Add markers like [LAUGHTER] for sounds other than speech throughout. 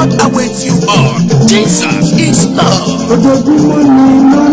God awaits you all. Oh, Jesus is love.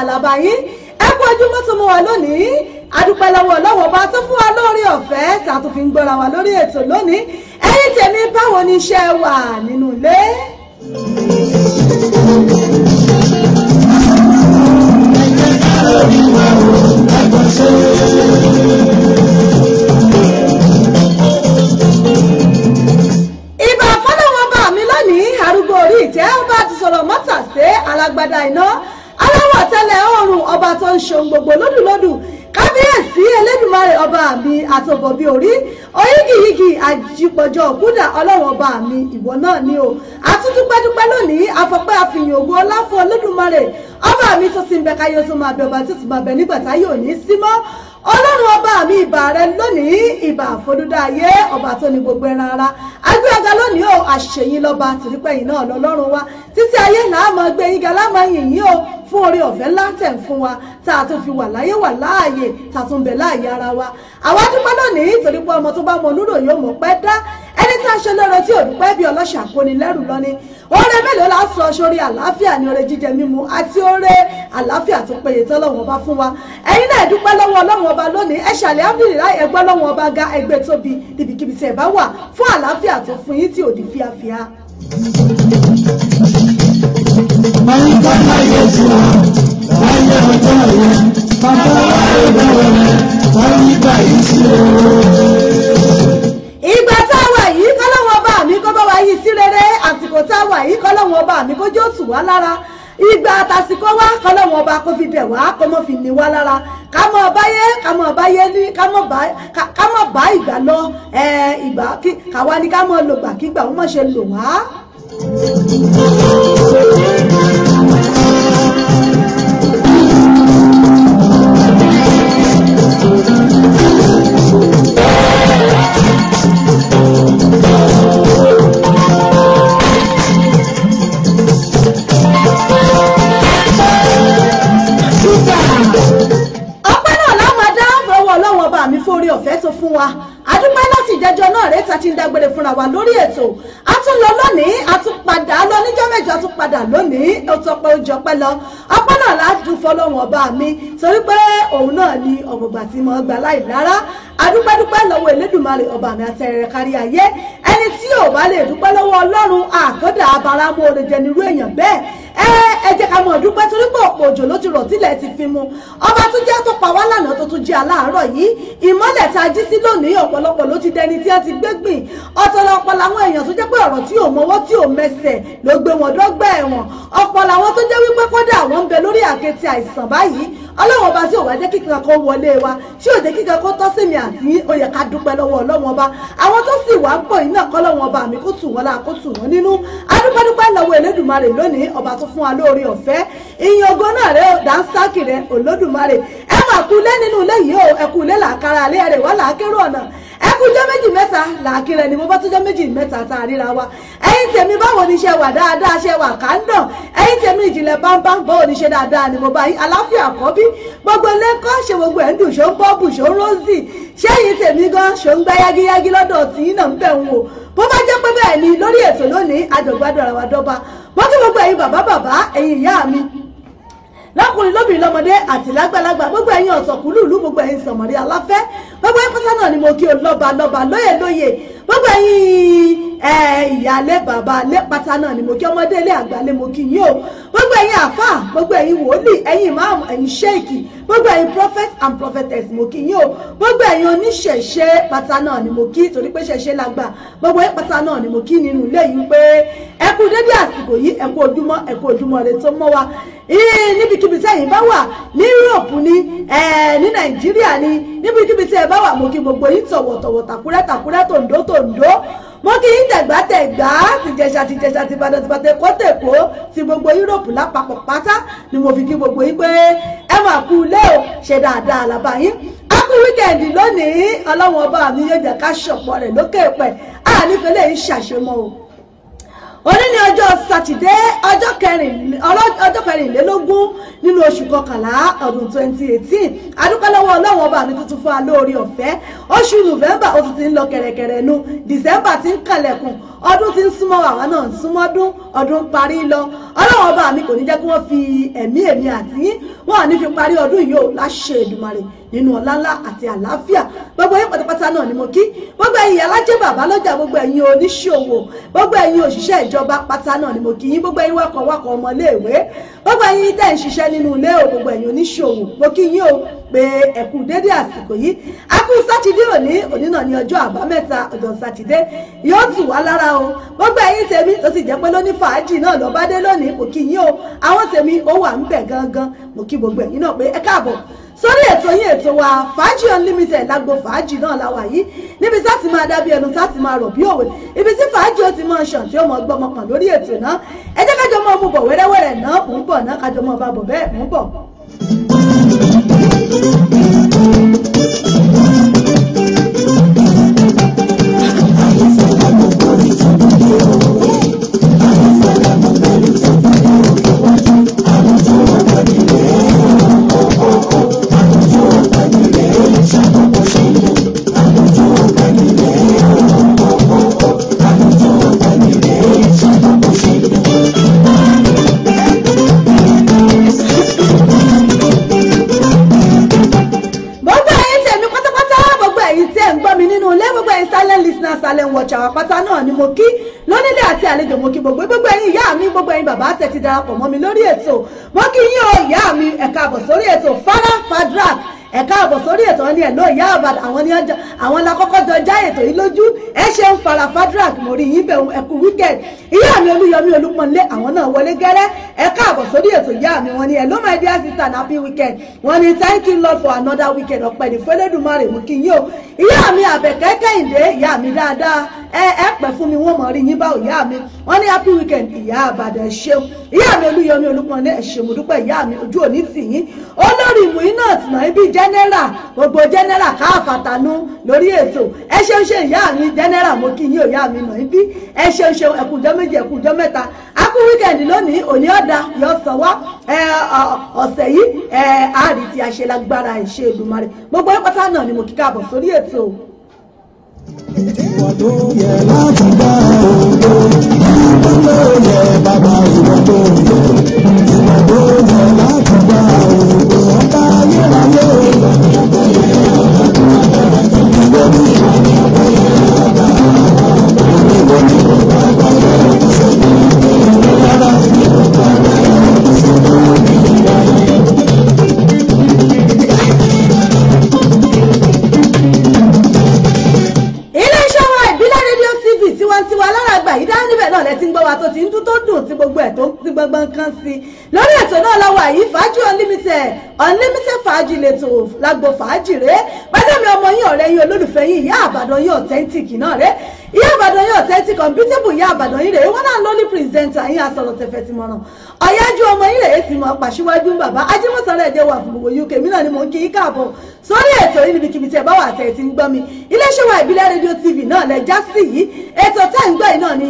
àlàbà yín kódà ọlọ́run ọba mi ìwọ náà ni o àtúndúpẹ́dúpẹ́ lónìí àfọpẹ́ àfihàn ògo ọlá fún olódùmarè ọba mi tó ti ń bẹ káyé tó máa bẹ ọba tó ti máa bẹ nígbà táyé ò ní sí mọ́ ọlọ́run ọba mi ìbà rẹ lónìí ìbà àfọdúdá ayé ọba tó ní gbogbo ẹran ara agbẹ́ọ̀gá lónìí o àṣeyín lọ́ba tìrípẹ́yìn náà lọ́lọ́run wa títí ayé làá máa gbé yín ga láàmú yìnyín o fún oore ọ̀fẹ́ ńlá tẹ̀ ń fún wa tá a tún fi wà láyé wà láàyè tá a tún bẹ̀ láàyè ara wa àwa dúpẹ́ lónìí torí pé ọmọ tó bá mọ onúròyìn ò mọ̀ pẹ́ dá aṣọ lóró tí ò dúpẹ́ bí ọlọ́ṣà kóni lẹ́rù lọ́ni oore mélòó la sọ sórí àlàáfíà ní oore jíjẹ mímu àti oore àlàáfíà tó péye tọ́lọ́wọ́n ọba fún wa ẹ̀yin náà dúpẹ́ lọ́wọ́ ọlọ́wọ́n ọba lónìí ẹ ṣàlẹ̀ ábìrìlá ẹgbẹ́ lọ́wọ́n ọba ga ẹgbẹ́ tóbi níbikíbi tí ẹ bá wà fún àlàáfíà tó fún yín tí ò fíafíà. máa bá láyé tí wà láyé ọjọ́ rẹ̀ bàbá wa ẹgbẹ́ rẹ̀ wọ́n yí lára ìgbà àtàsìkò wá kọlọ́wọ́n ọba kó fi bẹ̀ wá kó mọ́ fi ni wá lára ká mọ̀ báyé ká mọ̀ báyé ní ká mọ̀ bá ìgbà lọ ìgbà káwa ni ká lògbà kígbà ó mọ̀ ṣe lò wá. ìjẹ́jọ́ náà rèé ta ti ń dágbére fúnra wa lórí ètò a tún lọ lónìí a tún padà lọ níjọ́ mẹ́jọ a tún padà lónìí ó tọpẹ́ ojú ọpẹ́ lọ ọpẹ́ náà láti fọlọ́wọ́n ọba mi torí pé òun náà ni ọ̀gbọ̀gbà tí mo gbà láì rárá adúpẹ́dúpẹ́ lọ́wọ́ elédùnmarè ọba mi àtẹ̀rẹ̀ kárí ayé ẹni tí ò bá lè dúpẹ́ lọ́wọ́ ọlọ́run àkọ́dà abaramu oore jẹnirú èèyàn bẹ́ẹ̀ ẹ ẹ jẹ́ ká mọ̀ dúpẹ́ torí pé ọ̀pọ̀ òjò ló ti rọ̀ tílẹ̀ ti fi mu ọba tó jẹ́ tó pa wá lánàá tó tún jẹ́ aláàárọ̀ yìí ìmọ́lẹ̀ tá a jí sí lónìí ọ̀pọ̀lọpọ̀ ló ti dẹni tí a ti gbé gbìn ọ̀tọ̀lọpọ̀ làwọn èèyàn tó jẹ́ pé ọ̀rọ̀ tí ò mọwọ́ tí ò mẹsẹ̀ ló gbé wọn dọ́gba ẹ̀wọ̀n ọ̀pọ̀ làwọn tó jẹ́ wípé kódà wọ́n ń bẹ lórí àkẹ́tì àìsàn báyìí ọlọ́wọ́n ọba àbí ó yẹ ká dúpẹ́ lọ́wọ́ ọlọ́wọ́n ọba àwọn tó sì wá ń bọ̀ yìí náà kọ́ lọ́wọ́n ọba mi kó tù wọ́n láà kó tù wọ́n nínú adúpẹ́dúpẹ́ lọ́wọ́ Elédùmarè lónìí ọba tó fún wa lóore ọ̀fẹ́ ìyìn ògo náà rẹ dánsákì rẹ Olódùmarè ẹ mà kú lé nínú ilé yìí o ẹ kú lé làkàrà alẹ́ rẹ wà láàkérò ọ̀nà ẹ kújọ́ méjì mẹ́ta làákìrẹ̀ ni mo bá tújọ́ méjì mẹ́ta tá a ríra wa ẹ̀yin tèmi báwo ni ṣe wà dáadáa ṣe wà kándọ ẹ̀yin tèmi ìjìnlẹ̀ bámbá báwo ni ṣe dáadáa ni mo bá yí àláfíà àkọ́bí gbogbo lẹ́kọ́ ṣe gbogbo ẹ̀ ń dùn ṣó ń bọ́ọ̀bù ṣó ń rọ́ọ̀sì ṣẹ́yìn tèmi gan ṣó ń gbá yágíyágí lọ́dọ̀ tí náà ń bẹ̀ ń wò bó bá jẹ́ pé bẹ́ẹ̀ ni lórí ètò lónìí àjọ̀gbádùn ara wa dọ́ba bó tún gbogbo ẹ̀yin lọ́kùnrin lóbìnrin lọ́mọdé àti lágbàlagbà gbogbo ẹ̀yin ọ̀sọ̀kúlù ìlú gbogbo ẹ̀yin sọ̀mọ̀rí aláfẹ́ gbogbo ẹ̀yin pátá náà ni mo kí o lọ́ba lọ́ba lóyè lóyè gbogbo ẹ̀yin ìyálé bàbá lé pátá náà ni mo kí ọmọdé ilé àgbà lé mo kí yín o gbogbo ẹ̀yin àfà gbogbo ẹ̀yin wòlíì ẹ̀yin ìmáàmù ẹ̀yin ṣéèkì gbogbo ẹ̀yin prophet and prophetess mo kí yín o gbogbo ẹ̀yin oníṣẹ̀ṣe pátá náà ni mo kí torí pé ṣẹ̀ṣe la gbà gbogbo ẹ̀yin pátá náà ni mo kí nínú ilé yìí pé ẹ dédé àsìkò yìí níbikíbi tẹ́yin bá wà ní Europe ní ní Nàìjíríà ní níbikíbi tẹ́ ẹ bá wà mo kí gbogbo yín tọ̀wọ̀tọ̀wọ̀ tàkúrẹ́ tàkúrẹ́ tòǹdó tòǹdó mo kí yín tẹ̀gbá tẹ̀gbá tìjẹ̀ṣà tìjẹ̀ṣà tìbàdàn tìbàdàn tẹ̀kọ́ tẹ̀kọ́ ti gbogbo Yúróòpù lápapọ̀ pátá ni mo fi kí gbogbo yín pé ẹ mà kú ilé o ṣe dáadáa làbá yín á wíkẹ̀ndì lónìí ọlọ́run ọba mi yóò jẹ́ ká ṣọ̀pọ̀ rẹ̀ lókè pẹ̀ á nífẹ̀ẹ́ ṣàṣemọ́ o òní ni ọjọ́ sátidé ọjọ́ kẹrìnlélógún nínú oṣù kọkànlá ọdún 2018 adúpẹ́lọ́wọ́ ọlọ́wọ́ ọba mi tuntun fún wa lórí ọ̀fẹ́ oṣù nùfẹ́mbà oṣù tí ń lọ kẹ̀rẹ̀kẹ̀rẹ̀ nu dìsẹ́mbà tí ń kànlẹ̀kùn ọdún tí ń súnmọ́ àwa náà ń súnmọ́ ọdún ọdún parí lọ ọlọ́wọ́ ọba mi kò ní jẹ́ kí wọ́n fi ẹ̀mí ẹ̀mí àti wọn ò ní fi parí ọdún yìí ó láṣẹ Èdùmàrè nínú ọlálá àti àlàáfíà gbogbo yín pátápátá náà ni mo kí gbogbo ẹ̀yin alájẹ bàbá lọ́jà gbogbo ẹ̀yin oníṣòwò gbogbo ẹ̀yin òṣìṣẹ́ ìjọba pátá náà ni mo kí yín gbogbo ẹ̀yin wakọ̀wakọ̀ ọmọléèwé gbogbo ẹ̀yin tẹ́ ń ṣiṣẹ́ nínú ilé o gbogbo ẹ̀yin oníṣòwò mo kí yín o pé ẹkú dédé àsìkò yìí a kú sátidé òní òní náà ni ọjọ́ àbámẹ́ta ọjọ́ sátidé yóò tù wá lára o gbogbo ẹ̀yin tèmi tó sì jẹ́ pé lóní fàájì náà lọ bá dé lónìí kò kí yín o àwọn tèmi ó wà ń bẹ̀ gangan mo kí gbogbo ẹ̀yin náà pé ẹ káàbọ̀ sórí ètò yín ètò wa fàájì unlimited lágbo fàájì náà láwa yìí níbi tá ti máa dábí ẹnu tá ti máa rọ̀ bí òwe ibi tí fàájì ó ti máa ṣàn tí ó mọ gbọmọ kan lórí ètò náà ẹ jẹ́ kájọ mọ́ mú bọ̀ wẹ́rẹ́wẹ́rẹ́ náà mú bọ̀ náà kájọ mọ́ bá bọ̀ bẹ́ẹ̀ mú bọ̀. Thank you. darapọ̀ mọ́ mi lórí ètò mo kí yín o ìyá mi ẹ káàbọ̀ sórí ètò Fara Fadrak ẹ káàbọ̀ sórí ètò wọn ni ẹ̀lọ́ ìyá àbàdàn àwọn ni àwọn lakọ́kọ́ jọ já ètò yìí lójú ẹ ṣeun Fara Fadrak mo rí yín bẹ̀rù ẹkú weekend ìyá mi olúyọmí olúmọlé àwọn náà wọlé gẹ́rẹ́ ẹ káàbọ̀ sórí ètò ìyá mi wọn ni ẹ̀lọ́ my dear sister and happy weekend wọn ni thank you lord for another weekend ọ̀pẹ̀ ní fẹ́lẹ́dùmarè mú kí yín o ìyá mi àbẹ̀kẹ́kẹ́ ìdè ìyá mi dáadáa ẹ ẹ pẹ́ fún mi wọ́n mọ̀ rí yín bá ìyá mi wọ́n ní happy weekend ìyá àbàdàn ṣeun ìyá mi olúyọmí olúpọnlé ẹ̀ṣẹ̀ mo dúpẹ́ ìyá mi ojú òní tì yín olórí muinat náà ibi general gbogbo general káàfàtànú lórí ètò ẹ ṣeun ṣe ìyá mi general mo kí yín ìyá mi náà ibi ẹ ṣeun ṣeun ẹkùjọ méjì ẹkùjọ mẹ́ta happy weekend lónìí òní ọ̀dà yọ sọ wá ọ̀sẹ̀ yìí àárí tí a ṣe lágbára ìṣe Èdùmàrè gbogbo ẹ pátá náà ni mo kí káàbọ̀ sórí ètò ìwọ ló yẹ láti bá òdo ìwọ ló yẹ bàbá ìwọ ló yẹ ìwọ ló yẹ láti sí lórí ètò náà lọ́wọ́ àyí fàájì unlimited unlimited fàájì lẹ́tọ̀ lágbo fàájì rẹ̀ pẹ́lẹ́mi ọmọ yín ọ̀rẹ́ yín olólùfẹ́ yín ìyá àbàdàn yín authentic náà rẹ̀ ìyá àbàdàn yín authentic unbeatable ìyá àbàdàn yín rẹ̀ wọ́n náà lọ́ní pírẹsẹ̀ntà yín asọ̀rọ̀ tẹ̀fẹ̀tìmọ̀ràn ọ̀yájú ọmọ yìí rèé sì pàṣíwájú bàbá ajímọ̀sára ẹ̀jẹ̀ wà fún gbogbo uk mìíràn ni mò ń kí í káàbọ̀ sórí ètò yìí níbikíbi tí ẹ bá wà tẹ̀ ẹ ti ń gbọ́ mi iléeṣẹ́ wa ìbílẹ̀ rédíò tv náà lẹ já sí yìí ètò tẹ́ ń gbọ́ yìí náà ni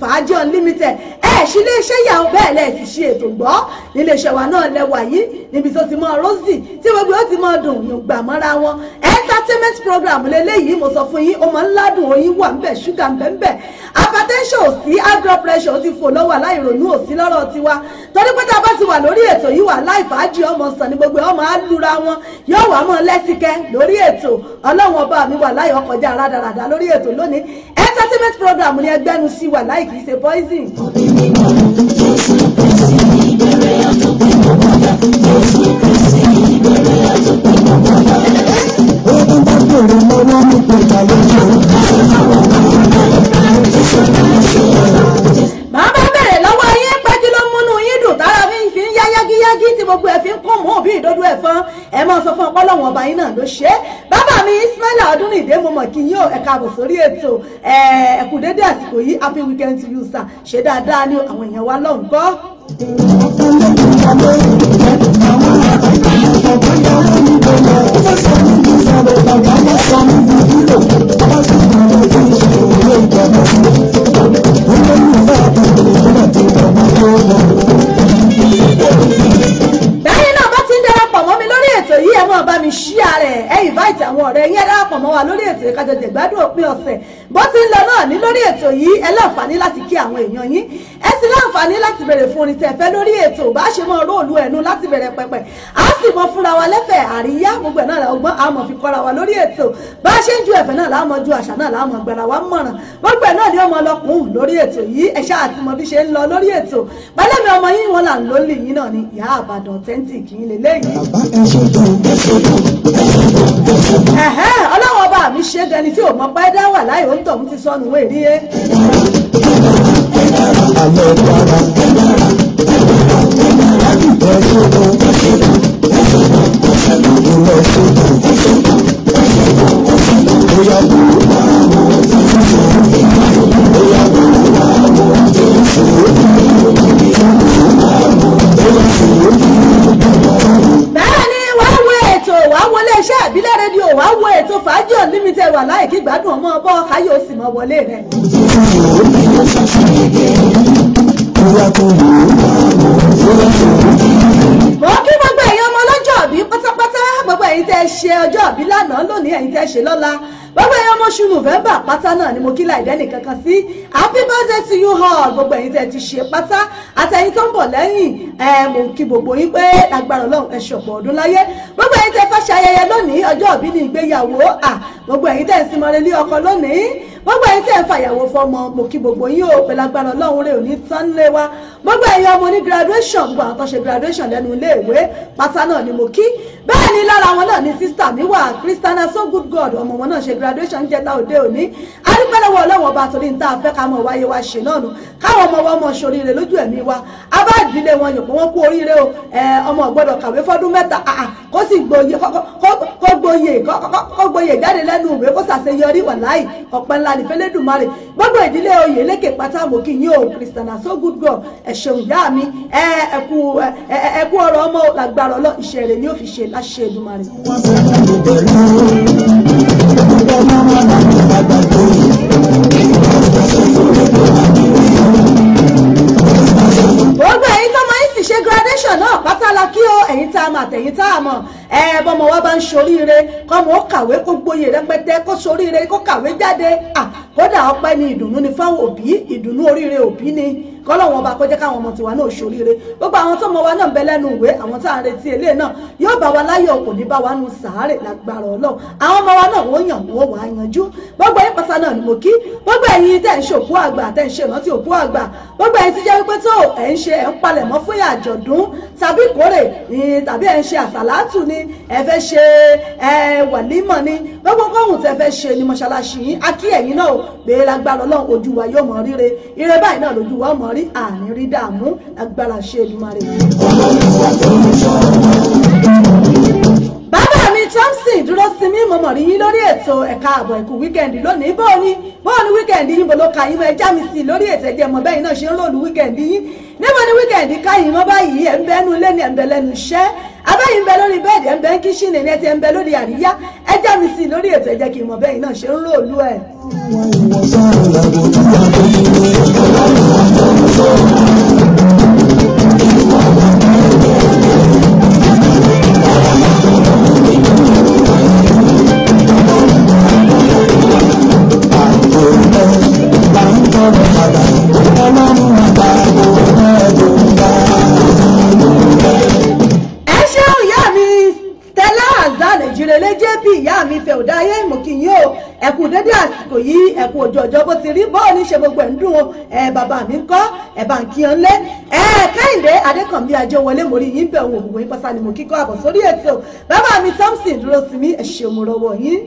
fàájì unlimited ẹ ṣí iléeṣẹ́ yà ó bẹ́ẹ̀ lẹ̀ ti ṣe ètò gbọ́ iléeṣẹ́ wa náà lẹ wà yìí níbi tó ti mọ rosy tí gbogbo ó ti mọ dùn yùngbà mọ́ra wọn entertainment program lélẹ́yìí mo sọ fún yín ọmọ ńlá dùn oyin wà ńbẹ̀ ṣúgà ńbẹ̀ ńbẹ̀ hypertension ò sí high blood pressure ó ti fò lọ́wọ́ aláìrònú ò sí lọ́rọ̀ tiwa torí pé tá a bá ti wà lórí ètò yìí wà láì fàájì ọmọ sàn ní gbogbo ọmọ alúra wọn yóò wà mọ́ lẹ́sìkẹ́ lórí ètò ọlọ́run ọba mi wà láì ọkọjá rádaràdà lórí ètò lónìí entertainment program ni ẹgbẹ́nu sí wà láì kìí ṣe poison. ogun bá gbèrò mọ́ wọn ní ìgbàlejò. bàbá yági tí gbogbo ẹ̀ kún mú òbí ìdodo ẹ̀ máa sọ fún ọpọlọ́wọ́n ọba yín náà ló ṣe é bàbá mi Ismaila Ọdúnnídé mo mọ̀ kí yín ẹ káàbọ̀ sórí ètò ẹ dédé àsìkò yìí happy weekend to you sir ṣe dáadáa ní àwọn èèyàn wa lọ́nkọ́. ètò yìí ẹ láǹfààní láti kí àwọn èèyàn yín ẹ sì láǹfààní láti bẹ̀rẹ̀ fún orin tẹ̀fẹ́ lórí ètò bá ṣe mọ róòlù ẹ̀nu láti bẹ̀rẹ̀ pẹ̀pẹ̀ á sì mọ fúnra wa lẹ́fẹ̀ẹ́ àríyá gbogbo ẹ̀ náà la ọgbọ́n àmọ̀ fi kọ́ra wa lórí ètò bá ṣe ń ju ẹ̀fẹ̀ náà láàmú ju àṣà náà láàmú gbẹ̀rẹ̀ wa mọ̀ràn gbogbo ẹ̀ náà ni ọmọ ọlọ́kùn lórí ètò yìí ẹ ṣáà ti mọ bí ṣe ń lọ lórí ètò pẹlẹ́mi ọmọ yín wọn là ń lólè yín náà ni ìyá àbàdàn ṣe dẹni tí ò mọ páídá wà láì ó ń ti sọnù wé rí e. Thank you. iléeṣẹ́ àbílẹ̀ rédíò wá wo ètò fàájì unlimited wà láì kí gbádùn ọmọ ọbọ̀ káyọ̀ ó sì mọ wọlé rẹ̀. mo kí gbogbo ẹ̀yin ọmọ ọlọ́jọ́ ọ̀bí pátápátá gbogbo ẹ̀yin tẹ́ ṣe ọjọ́ ọ̀bí lánàá lónìí ẹ̀yin tẹ́ ṣe lọ́la gbogbo ẹ̀yọ́ ọmọṣù november pátá náà ni mo kí láì dẹ́nì kankan sí happy birthday to you all gbogbo ẹ̀yin tẹ́ ti ṣe pátá àtẹ̀yin tó ń bọ̀ lẹ́yìn ẹ̀ mo kí gbogbo yín pé agbára ọlọ́run ẹ̀ ṣọ̀pọ̀ ọdún láyé gbogbo ẹ̀yin tẹ́ fẹ́ ṣayẹyẹ lónìí ọjọ́ ìbí ni ìgbéyàwó gbogbo ẹ̀yin tẹ́ ń sinmi ọrẹ lé ọkọ lónìí gbogbo ẹ̀yin tẹ́ ẹ fàyàwó fọmọ mo kí gbogbo yín o pẹ̀lú agbára ọlọ́run rẹ̀ ò ní tán lé wa gbogbo ẹ̀yin ọmọ ní graduation gbogbo àwọn graduation lẹ́nu iléèwé pátá náà ni mo kí bẹ́ẹ̀ ni lára wọn náà ni sísítà mi wà Christiana so good God ọmọ wọn náà ṣe graduation jẹta òde òní adúpẹ́lẹ́wọ̀ ọlọ́wọ̀n ọba torí ní tá a fẹ́ ká mọ̀ wáyé wa ṣe náà nù káwọn ọmọ wa mọ̀ ṣoríire lójú ẹ̀mí wa abá ìdílé wọn yòókù wọn kú oríire o ọmọ ọ̀gbọ́dọ̀ kàwé fọ́dún mẹ́ta ah, ah, kó sì gboyè kó gboyè jáde lẹ́nu ìwé kó ṣàṣeyọrí wà láì ọ̀pẹ́ ńlá ní fẹlẹ́dùmarè gbogbo ìdílé oyè lékè pátá mo kí yín o Christiana so good girl ẹ ṣeun mi ẹ ẹ kú ọ̀rọ̀ ọmọ làgbàrọ ọlọ ìṣẹrẹ ni ó fi ṣe láṣẹ Èdùmarè. gbogbo èyí tó máa ń sì ṣe gíráàdì generation náà pátá la kí o ẹ̀yin tá a mọ̀ àtẹ̀yin tá a mọ̀ ẹ bọ́mọ wa bá ń ṣoríire kọ́mọ ó kàwé kó gboyè rẹpẹtẹ kó ṣoríire kó kàwé jáde kódà ọpẹ́ ni ìdùnnú ni fáwọn òbí ìdùnnú oríire òbí ni kọ́lọ́wọ́n ọba kó jẹ́ káwọn ọmọ tiwa náà ṣoríire gbogbo àwọn tó mọ wa náà ń bẹ lẹ́nu ìwé àwọn tá à ń retí eléyè náà yóò bá wa láyọ̀ kò ní bá wa nu sàárè lágbára ọlọ́run àwọn ọmọ wa náà wọ́n yàn wọ́n wà á yanjú gbogbo ẹ̀yin pátá náà ni mo kí gbogbo ẹ̀yin tẹ̀ ń ṣòkú àgbà tẹ̀ ń ṣèrántí òkú àgbà gbogbo ẹ̀yin ti jẹ́ wípé tó ẹ̀ ń ṣe ẹ̀ ń palẹ̀mọ́ fún ọdún tàbí kórè tàbí ẹ̀ ń ṣe àsàlátù ni ẹ fẹ́ ṣe wàlímọ̀ ni gbogbo kóhùn tẹ fẹ́ ṣe ni mọ́ṣáláṣí yín á kí ẹ̀yin náà pé lágbára ọlọ́run ojú wa yóò mọ̀ ríre ire báyìí náà lójú wa mọ̀ rí àní rí dààmú agbára ṣe Èdùmàrè. ọlọ́run wà lórí ṣọ́ọ́ Samson Dúrósinmi mọ̀mọ̀ rí yín lórí ètò ẹ̀ka àbọ̀ ẹ̀kú wíkẹ́ndì lónìí bó ni bó ni wíkẹ́ndì yín bolo ka yín mọ ẹja mi sí lórí ètò ẹ̀jẹ̀ mọ̀ bẹ́yìn náà ṣe ń lòlù wíkẹ́ndì yín níbo ni wíkẹ́ndì ká yín mọ́ báyìí ẹ̀ ń bẹ́ nu lé ní ẹ̀ ń bẹ́ lẹ́nu iṣẹ́ abẹ́yìn bẹ lórí bẹ́ẹ̀dì ẹ̀ ń bẹ́ ń kíṣì ní ẹ̀ ti ń bẹ lórí àríyá ẹja mi sí lórí ètò ẹ̀jẹ̀ kì í mọ̀ bẹ́yìn náà ṣe ń lòlù ẹ̀. wọ́n ń wọ́n sọ̀rọ̀ làbọ̀ ẹ kú ojú ọjọ́ bó ti rí bọ́ọ̀ ní ṣe gbogbo ẹ̀ ń dùn o ẹ bàbá mi ń kọ́ ẹ bá ń kí lé ẹ kẹ́hìndé adékànbí ajé wọlé mo rí yín bẹ̀ òun yín pásá ni mo kíkọ́ àbọ̀ sórí ètò bàbá mi Thompson dúró sí mi ẹ̀ ṣe òmùrọ̀wọ̀ yín.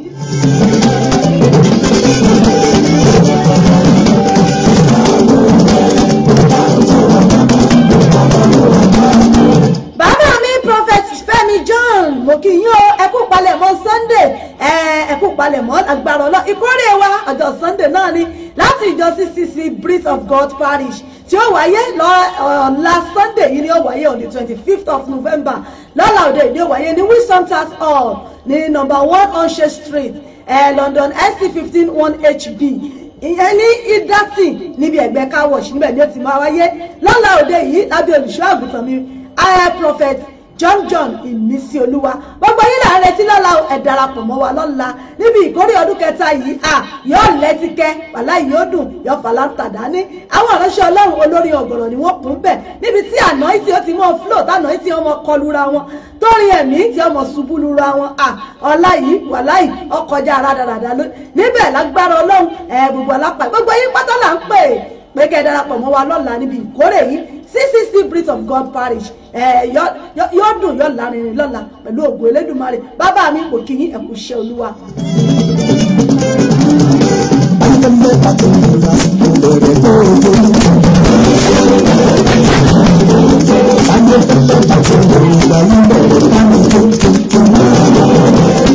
palẹ̀mọ́ agbára ọlọ́ ìkórè wa ọjọ́ sunday náà ni láti ìjọ ccc breeze of god parish tí ó wáyé lọ́la sunday yìí ni ó wáyé on the twenty fifth of november lọ́la òde ìdí ó wáyé ní wilson tax hall ní number one onse street eh, london sc fifteen one hb ìyẹn ní idati níbi ẹgbẹ́ car wash níbẹ̀ ni ó ti máa wáyé lọ́la òde yìí lábẹ́ olùṣọ́ àgùntàn mi prophet John John ìmísí olúwa gbogbo yín là ń retí lọ́la ẹ darapọ̀ mọ́ wa lọ́la níbi ìkórè ọdún kẹta yìí à yóò lẹ́tíkẹ́ wàlá yìí ó dùn yóò fàlà ń tàdá ní àwọn ìránṣẹ́ ọlọ́run olórin ọ̀gọ̀rọ̀ ni wọ́n kún bẹ̀ níbi tí àná ìsìn ó ti mọ́ flow tàná ìsìn ọmọ kọlura wọn torí ẹ̀mí tí ọmọ ṣubú lura wọn à ọlá yìí wàlá yìí ọkọjá rádaràdà níbẹ̀ lágbára ọlọ́run ẹ̀ gbogbo alápá gbogbo yín pátá là ń pè é pé kẹ́ ẹ darapọ̀ mọ́ wa lọ́la níbi ìkórè yìí CCC Breath of God Parish yóò dùn yóò lárinrin lọ́la pẹ̀lú ògo Elédùmarè bàbá mi kò kí yín ẹ̀kú iṣẹ́ Olúwa. Thank you.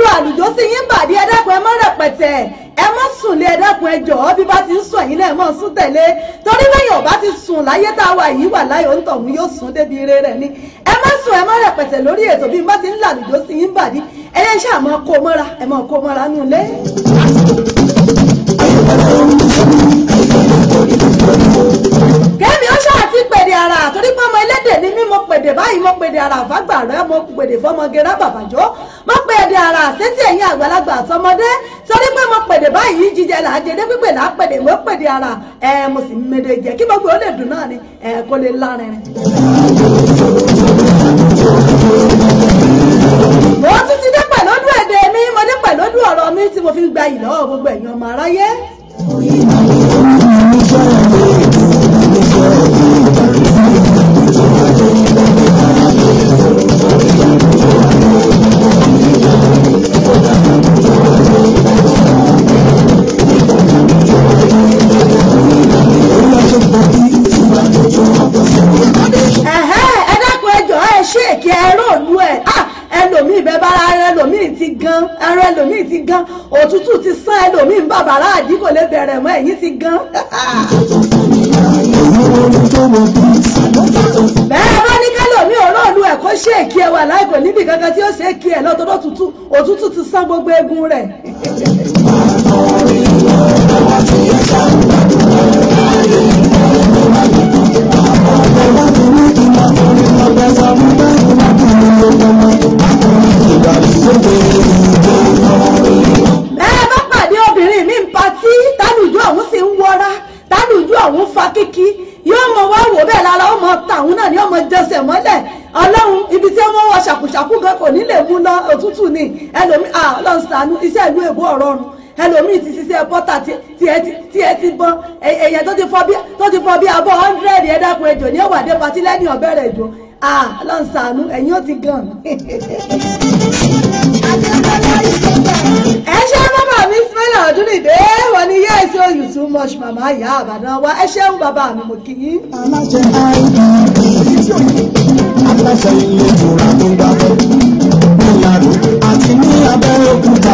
lu àlùjọ sí yín bàdí ẹ dákun ẹ mọ́ rẹpẹtẹ ẹ mọ́ sùn lé ẹ dákun ẹ jọ̀ọ́ bí bá ti ń sùn ẹ̀yin náà mọ́ sùn tẹ̀lé torí lẹ́yìn ọ̀bá ti sùn láyé tá a wà yìí wà láyé òǹtọ̀hún yóò sùn débi ire rẹ̀ ni ẹ mọ́ sùn ẹ mọ́ rẹpẹtẹ lórí ètò bí bá ti ń làlùjọ sí yín bàdí ẹ yẹn ṣáà mọ́ kó mọ́ra ẹ mọ́ kó mọ́ra nulẹ̀. fi pèdè ara àtòrí pé ọmọ ẹlẹ́dẹ̀ ni mí mo pèdè báyìí mo pèdè ara àfágbà rẹ mo pèdè fọmọge rẹ bàbàjọ́ mo pèdè ara àtẹ́tí ẹ̀yìn àgbàlagbà àtọmọdé torí pé mo pèdè báyìí jíjẹ là á jẹ dé pípè là á pèdè mo pèdè ara ẹ mo sì mèdè jẹ kí gbogbo ó lè dùn náà ni ẹ kó lè lárinrin. കൂടെ kọ́lọ̀ ń sànú iṣẹ́ ìlú èbó ọ̀rọ̀ ọ̀run ẹlòmíì ti ṣiṣẹ́ pọ́tà tiẹ̀ ti bọ́n èèyàn tó ti fọ́ bí abọ́ hundred ẹ dákun ẹjọ́ ní ẹwà dé patí lẹ́yìn ọ̀bẹ̀rẹ̀ ìjọ lọ́nsàánú ẹ̀yìn ó ti gàn. ẹ ṣe mama mi Ismail Ọdúnìdé wọn ni yẹ́ ẹ̀sìn oyún oh, too much mama ìyá àbàdàn wa ẹ ṣeun bàbá mi mo kì í. àìdá èyí tí òye aláṣẹ ilé ìtura tó ń gbàgbọ́ ti ní abẹ́òkúta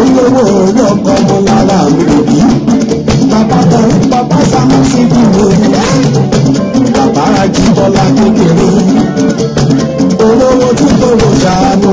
olówó lọ́kọ̀ mọ́ lára mi lòdì. bàbá kan bàbá sàmú sí dúró bàbá ajíbọ́lá kékeré olówó tún tó lò ṣàánú.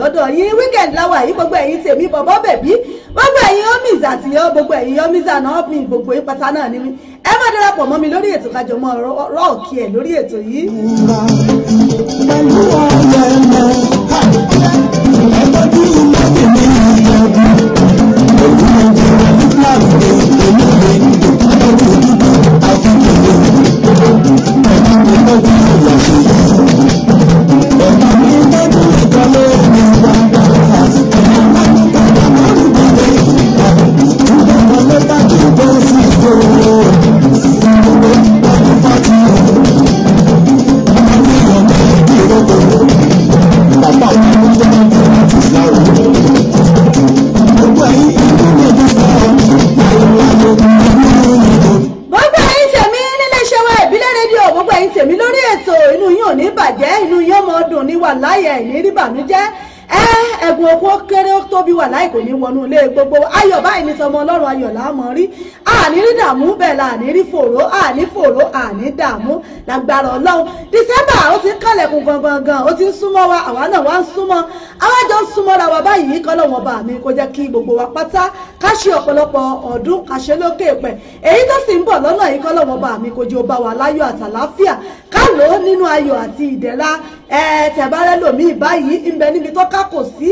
lọ́dọ̀ yín wíkẹ̀ndì láwa yìí gbogbo ẹ̀yin tèmi bọ̀bọ̀ bẹ̀bí gbogbo ẹ̀yin homies àti gbogbo ẹ̀yin homies àná mi gbogbo ìpàtà náà ni mí ẹ má darapọ̀ mọ́ mi lórí ètò kájọ mọ́ rọ́ọ̀kì ẹ̀ lórí ètò yìí. gbogbo ayọ̀ báyìí ní sọmọ ọlọ́run ayọ̀ láàmọ́ rí àní rí dààmú bẹ́ẹ̀ la àní rí fòró àní fòró àní dààmú lágbára ọlọ́run December ó ti ń kànlẹ̀kùn gangan ó ti ń súnmọ́ wa àwa náà wá ń súnmọ́ àwa jọ ń súnmọ́ra wa báyìí kọ́ lọ́wọ́ ọba mi kó jẹ́ kí gbogbo wa pátá ká ṣe ọ̀pọ̀lọpọ̀ ọdún àṣẹ lókè pẹ̀ èyí tó sì ń bọ̀ lọ́nà yìí kọ́ lọ́wọ́ ọba mi kó jẹ́ ó bá wa láyọ̀ àtàláfíà ká lò ó nínú ayọ̀ àti ìdẹ̀ra ẹ tẹ̀bárẹ́ lòmíì báyìí ń bẹ níbi tó ká kò sí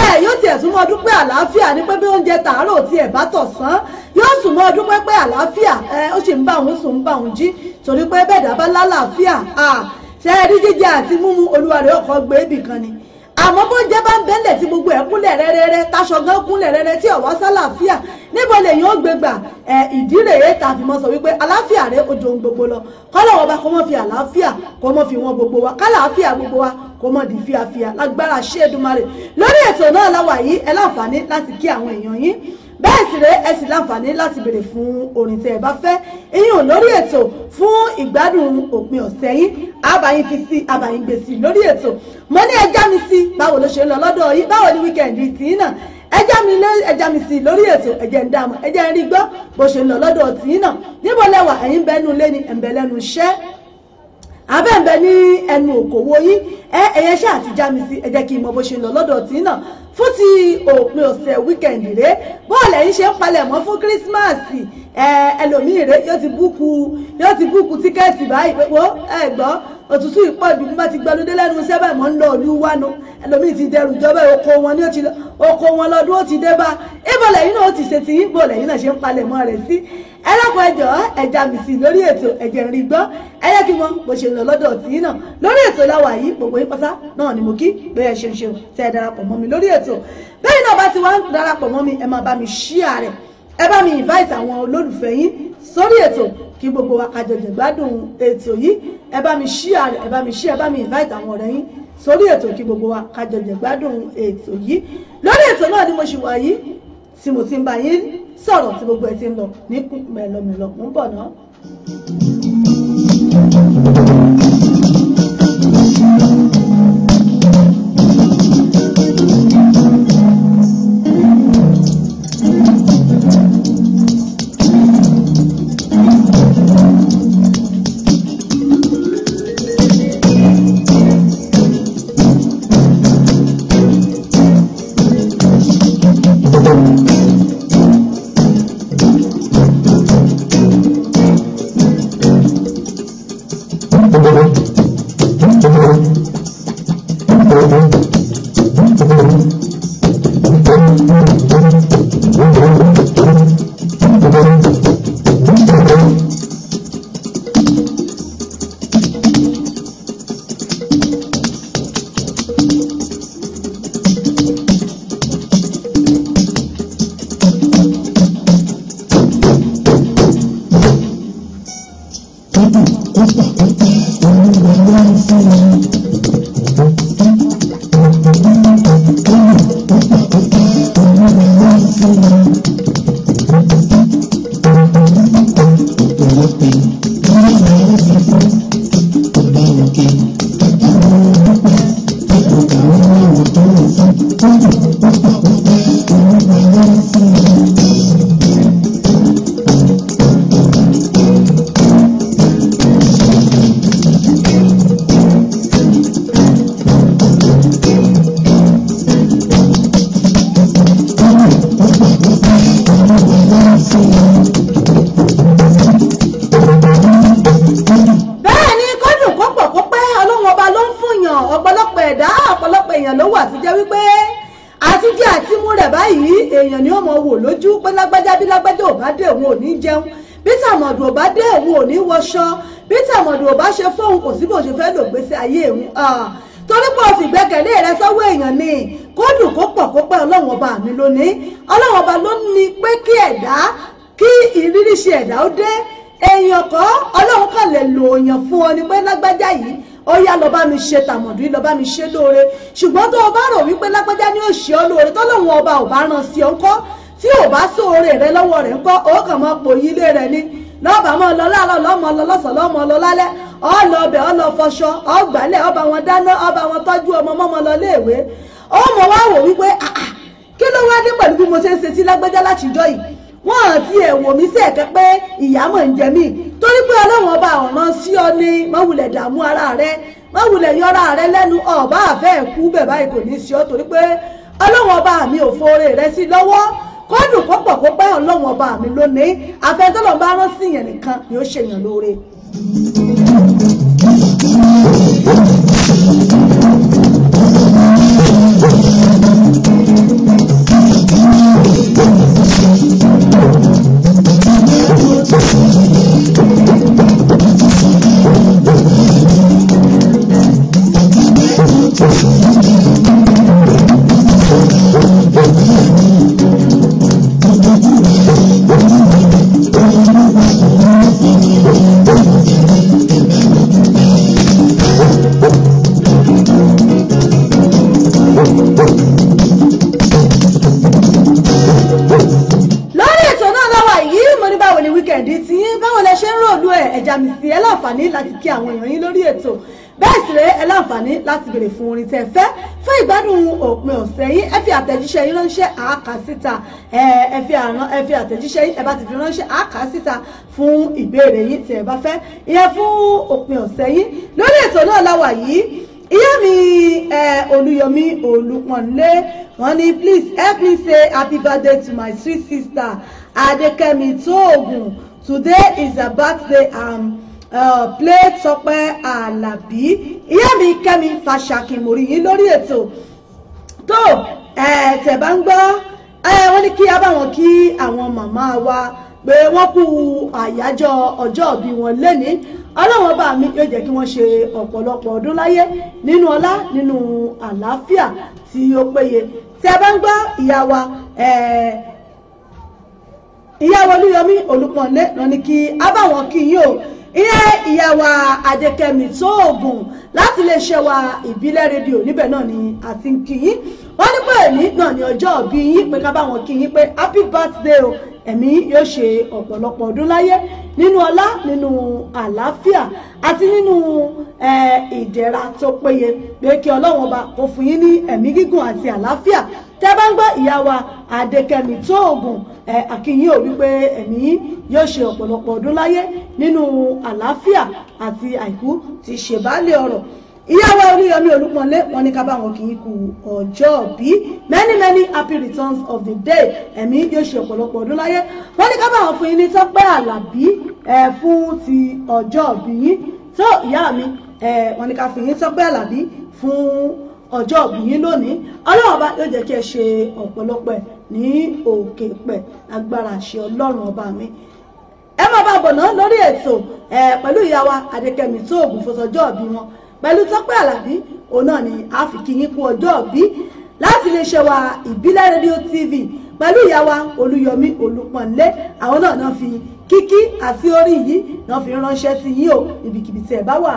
ẹ yóò tiẹ̀ súnmọ́ ọdún pé àlàáfíà ní pé bí oúnjẹ tàárọ̀ tí ẹ̀ bá tọ̀ sán yóò súnmọ́ ọdún pé pé àlàáfíà ẹ ó sì ń bá òun sùn ń bá òun jí torí pé bẹ́ẹ̀ dábàá lálàáfíà ṣe jíjẹ àti mímu olúwarẹ̀ ọkọ̀ gbé ibì kan ni àmọ́ bó jẹ́ bá ń bẹ́lẹ̀ tí gbogbo ẹ̀ kúnlẹ̀ rẹ́rẹ́rẹ́ taṣọ gan kúnlẹ̀ rẹ́rẹ́ tí ọ̀wọ́ sálàáfíà níbo lèyìn ó gbé gbà ẹ̀ ìdí rèé ta fi mọ sọ wípé àlàáfíà rẹ ó jòun gbogbo lọ kọ́lọ̀ wọn bá kó mọ́ fi àlàáfíà kó mọ́ fi wọn gbogbo wa kálàáfíà gbogbo wa kó mọ́ di fíafíà lágbára ṣé Èdùmàrè lórí ètò náà láwàyí ẹ láǹfààní láti kí àwọn èèyàn yín bẹ́ẹ̀ sì rẹ ẹ sì láǹfààní láti béèrè fún orin tí ẹ bá fẹ́ eyín ò lórí ètò fún ìgbádùn òpin ọ̀sẹ̀ yín àbáyín fi sí àbáyín gbé sí lórí ètò mo ní ẹjá mi sí báwo ló ṣe ń lọ lọ́dọ̀ yìí báwo ni wíkẹ̀ndì tì í náà ẹjá mi lé ẹjá mi sí lórí ètò ẹjẹ ń dààmú ẹjẹ ń rí gbọ́ bó ṣe ń lọ lọ́dọ̀ tì í náà níbo lẹwà ẹ̀yin bẹ́nu lé ni ẹ̀ǹbẹ̀ lẹ́nu iṣẹ́ abẹ́ǹbẹ̀ ní ẹnu òkòwò yín ẹ ẹ̀yẹn ṣáà ti já mi sí ẹ jẹ́ kí n mọ bó ṣe ń lọ lọ́dọ̀ tì í náà fún ti òpin ọ̀sẹ̀ weekend rẹ bọ́ọ̀lù ẹ̀yìn ṣe ń palẹ̀ mọ́ fún kírísímàsì ẹlòmíì rẹ yóò ti búkú yóò ti búkú tíkẹ́ẹ̀tì báyìí pé wo ẹ gbọ́ òtútù ìpọ̀jù bí wọ́n ti gbẹnudé lẹ́nu iṣẹ́ báyìí mọ́ ń lọ òní wánu ẹlòmíì ti dẹrù jọba oko wọn ní òtí oko wọn lọ́dún ó ti dé bá ibo lẹ́yìn náà ó ti ṣe ti ibo lẹ́yìn náà ṣe ń palẹ̀ mọ́ rẹ̀ sí ẹlẹ́kùn ẹjọ́ ẹja mi sí lórí ètò ẹ̀jẹ̀ rí gbọ́ ẹyẹ kí wọn bó ṣe lọ lọ́dọ̀ tí náà lórí ètò ìlàwọ̀ yìí gbogbo yín pátá náà ni mo kí pé ẹ ṣeun ṣeun tẹ́ ẹ darapọ̀ mọ́ mi lórí ètò station bẹ́ẹ̀ náà bá ti wá darapọ̀ mọ́ mi ẹ máa bá mi share rẹ̀ ẹ bá mi invite àwọn olólùfẹ́ yín sórí ètò kí gbogbo wa ká jọjọ gbádùn ètò yìí ẹ bá mi share rẹ̀ ẹ bá mi share ẹ bá mi invite àwọn ọ̀rẹ́ yín sórí ètò kí gbogbo wa ká jọjọ gbádùn ètò yìí lórí ètò náà ni mo ṣì wà yìí tí mo ti ń bá yín sọ̀rọ̀ tí gbogbo ẹ̀ ti ń lọ ní mẹ́lọmẹ́lọ ń bọ̀ náà. Thank you. Thank you. pé lágbájá bí lágbájá ò bá dé òun ò ní jẹun bí tàmọ̀dù ò bá dé òun ò ní wọṣọ bí tàmọ̀dù ò bá ṣe fóun kò sí bó ṣe fẹ́ lò gbèsè ayé òun torí pé o sì gbẹ́kẹ̀lé rẹ sọ́wọ́ èèyàn ni kó dùn kó pọ̀ kó pẹ́ ọlọ́run ọba mi lónìí ọlọ́run ọba ló ní pé kí ẹ̀dá kí ìrírí ṣe ẹ̀dá ó dé èèyàn kọ́ ọlọ́run kàn lè lò èèyàn fún ọ ni pé lágbájá yìí ó yá lọ bá mi ṣe tàmọ̀dù yìí lọ bá mi ṣe lóore ṣùgbọ́n tó o bá rò wípé lágbájá ni ó ṣe ọ lóore tọ́lọ́run ọba ò bá ràn sí ọ ńkọ́ tí ò bá sóore rẹ lọ́wọ́ rẹ̀ ńkọ́ ó kàn máa pò yí ilé rẹ ni lọ́ọ̀bà máa lọ láàárọ̀ lọ́mọ lọ lọ́sàn-án lọ́mọ lọ lálẹ́ ọ lọ ọbẹ̀ ọ lọ fọṣọ ọ gbálẹ̀ ọba wọn dáná ọba wọn tọ́jú ọmọ mọ́mọ lọ léèwé ó mọ wá wò wípé kí ló wá dé pẹ̀lú bí mo ṣe ń ṣe sí lágbájá látijọ́ yìí wọ́n àti ẹ̀wò mi sí ẹ̀kẹ́ pé ìyá mọ̀ ń jẹ mí torí pé ọlọ́run ọba ọ̀ràn sí ọ ní mọ̀wulẹ̀ dààmú ara rẹ mọ̀wulẹ̀ yọra rẹ lẹ́nu ọ̀bá àfẹ́ ẹ̀kú bẹ̀ báyìí kò ní í ṣe ọ́ torí pé ọlọ́run ọba mi ò fore rẹ sí lọ́wọ́ kọ́dùn kọ́pọ̀ kó pẹ́ ọlọ́run ọba mi lónìí àfẹ́tọ́lọ́ bá rán sí yẹn nìkan ni ó ṣèyàn lóore. Thank you. láǹfààní láti béèrè fún orin tẹ́ fẹ́ fún ìgbádùn òpin ọ̀sẹ̀ yìí ẹ fi àtẹ̀jíṣẹ́ yín ránṣẹ́ àáká síta ẹ fi àtẹ̀jíṣẹ́ yín ẹ bá ti fi ránṣẹ́ àáká síta fún ìbéèrè yín tí ẹ bá fẹ́ ìyẹn fún òpin ọ̀sẹ̀ yìí lórí ètò náà láwà yìí ìyá mi olùyọmí olùpọ̀nlé wọ́n ní please help me say happy birthday to my sweet sister adekemi tóògùn today is her birthday and um, uh, play Tọ́pẹ́ Àlàbí ìyá mi kẹ́mi fàṣàkì mòrí yìí lórí ètò tó tẹ̀ bá ń gbọ́ wọ́n ní kí a bá wọn kí àwọn màmá wa pé wọ́n kú àyájọ́ ọjọ́ ìbí wọn lẹ́ni ọlọ́wọ́n bá mi yóò jẹ́ kí wọ́n ṣe ọ̀pọ̀lọpọ̀ ọdún láyé nínú ọlá nínú àlàáfíà tí ó péye tẹ́ bá ń gbọ́ ìyá wa ìyá wa olúyọmí olùpọ̀nlé lọ ní kí a bá wọn kí yín o ìyẹn ìyàwó àdèkẹ́mi tóògùn láti lè ṣe wa ìbílẹ̀ rédíò níbẹ̀ náà ni àti ń kí yín wọ́n ní pé èmi náà ni ọjọ́ òbí yín pé ká bá wọn kí yín pé happy birthday o ẹ̀mí yóò ṣe ọ̀pọ̀lọpọ̀ ọdún láyé nínú ọlá nínú àlàáfíà àti nínú ìdẹ̀ra tó péye pé kí ọlọ́run ọba kó fún yín ní ẹ̀mí gígùn àti àlàáfíà tẹ́ bá ń gbọ́ ìyá wa àdèkẹ́mi tóògùn àkìyìn ò wípé ẹ̀mí yóò ṣe ọ̀pọ̀lọpọ̀ ọdún láyé nínú àlàáfíà àti àìkú ti ṣèbálẹ ọ̀rọ̀ ìyá wa oníyọmí olúpọnlé wọn ní ká bá wọn kì í kú ọjọ́ bí many many happy returns of the day ẹ̀mí yóò ṣe ọ̀pọ̀lọpọ̀ ọdún láyé wọn ní ká bá wọn fún yín ní tọ́pẹ́ àlàbí fún ti ọjọ́ bí yín tó ìyá mi wọn ní ká fún yín tọ́pẹ́ àlàbí fún ọjọ́ òbí yín lónìí ọlọ́run bá yóò jẹ́ kí ẹ ṣe ọ̀pọ̀lọpọ̀ ẹ̀ ní òkè pẹ̀ agbára àṣẹ ọlọ́run ọba mi ẹ máa bá bọ̀ náà lórí ètò ẹ pẹ̀lú ìyá wa adékẹ́mi tó ògùn fọsọjọ́ òbí wọn pẹ̀lú tọ́pẹ́ àlàbí òun náà ni a fi kí yín kú ọjọ́ òbí láti lè ṣe wa ìbílẹ̀ rédíò tv pẹ̀lú ìyá wa olúyọmí olùpọ̀nlé àwọn náà náà fi kíkí àti orí yìí náà fi ránṣẹ́ sí yín o ibikíbi tí ẹ bá wà.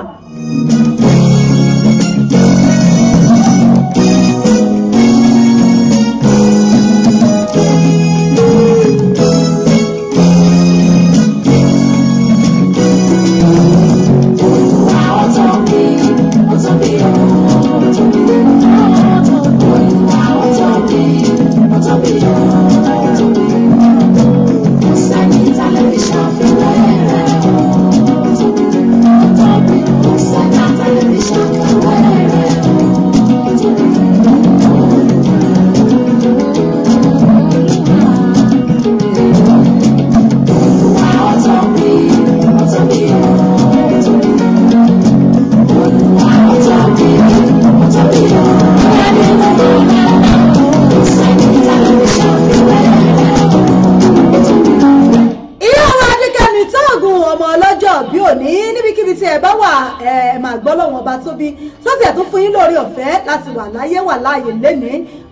ni sọ́tẹ̀ tó fún yín lórí ọ̀fẹ́ láti wà láyé wà láàyè lẹ́ni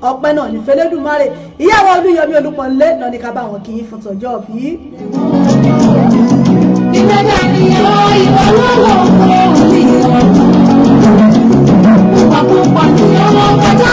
ọpẹ́ náà ní fẹlẹ́dùmarè ìyàwó olúyọmí olúpọ̀nlé náà ní ká bá wọn kì í fún tọjọ́ bí. ìgbẹ́jà ni ìwọ lọ́wọ́ òun lè rí ọ̀rọ̀ púpọ̀ púpọ̀ ni ọmọ kọjá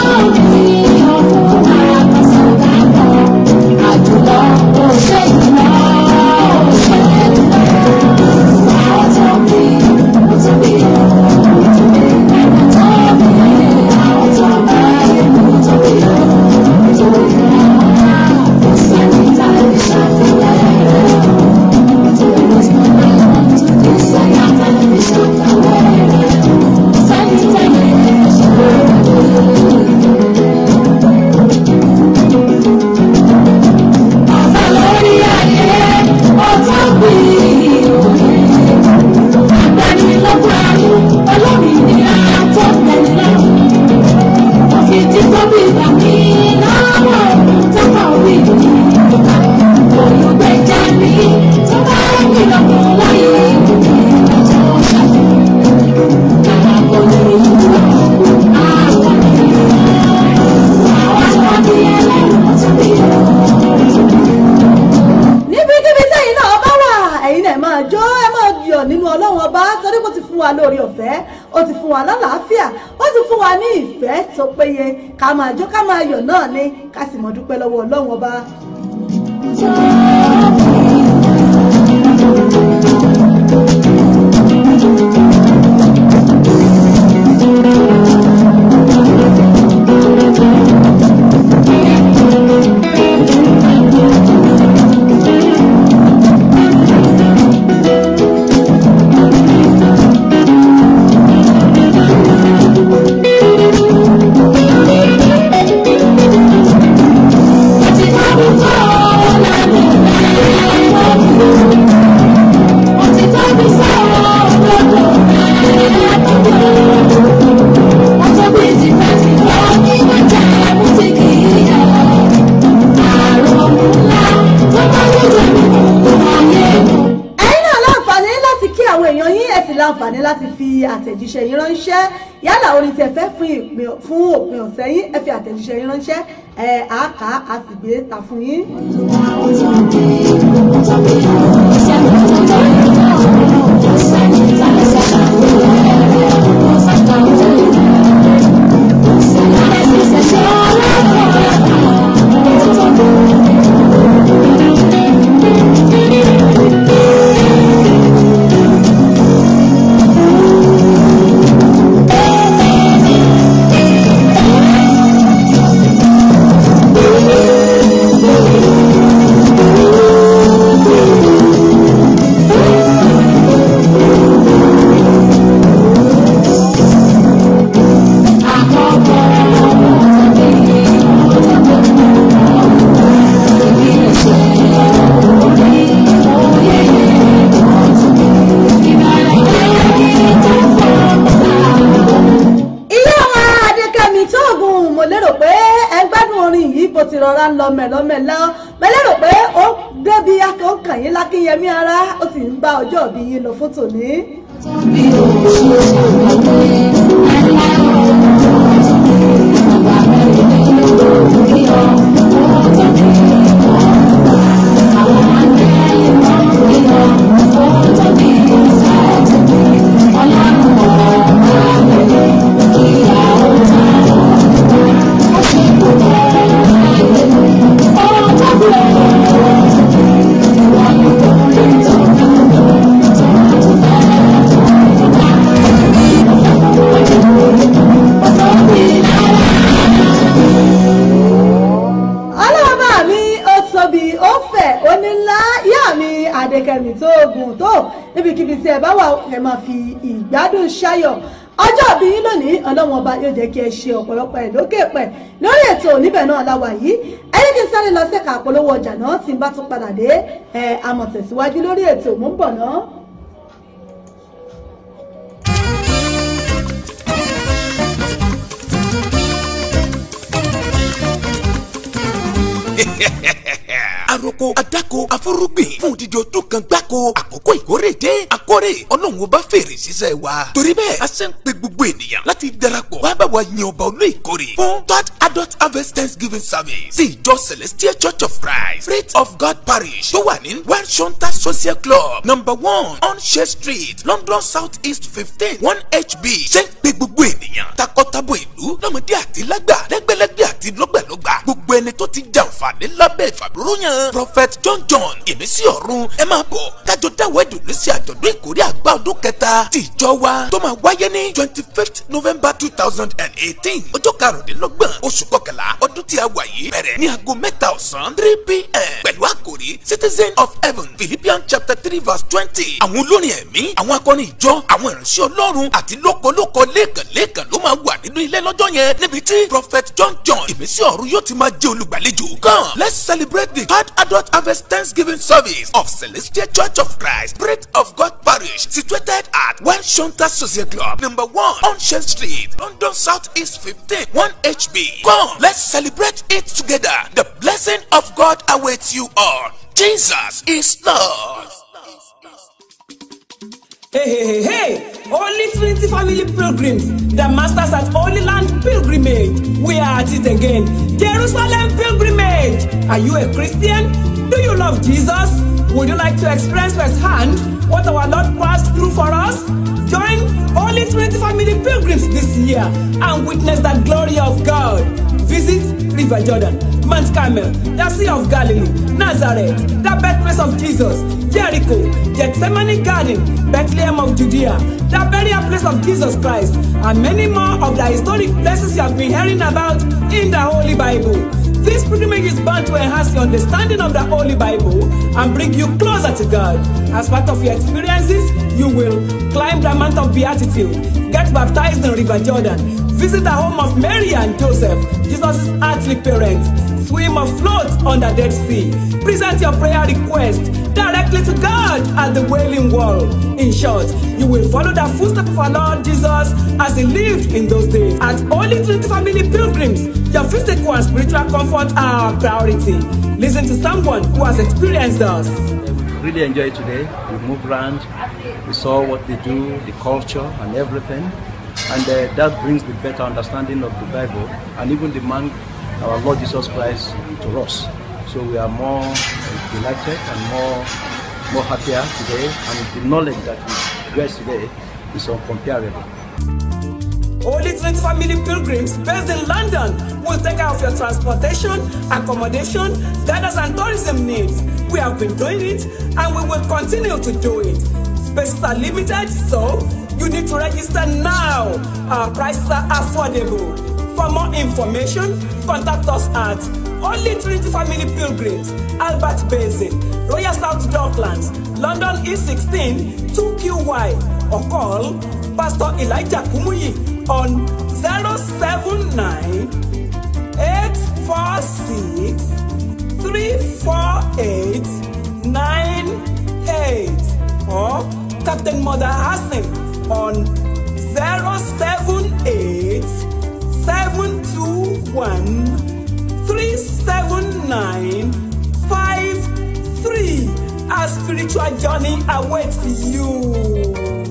ọlọ́run ọba torí kò ti fún wa lórí ọ̀fẹ́ ó ti fún wa lálàáfíà ó ti fún wa ní ìfẹ́ tó péye ká máa jó ká máa yọ̀ náà ni ká sì mọ̀ dúpẹ́ lọ́wọ́ ọlọ́run ọba. Thank you. àtẹ̀jíṣẹ́ yín ránṣẹ́ ẹ àáká a sì gbé ta fún yín. kí ẹ ṣe ọ̀pọ̀lọpọ̀ ẹ̀ lókè pẹ̀ lórí ètò oníbẹ̀ náà láwa yìí ẹni kí n sáré lọ sí ẹ̀ka àpolówó ọjà náà tí n bá tún padà dé ẹ̀ àmọ̀tẹ̀síwájú lórí ètò mú ń bọ̀ náà. aroko adako afurugbe fún odidi ojú kan gbáko àkókò ìkórè dé akórè ọlọ́run ó bá fèrè sísẹ́ wa torí bẹ́ẹ̀ a ń pe bá wa yin ọba olú ìkórè fún third adult harvest thanksgiving service ti ìjọ celestial church of christ faith of god parish tó wà ní one shonta social club number one onse street london south east fifteen one hb ṣé ń pe gbogbo ènìyàn takọtabo ìlú lọ́mọdé àti lágbà lẹ́gbẹ̀lẹ́gbẹ̀ àti lọ́gbàlọ́gbà gbogbo ẹni tó ti jàǹfààní lábẹ́ ìfàbúrúyàn prophet john john ìmísí ọ̀run ẹ máa bọ̀ kájọ dáwọ́ ẹ̀dùnú sí àjọ̀dún ìkórè àgbà ọdún kẹta ti ìjọ wa tó máa wáyé ní twenty fifth november two thousand thousand and eighteen ọjọ́ karùndínlọ́gbọ̀n oṣù kọkànlá ọdún tí a wà yìí bẹ̀rẹ̀ ní aago mẹ́ta ọ̀sán three pm pẹ̀lú àkòrí citizen of heaven philippians chapter three verse twenty àwọn olórin ẹ̀mí àwọn akọrin ìjọ àwọn ìránṣẹ́ ọlọ́run àti lókolóko lẹ́ẹ̀kan lẹ́ẹ̀kan ló máa wà nínú ilé lọ́jọ́ yẹn níbi tí prophet john john ìmísí ọ̀run yóò ti máa jẹ́ olùgbàlejò come let's celebrate the third adult harvest thanksgiving service of celestial church of christ breath of god parish situated at one shanta social club number one onsen street london Southeast 15, 1HB. Come, let's celebrate it together. The blessing of God awaits you all. Jesus is love. Hey, hey, hey, hey! Only 20 family pilgrims, the masters at Holy Land Pilgrimage. We are at it again. Jerusalem Pilgrimage. Are you a Christian? Do you love Jesus? Would you like to experience firsthand what our Lord passed through for us? Join Holy Trinity Family Pilgrims this year and witness the glory of God. Visit River Jordan, Mount Carmel, the Sea of Galilee, Nazareth, the birthplace of Jesus, Jericho, Gethsemane Garden, Bethlehem of Judea, the burial place of Jesus Christ, and many more of the historic places you have been hearing about in the Holy Bible. This pilgrimage is bound to enhance your understanding of the Holy Bible and bring you closer to God. As part of your experiences, you will climb the Mount of Beatitude, get baptized in River Jordan, visit the home of Mary and Joseph, Jesus' earthly parents, swim afloat on the Dead Sea. Present your prayer request directly to God at the Wailing Wall. In short, you will follow the footsteps of our Lord Jesus as he lived in those days. At Holy Trinity Family Pilgrims, your physical and spiritual comfort are our priority. Listen to someone who has experienced us. really enjoyed today. We moved around, we saw what they do, the culture and everything. And uh, that brings the better understanding of the Bible and even the man our Lord Jesus Christ to us. So we are more delighted and more more happier today, and the knowledge that we get today is uncomparable. Holy Trinity Family Pilgrims based in London will take care of your transportation, accommodation, guidance and tourism needs. We have been doing it and we will continue to do it. Spaces are limited, so you need to register now. Our prices are affordable. For more information, contact us at Holy Trinity Family Pilgrims, Albert Basin, Royal South Docklands, London E16, 2QY, or call Pastor Elijah Kumuyi on 079 846 348 98 or Captain Mother Hassan on 078 seven two one three seven nine five three. Our spiritual journey awaits you.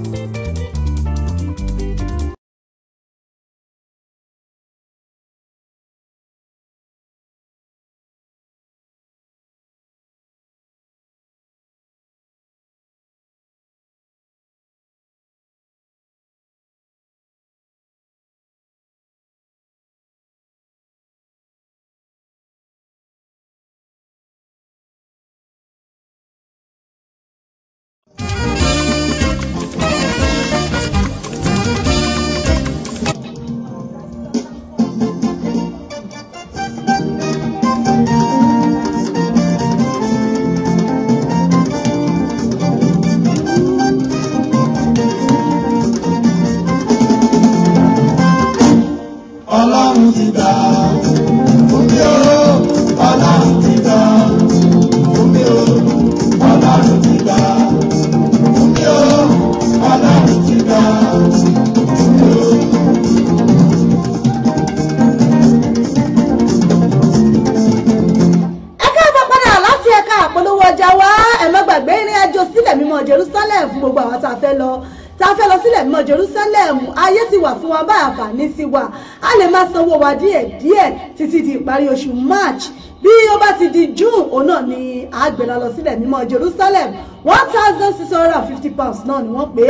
bá sanwó wa díẹ̀ díẹ̀ títí di ìparí oṣù March bí ó bá ti di June òun náà ni àgbẹ̀lá e lọ sílẹ̀ mímọ́ Jerusalem one thousand six hundred and fifty pounds náà ni wọ́n pé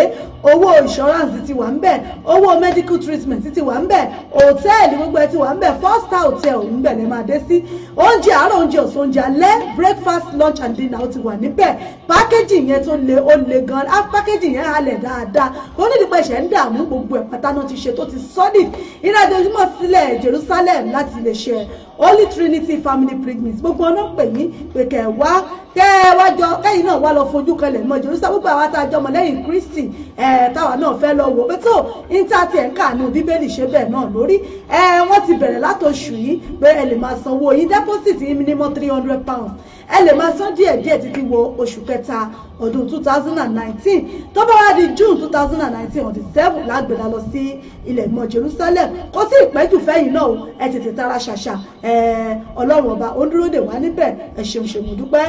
owó insurance ti wà ń bẹ̀ owó medical treatment ti wà ń bẹ̀ hòtẹ́ẹ̀lì gbogbo ẹ ti wà ń bẹ̀ four star hotel ń bẹ̀ lẹ́ máa dé sí oúnjẹ àárọ̀ oúnjẹ ọ̀sán oúnjẹ alẹ́ breakfast lunch and dinner ó ti wà níbẹ̀ pákéjì yẹn tó le ó le gan á pákéjì yẹn halẹ̀ dáadáa ó ní ìdípẹ́ ṣẹ̀ ń dààmú gbogbo ẹ̀ pátá náà ti ṣe tó ti solid ìrìnàjò ojúmọ́ sílẹ̀ Jerusalem láti lè ṣe Holy Trinity Family Pilgrimage gbogbo ọ̀nà pè mí pé kẹ̀ wá kẹ́ ẹ wá jọ kẹ́yìn náà wá lọ fojú kanlẹ̀ mọ́ Jerusalem gbogbo àwa tá a lẹ́yìn Kristi ẹ̀ táwa náà fẹ́ lọ wò pé tó íńtánẹ́ẹ̀tì ẹ̀ ń kà ní bíbélì ṣe bẹ́ẹ̀ náà lórí ẹ wọ́n ti bẹ̀rẹ̀ látòṣù yìí pé ẹ lè máa sanwó yín deposit yín minimum three hundred pounds ẹ lè máa san díẹ̀ díẹ̀ títí wo oṣù kẹta ọdún two thousand and nineteen tó bá wá di june two thousand and nineteen on the seven lágbèdá lọ sí ilẹ̀ ìmọ̀ jerusalem kò sí ìpẹ́jù fẹ́yìn náà o ẹ tètè tara ṣàṣà ẹ ọlọ́run ọba ó dúró dè wá níbẹ̀ ẹ ṣeun ṣeun dúpẹ́.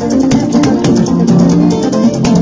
thank you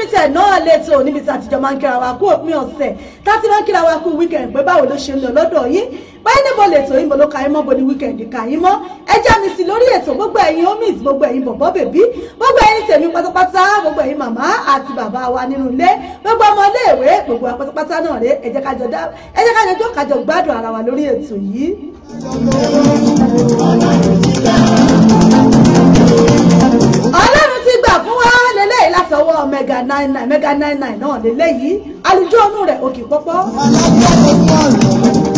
unlimited náà lẹ́tọ̀ níbi tí àtijọ́ máa ń kíra wa kú òpin ọ̀sẹ̀ tàti máa ń kíra wa kú weekend pé báwo ló ṣe ń lọ lọ́dọ̀ yín báyìí níbo lẹ́tọ̀ yín mo ló ka yín mọ́ bo ni weekend ka yín mọ́ ẹ já mi sí lórí ètò gbogbo ẹ̀yin homies gbogbo ẹ̀yin bọ̀bọ̀ bèbí gbogbo ẹ̀yin tèmi pátápátá gbogbo ẹ̀yin màmá àti bàbá wa nínú ilé gbogbo ọmọ iléèwé gbogbo wa pátápátá náà rè ẹ jẹ́ kájọ kájọ gbádùn ara wa lórí ètò yìí. látọwọ́ mega nine nine mega nine nine náà lélẹ́yìí àlùjọ́nù rẹ̀ òkè pọ́pọ́. ọlọ́pàá ló ń bọ̀ lọ́wọ́.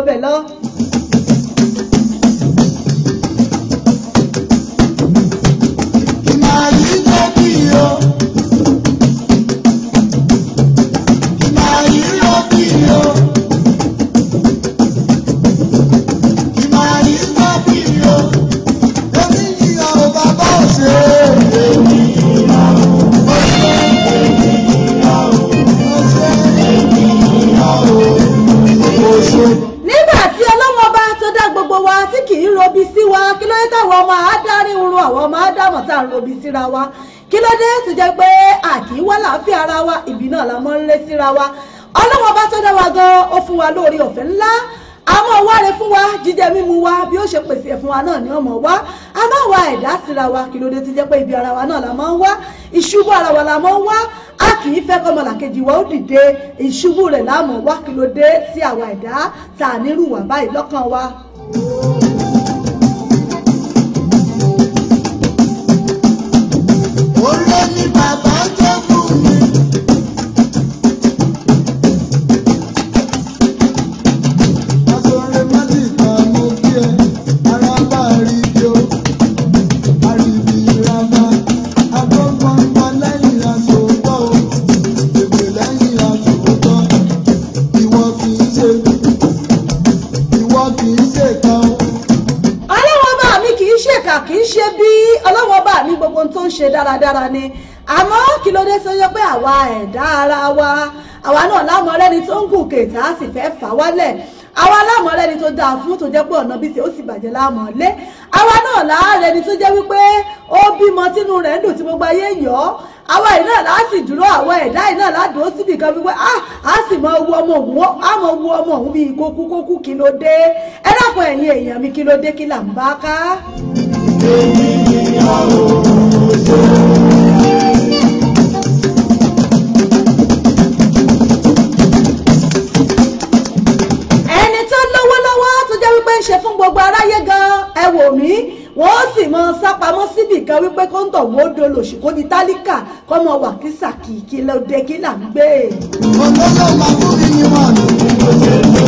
别了。fún wa náà ni ọmọ wá a máa wá ẹ̀dá síra wa kí ló dé ti jẹ́ pé ibi ara wa náà la máa ń wá ìṣubú ara wa la máa ń wá a kì í fẹ́ kọ́mọ làkejì wa ó dìde ìṣubú rẹ̀ láàmú wá kí ló dé sí àwa ẹ̀dá tà nírú wà báyìí lọ́kàn wa dáradára ni àmọ́ kí ló dé tó yẹ pé àwa ẹ̀dá ara wa àwa náà láwọn tó ń gùn kètà á sì fẹ́ fà wálẹ̀ àwa aláàmọ́ tó dáa fún tó jẹ́ pé ọ̀nà bíi ó sì bàjẹ́ àwa náà wípé ó bímọ tínú rẹ̀ ń dùn tí gbogbo ayé àwa náà dúró àwa ẹ̀dá náà síbi kan wípé a sì mọ ọmọ òun mọ ọmọ òun bíi kí ló dé ẹ ẹni tó lọ́wọ́lọ́wọ́ tó jẹ́ wípé ń ṣe fún gbogbo aráyé gan-an ẹ wò mí wọ́n sì mọ sápamọ́ síbì kan wípé kóńtọ̀ wo dolòṣì kó di tálíkà kọ́mọ wà kí sàkìkì lóde kí là ń gbé. ọ̀pọ̀lọpọ̀ àkúrí ni wọn àná ìgbésẹ̀ lọ.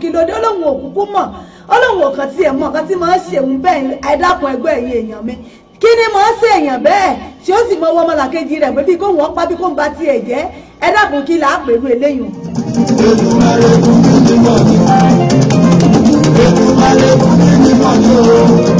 kí ló dé ọlọ́run òkúkú mọ̀ ọlọ́run ọ̀kan tí ẹ̀ mọ̀ ọ̀kan tí màá ṣèwọ̀n bẹ́ẹ̀ ẹ̀dákun ẹgbẹ́ ẹ̀yìn èèyàn mi kí ni màá ṣe èèyàn bẹ́ẹ̀ tí ó sì mọ ọwọ́ ọmọlàkejì rẹ̀ pé bí kò wọ́n pa bí kò ń ba tiẹ̀ jẹ́ ẹ̀dákun kí là á pèrú eléyìí. ètùmọ̀lẹ́kùn kí ni mọ̀ ní o.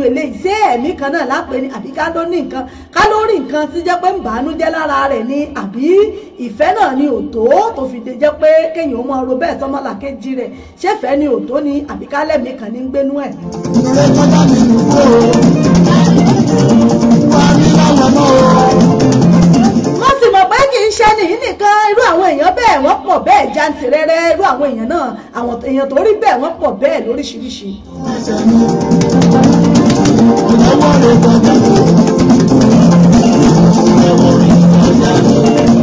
pẹ̀lú eléyìí ṣé ẹ̀mí kan náà lápè ni àbí ká ló ní nǹkan ká ló rí nǹkan tí jẹ́ pé ń bànújẹ́ lára rẹ̀ ni àbí ìfẹ́ náà ni òtó tó fi dé jẹ́ pé kéèyàn máa ro bẹ́ẹ̀ tọ́mọ́là kejì rẹ̀ ṣé fẹ́ ni òtó ni àbí ká lẹ́mí kan ní gbénú ẹ̀. ìrẹ́ kọ́dá mi kú o wà ní láwọn náà wọ́n sì mọ̀ pé kì í ṣe nìyí nìkan irú àwọn èèyàn bẹ́ẹ̀ wọ́n pọ̀ bẹ́ẹ̀ jantirẹrẹ irú àwọn èèyàn náà àwọn èèyàn tó rí bẹ́ẹ̀ wọ́n pọ̀ bẹ́ẹ̀ lóríṣiríṣi ẹwọ́ rẹ̀ kọjá ẹwọ́ rẹ̀ kọjá.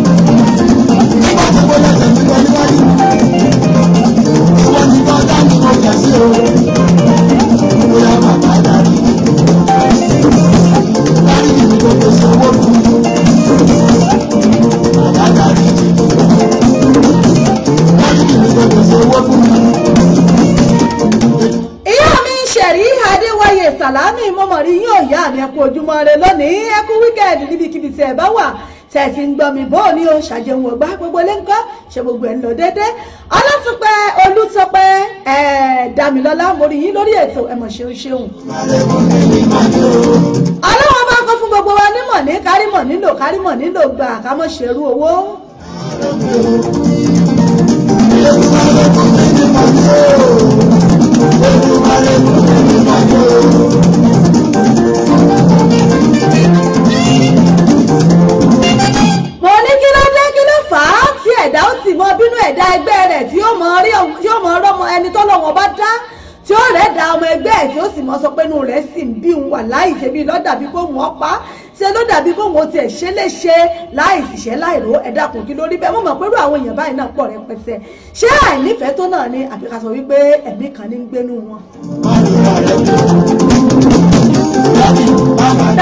dọ̀mí bó ni o ṣàjẹun ọ̀gbá gbogbo ilé ńkọ́ ṣe gbogbo ẹ̀ ń lọ déédéé ọlọ́túnpẹ́ olùtọ́pẹ́ ẹ̀ẹ́dàmílọ́lá mo yín lórí ètò ẹ̀mọ̀ ṣeun ṣeun. ọlọ́wọ́n bá kọ́ fún gbogbo wa nímọ̀ ní kárímọ̀ nílò kárímọ̀ nílò gbà kámọ́ ṣerú owó. Thank you. mọ bínú ẹ̀dá ẹgbẹ́ rẹ̀ tí yóò mọ rọ́mọ ẹni tọ́lọ́wọ́n bá dá tí ó rẹ̀ da ọmọ ẹgbẹ́ ẹ̀ tí ó sì mọ sọ pé inú rẹ̀ sì ń bí òun wà láì ṣe bí ló dàbí pé òun ọ̀pá ṣe ló dàbí pé tiẹ̀ ṣe lè ṣe láì ṣiṣẹ́ láì ro ẹ̀dá kò kí lórí bẹ́ẹ̀ wọ́n mọ̀ pé àwọn èèyàn báyìí náà pọ̀ rẹpẹtẹ ṣé àìnífẹ̀ẹ́ tó náà ni àbí ká sọ wípé ẹ̀mí kan ní ń gbénú wọn.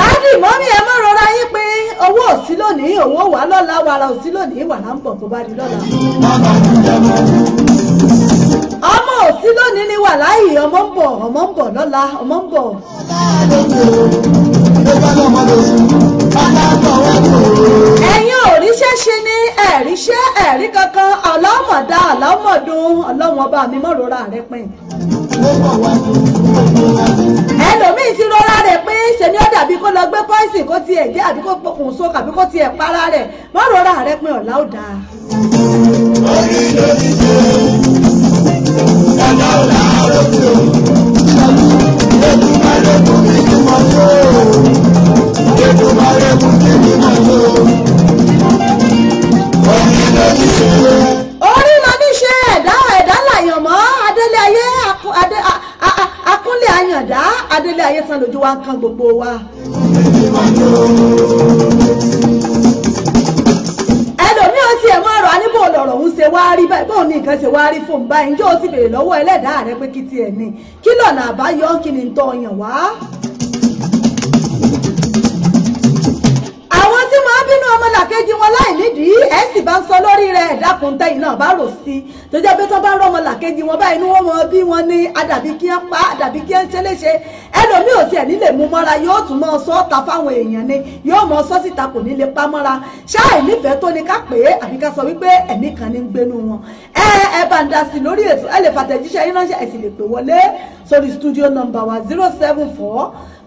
dáàdì mọ́mí ẹ má rọra yín pé owó òsí lónìí òun ò wá lọ́la wàrà òsí lónìí wàrà ń tó bá di lọ́la. ọmọ òsí lónìí ni wàláyé ọmọ ń bọ̀ ọmọ ń bọ̀ lọ́la ọmọ ń bọ̀ ẹ̀yin ò ríṣẹ́ ṣe ní ẹ̀ríṣẹ́ ẹ̀rí kankan ọlọ́mọ̀dá ọlọ́mọ̀dún ọlọ́wọ́n bá mi mọ̀rora rẹ pin. ẹlòmíì ti rọra rẹ̀ pé ṣe ni ó dàbí kó lọ gbé pọ́ìsìn kó tiẹ̀ jẹ́ àbí kó pokùn so àbí kó tiẹ̀ para rẹ̀ mọ̀rora rẹ pin ọ̀la ó dáa. orí ló ti ṣe ọ̀la ọ̀la ọ̀rọ̀ tó ṣàlùkù lójú má lókun mi máa lò ó ètò máa rẹ́kùn kí ni máa lò ó orí ló ní ṣe. orí ló ní ṣe ẹ̀dá ẹ̀dá làyàn mọ́ adélé ayé akúnlé àyàndá adélé ayé san lójú wa kan gbogbo wa. ẹlòmíì ó tiẹ̀ mọ́ ọ̀rọ̀ aníbò lọ̀rọ̀ ń ṣe wá rí báyìí bóun ní nǹkan ṣe wá rí fóun báyìí njó ti béèrè lọ́wọ́ ẹlẹ́dàá rẹ pé kí tiẹ̀ ní kí lọ́nà àbáyọ kí ni ń tọ́ ọyàn wá. tí màá bínú ọmọlàkejì wọn láì nídìí ẹ sì bá ń sọ lórí rẹ ẹdákun tẹ̀yin náà bá rò sí tó jẹ́ pé tó bá rọ ọmọlàkejì wọn báyìí ni wọ́n mọ bí wọn ní àdàbí kí wọ́n pa àdàbí kí wọ́n ṣeléṣe ẹlòmíì ò tiẹ̀ nílè mú mọ́ra yóò tún mọ sọ ọ́ta fáwọn èèyàn ni yóò mọ sọ síta kò nílè pa mọ́ra ṣáà ìnífẹ̀ẹ́ tó ní ká pè é àbí ká sọ wípé ẹ̀mí kan ní ń gbénu wọn ẹ ẹ bá ń da sí lórí ètò ẹ lè fàtẹ̀jíṣẹ́ yín ránṣẹ́ studio number wa zero seven four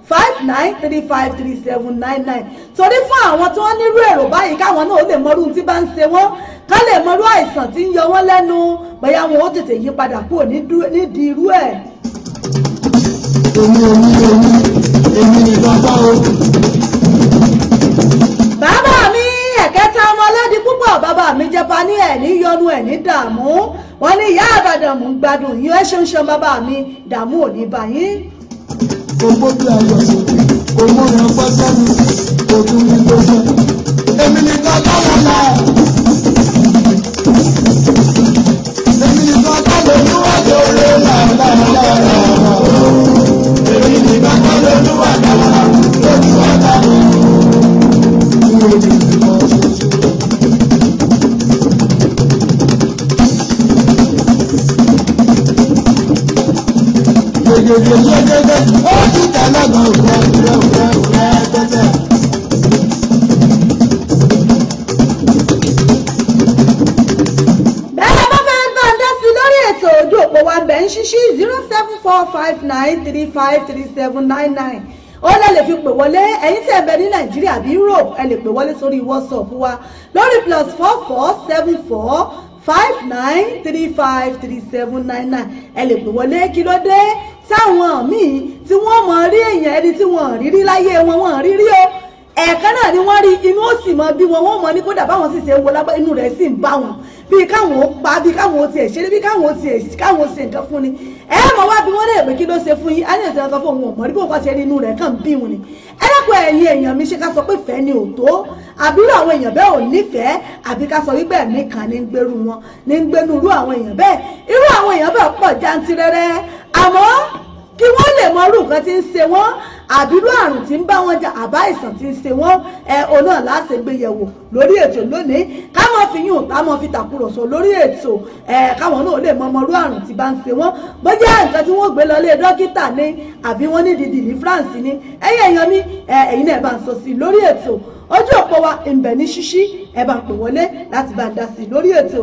five nine three five three seven nine nine torí fún àwọn tí wọ́n nírú èrò báyìí káwọn náà ó lè mọrú tí bá ń ṣe wọ́n ká lè mọrú àìsàn tí ń yọ wọ́n lẹ́nu bóyá wọn ó tètè yí padà kúrò nídìí irú ẹ̀. èmi èmi èmi èmi ni bàbá o. bàbá mi ẹ̀kẹ́ta ọmọ ọlọ́dí púpọ̀ bàbá mi jẹba ní ẹ̀ ní yọnu ẹ̀ ní dààmú wọ́n ní ìyá àbàdàn mú gbádùn yín ẹ ṣeun ṣeun bàbá mi dààmú ò ní bá ògbójú ayọ̀ sókè òmùrè ọgbọ́n sẹ́nu òdùn mi lójú. èmi nìkan táwọn la. èmi nìkan táwọn olúwàdé oore làlàlàlà. èmi nìkan táwọn olúwàdé oore làlàlàlà. ògèdè gẹ́gẹ́gẹ́ ó ti tàlágbà òwúrẹ́ òwúrẹ́ òwúrẹ́ tẹ́tẹ́. bẹ́ẹ̀ bá fẹ́ ń dá sí lórí ètò ojú òpó wa bẹ̀ ń ṣíṣí zero seven four five nine three five three seven nine nine ó lè lè fi pè wọlé ẹ̀yin tí ẹ bẹ ní nàìjíríà àbí europe ẹ lè pè wọlé sórí whatsapp wa lórí plus four four seven four five nine three five three seven nine nine ẹ lè pè wọlé kí ló dé táwọn míì tí wọ́n mọ̀ rí èèyàn ẹni tí wọ́n rí rí láyé wọn wọ́n rí rí o ẹ̀ẹ̀kan náà ni wọ́n rí inú ó sì mọ bí wọn wọ́n mọ ní kódà báwọn sì ṣe ń wo lágbá inú rẹ̀ sì ń bá wọn bí káwọn ó pa bí káwọn ó tiẹ̀ ṣeré bí káwọn ó tiẹ̀ káwọn ó ṣe nǹkan fún ni ẹ mọ̀ wá bí wọ́n lè pé kí ló ṣe fún yín á ní ìṣẹ̀lẹ̀ sọ fún òun ọ̀mọ́ rí bí òun ṣe rí inú rẹ̀ kàn bí wọn ni ẹlẹ́kùn ẹ̀yìn èèyàn mi ṣe ká sọ pé fẹ́ ni ò tó àbúrò àwọn èèyàn bẹ́ẹ̀ ò nífẹ̀ẹ́ àbí ká sọ wípé ẹ̀mí kan ní ń gbèrú wọn ní ń gbénu irú àwọn èèyàn bẹ́ẹ̀ irú àwọn èèyàn bẹ́ẹ̀ pọ̀ jantirẹrẹ àmọ́ kí wọ́n lè mọ irú nǹkan tí ń ṣe wọ́n àbírú àrùn tí ń bá wọn jà àbá ìsàn tí ń ṣe wọn ẹ ọ̀nà láti gbé yẹ̀wò lórí ètò lónìí káwọn fi yùn táwọn fi tàkùrọ̀sọ lórí ètò ẹ káwọn náà lè mọ̀ ọmọrú àrùn tí bá ń ṣe wọn bóyá nǹkan tí wọn gbé lọ lé dókítà ní àbí wọn ní dìdì ní France ní ẹyẹ èèyàn mi ẹ̀yin náà bá ń sọ sí lórí ètò ojú òpó wa ìbẹ̀ ní ṣíṣí ẹ bá pè wọlé láti bá dá sí lórí ètò.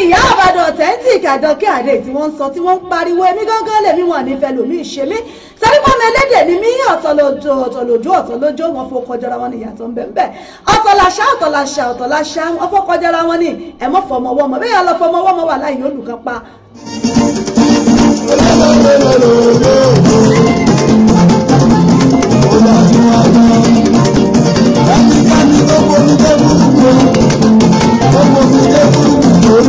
ni ìyá àbàdàn authentic àdànkẹ́ àdè tí wọ́n ń sọ tí wọ́n ń pariwo ẹ̀mí gángan lèmi wọn nífẹ̀ẹ́ lòmí ìṣe mí sẹ́ríkọ́mọ ẹlẹ́dẹ̀ ni mí ọ̀tọ̀lódò ọ̀tọ̀lódò ọ̀tọ̀lódò wọn fọ́ kọjára wọn ni ìyàtọ̀ ń bẹ ń bẹ ọ̀tọ̀láṣà ọ̀tọ̀láṣà ọ̀tọ̀láṣà wọn fọ́ kọjára wọn ni ẹ̀mọ́ fọmọwọ́mọ bẹ́ẹ̀ yà lọ fọmọwọ́mọ wà láì yóò lùkàn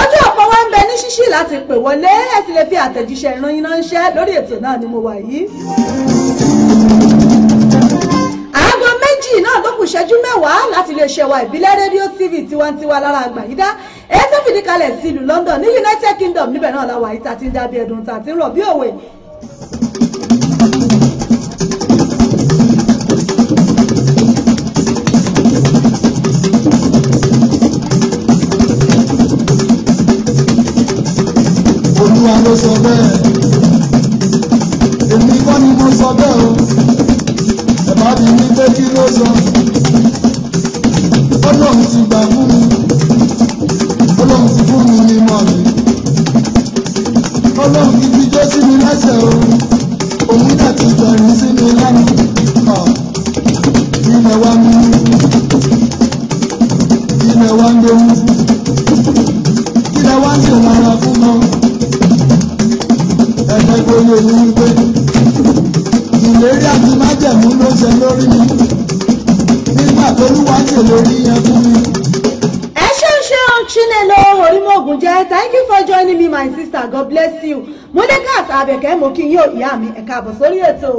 ojú òpó wa ń bẹ ní ṣíṣí láti pè wọlé ẹ sì lè fi àtẹ̀jíṣẹ́ ìròyìn ránṣẹ́ lórí ètò náà ni mo wà yìí. aago méjì náà ló kù ṣẹ́jú mẹ́wàá láti iléeṣẹ́ wa ìbílẹ̀ rédíò tv tiwantiwa lára àgbàyídá èyí tó fìdí kalẹ̀ sí London ní United Kingdom níbẹ̀ náà la wà yìí tá a ti ń dábìí ẹ̀dùn tá a ti ń rọ̀ bí òwe. no love. ìyá mi ẹ káàbọ̀ sórí ètò.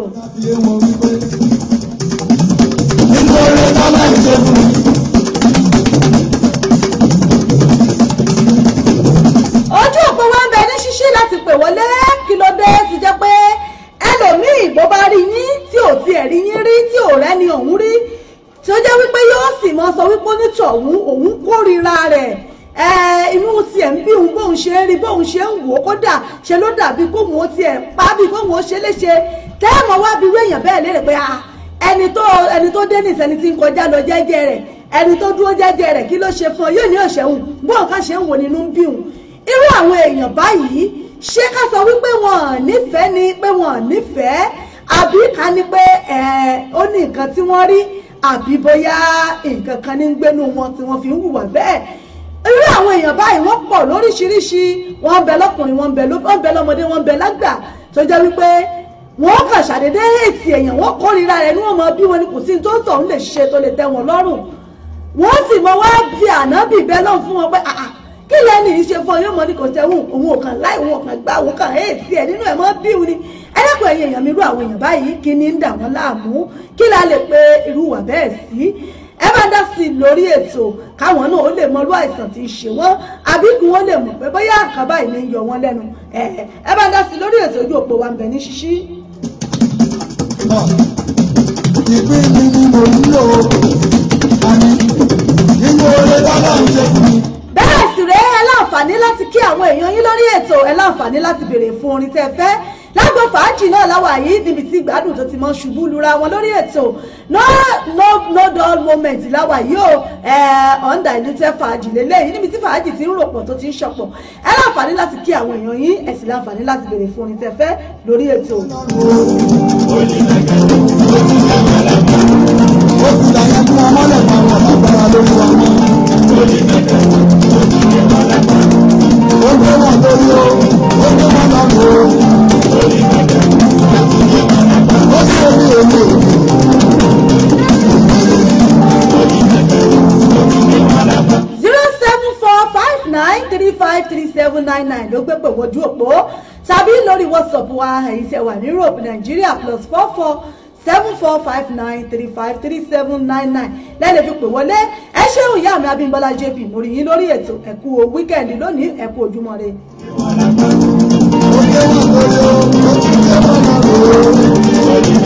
sẹ́ni tí ń kọjá lọ jẹ́jẹ́ rẹ̀ ẹni tó dúró jẹ́jẹ́ rẹ̀ kí ló ṣe fún ọ yóò ní ọ̀ṣẹ̀hùn bóun ká ṣe ń wò nínú ń bíun irú àwọn èèyàn báyìí ṣé ká sọ wípé wọn ò nífẹ̀ẹ́ ni pé wọn ò nífẹ̀ẹ́ àbí ká ní pé ẹ ó ní nǹkan tí wọ́n rí àbí bóyá nǹkan kan ní ń gbénu wọn tí wọ́n fi ń hùwà bẹ́ẹ̀ irú àwọn èèyàn báyìí wọ́n pọ̀ lóríṣiríṣi wọ́n bẹ lọ́kùnrin wọ́n bẹ lọ́mọdé wọ́n bẹ lágbà tó jẹ́ wípé wọ́n kàn ṣàdédé èsì èèyàn wọ́n kórìíra rẹ̀ ní wọ́n mọ bí wọn ni kò sí tó ń tọ̀hún lè ṣe tó lè tẹ́ wọn lọ́rùn wọ́n sì mọ wá bí ànábì bẹ́ẹ̀ náà fún wọn pé kí lẹ́nu yìí ṣe fún ọ yóò mọ ní kò sẹ́wọ̀n òun ò kàn láì òun ò kàn gbá òun kàn èsì ẹ̀ nínú ẹ̀ mọ́ bí wọn ni ẹlẹ́kùn ẹ̀yìn èèyàn mi rú àwọn èèyàn báyìí kí ni ń dà wọ́n láàmú kí la lè pe irú wà bẹ́ẹ̀ sí ẹ bá dá sí i lórí ètò káwọn náà ó lè mọ irú àìsàn tí ń ṣe wọn àbí kí wọn lè mọ pé bóyá àkàbà ìní yọ wọn lẹ́nu ẹ bá dá sí i lórí ètò ojú òpó wa ń bẹ ní ṣíṣí mọ̀ ìpín mi ni mo ń lò àní nínú oore bọ́lá ń ṣe fún mi. bẹ́ẹ̀ sì rẹ́ ẹ láǹfààní láti kí àwọn èèyàn yín lórí ètò ẹ láǹfààní láti béèrè fún orin tẹ́ fẹ́ lágbo fàájì náà láwà yìí níbi tí gbádùn tó ti mọ ṣubú lura wọn lórí ètò no no no dull moment láwà yìí o undiluted fàájì lélẹ́yìn níbi tí fàájì ti ń ròpọ̀ tó ti ń ṣọpọ̀ ẹ láǹfààní láti kí àwọn èèyàn yín ẹ sì láǹfààní láti béèrè fún orin tẹ́fẹ́ lórí ètò. ó ti dàgbà fún ọmọlẹ̀ máa wọ̀ lágbára lórí ọmọ. ó ti dàgbà fún ọmọlẹ̀ máa wọ̀ lágbára lórí ọmọ. ó gbé wọn lórí o ó gbé wọn lọ́dún o zero seven four five nine three five three seven nine nine ló gbé pè wojú òpó tàbí lórí whatsapp wa ẹ̀yin tẹ́ wà ní europe nigeria plus four four seven four five nine three five three seven nine nine lẹ́lẹ̀ fi pè wọlé ẹ ṣeun ìyá mi abímbọ́lá jp mo rí yín lórí ètò ẹ̀kú wíkẹ́ndì lónìí ẹ̀kú ojúmọ́ re. ó kéwọ́n gbọ́dọ̀ ó ti tẹ́wọ́n náà lò ó.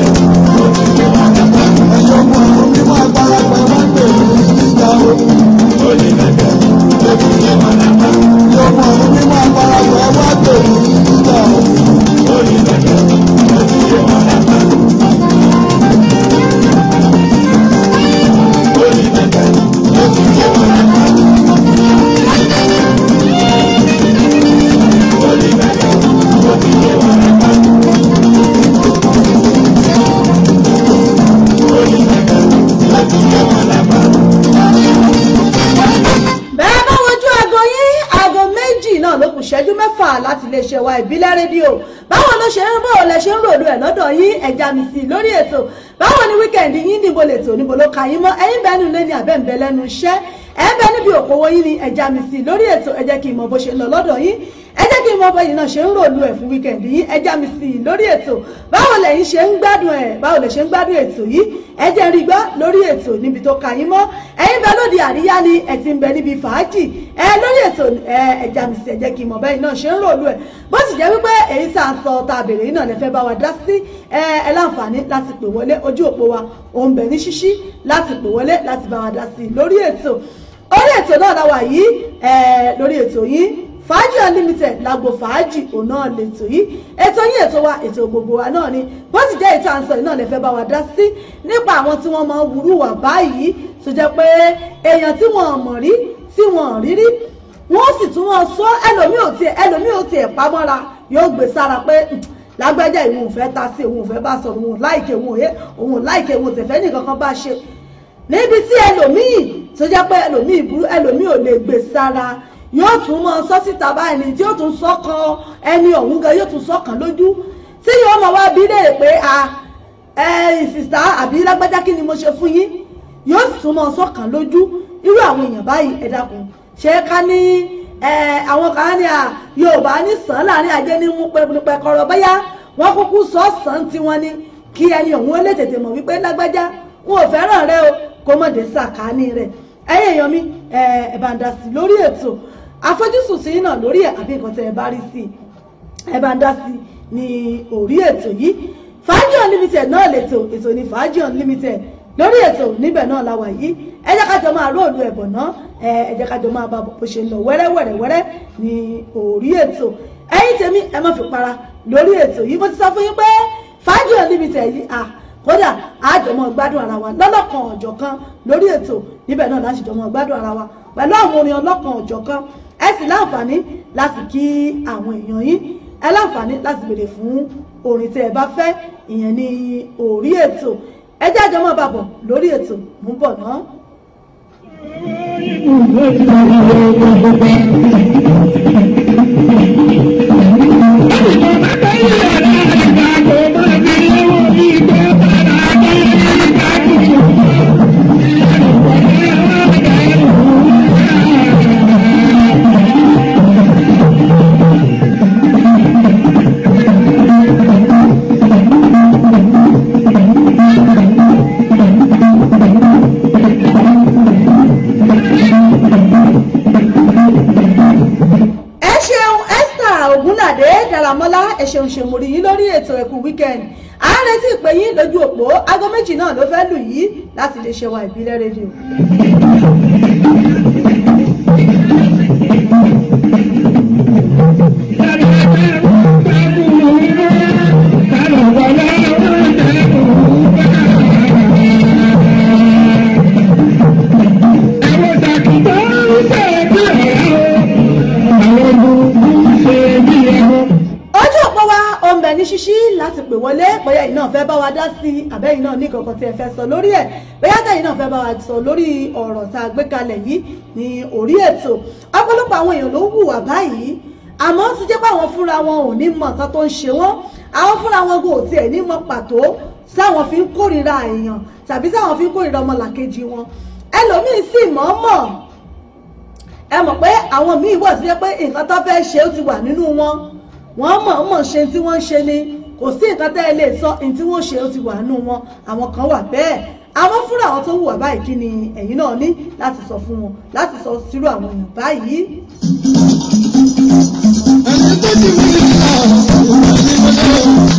mi sí lórí ètò báwo ni wíkẹ̀ndì yín níbo lè tò níbo ló ka yín mọ́ ẹ̀yin bẹ́ẹ̀ nílé ni àbẹ́ ǹbẹ lẹ́nu iṣẹ́ ẹ̀ níbi òkòwò yín ni ẹja mi sí lórí ètò ẹ jẹ́ kí n mọ bó ṣe lọ lọ́dọ̀ yín ẹ jẹ́ kí n mọ bẹ́yìn náà ṣe ń ròlú ẹ̀ fún wíkẹ̀ndì yín ẹja mi sí lórí ètò báwo lẹ̀yin ṣe ń gbádùn ẹ̀ báwo lẹ ṣe ń gbádùn ètò yìí ẹ rí gbọ́ lórí ètò níbi tó ka yín mọ́ ẹ̀yin bẹ lóde àríyá ni ẹ ti ń bẹ níbi fàájì ẹ lórí ètò ẹja mi sí ẹ jẹ́ kí n mọ bẹ́yìn náà ṣe ń ròlú ẹ̀ bó sì jẹ́ wípé èyí tá a sọ tá a béèrè yìí náà lẹ fẹ́ bá wa dá sí ẹ láǹfààní láti pè wọlé ojú òpó wa òun bẹ̀ ní ṣíṣí láti pè wọlé láti bá wa dá sí i lórí ètò orí ètò náà la wà yìí lórí ètò yìí fàájì unlimited lágbo fàájì òun náà lètò yìí ètò yín ètò wa ètò gbogbo wa náà ni bó ti jẹ́ ètò àǹsọ̀ yìí náà lè fẹ́ bá wa dá sí nípa àwọn tí wọ́n máa ń wúrú wà báyìí tó jẹ́ pé èèyàn tí wọ́n mọ̀ rí tí wọ́n rí rí wọ́n sì tún wọ́n sọ ẹlòmíì ò tiẹ̀ yóò gbé sára pé hmm, lágbájá ìwọ̀n òfẹ́ ta sí ìwọ̀n òfẹ́ bá sọ̀rọ̀ òun láìkè òun òye òun láìkè òun tẹ̀fẹ́ nìkan kan bá ṣe níbi tí ẹlòmíì tó jẹ́ pé ẹlòmíì burú ẹlòmíì ò lè gbè sára yóò tún mọ sọ síta báyìí ni tí yóò tún sọ́kàn ẹni ọ̀hún gan yóò tún sọ́kàn lójú tí yóò mọ wá bí léèrè pé a ẹ sìsá àbí lágbájá kí ni mo ṣe fún yín yóò tún mọ sọ́kàn lójú irú àwọn èèyàn báyìí ẹ dákun ṣé ká ní àwọn kan á ní à yorùbá ní sàn láàrin ajé ní mú pẹpẹ kọrọ bóyá kúkú sọ sàn tiwọn ni kí ẹni òun ó lè tètè mọ̀ wípé lágbájá wọn ò fẹ́ràn rẹ o kó mọ̀ dé sàkáání rẹ ẹyẹ èèyàn mi ẹ bá ń dá sí lórí ètò àfojúsùn sí náà lórí àbí nǹkan tẹ bá rí sí ẹ bá ń dá ètò yìí fàájì unlimited náà lè tò ètò ní fàájì unlimited lórí ètò níbẹ̀ náà la wà yìí ẹ jẹ́ ká jọ máa róòlù ẹ̀bọ̀ náà ẹ jẹ́ ká jọ máa bá bó ṣe lọ wẹ́rẹ́wẹ́rẹ́wẹ́rẹ́ ní orí ètò ẹ̀yin tèmi ẹ má fi para lórí ètò yìí mo ti sọ fún yín pé fàájì unlimited yìí à kódà àjọmọ gbádùn ara wa lọ́lọ́kan ọ̀jọ̀kan lórí ètò níbẹ̀ náà láti jọmọ gbádùn ara wa pẹ̀lú àwọn orin ọlọ́kan ọ̀jọ̀kan ẹ sì láǹfààní láti kí àwọn èèyàn yín ẹ láǹfààní láti béèrè fún orin tí ẹ bá fẹ́ ìyẹn ní orí ètò ẹ jẹ́ àjọ máa bàbọ̀ lórí ètò mú bọ̀ náà. Thank you. ṣeun ṣe mo rí yín lórí ètò ẹkùn wíkẹ́ndì à ń retí ìpè yín lójú òpó aago méjì náà ló fẹ́ lù yìí láti lè ṣe wa ìbílẹ̀ rédíò. Thank you. ní ṣíṣí láti pè wọlé bóyá ẹ̀yin náà fẹ́ bá wa dá sí i àbẹ́yìn náà ní kankan tí ẹ fẹ́ sọ lórí ẹ̀ bóyá tẹ̀yin náà fẹ́ bá wa sọ lórí ọ̀rọ̀ tá a gbé kalẹ̀ yìí ní orí ètò ọ̀pọ̀lọpọ̀ àwọn èèyàn ló hùwà báyìí àmọ́ ti jẹ́ pé àwọn fúnra wọn ò ní mọ̀ nǹkan tó ń ṣe wọ́n àwọn fúnra wọn kò tiẹ̀ ní mọ̀ pàtó sáwọn fi ń kórìíra èèyàn tàbí sáwọn fi ń kórìíra ọmọlàkejì wọn ẹlòmíín sì mọ̀ mọ̀ ẹ mọ̀ pé àwọn míín wọ̀ sí pé nǹkan tó fẹ́ ṣe ó ti wà nínú wọn wọ́n mọ̀ ọ́n mọ̀ ṣe tí wọ́n ṣe ni kò sí nǹkan tẹ́ ẹ lè sọ ní tí wọ́n ṣe ó ti wà nù wọn àwọn kan wà bẹ́ẹ̀ àwọn fúnra àwọn tó wùwà báyìí kí ni ẹ̀yin náà ní láti sọ fún wọn láti sọ sírú àwọn èèyàn báyìí. ẹni tó ti wí ní ìlànà òun ni mo lérò.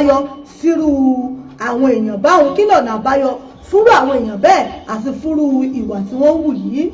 àbáyọ sírú àwọn èèyàn báwọn kí lọ̀nà àbáyọ fúrú àwọn èèyàn bẹ́ẹ̀ àti fúrú ìwà tí wọ́n wù yìí.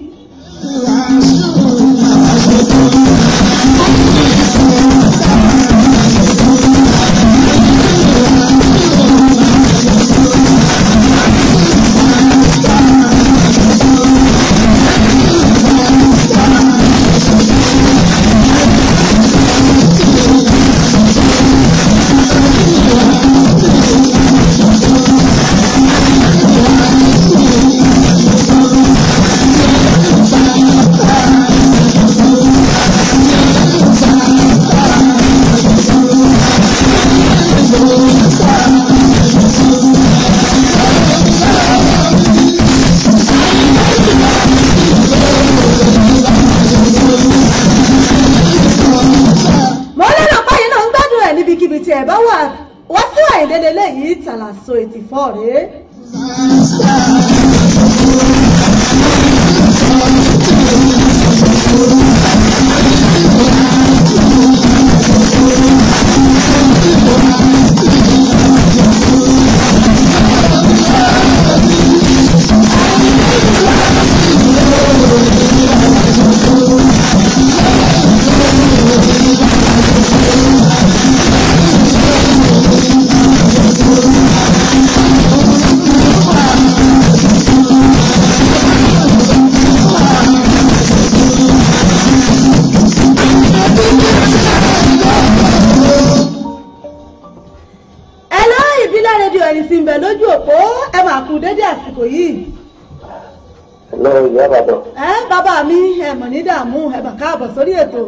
dààmú ẹ bá káàbọ̀ sórí ètò.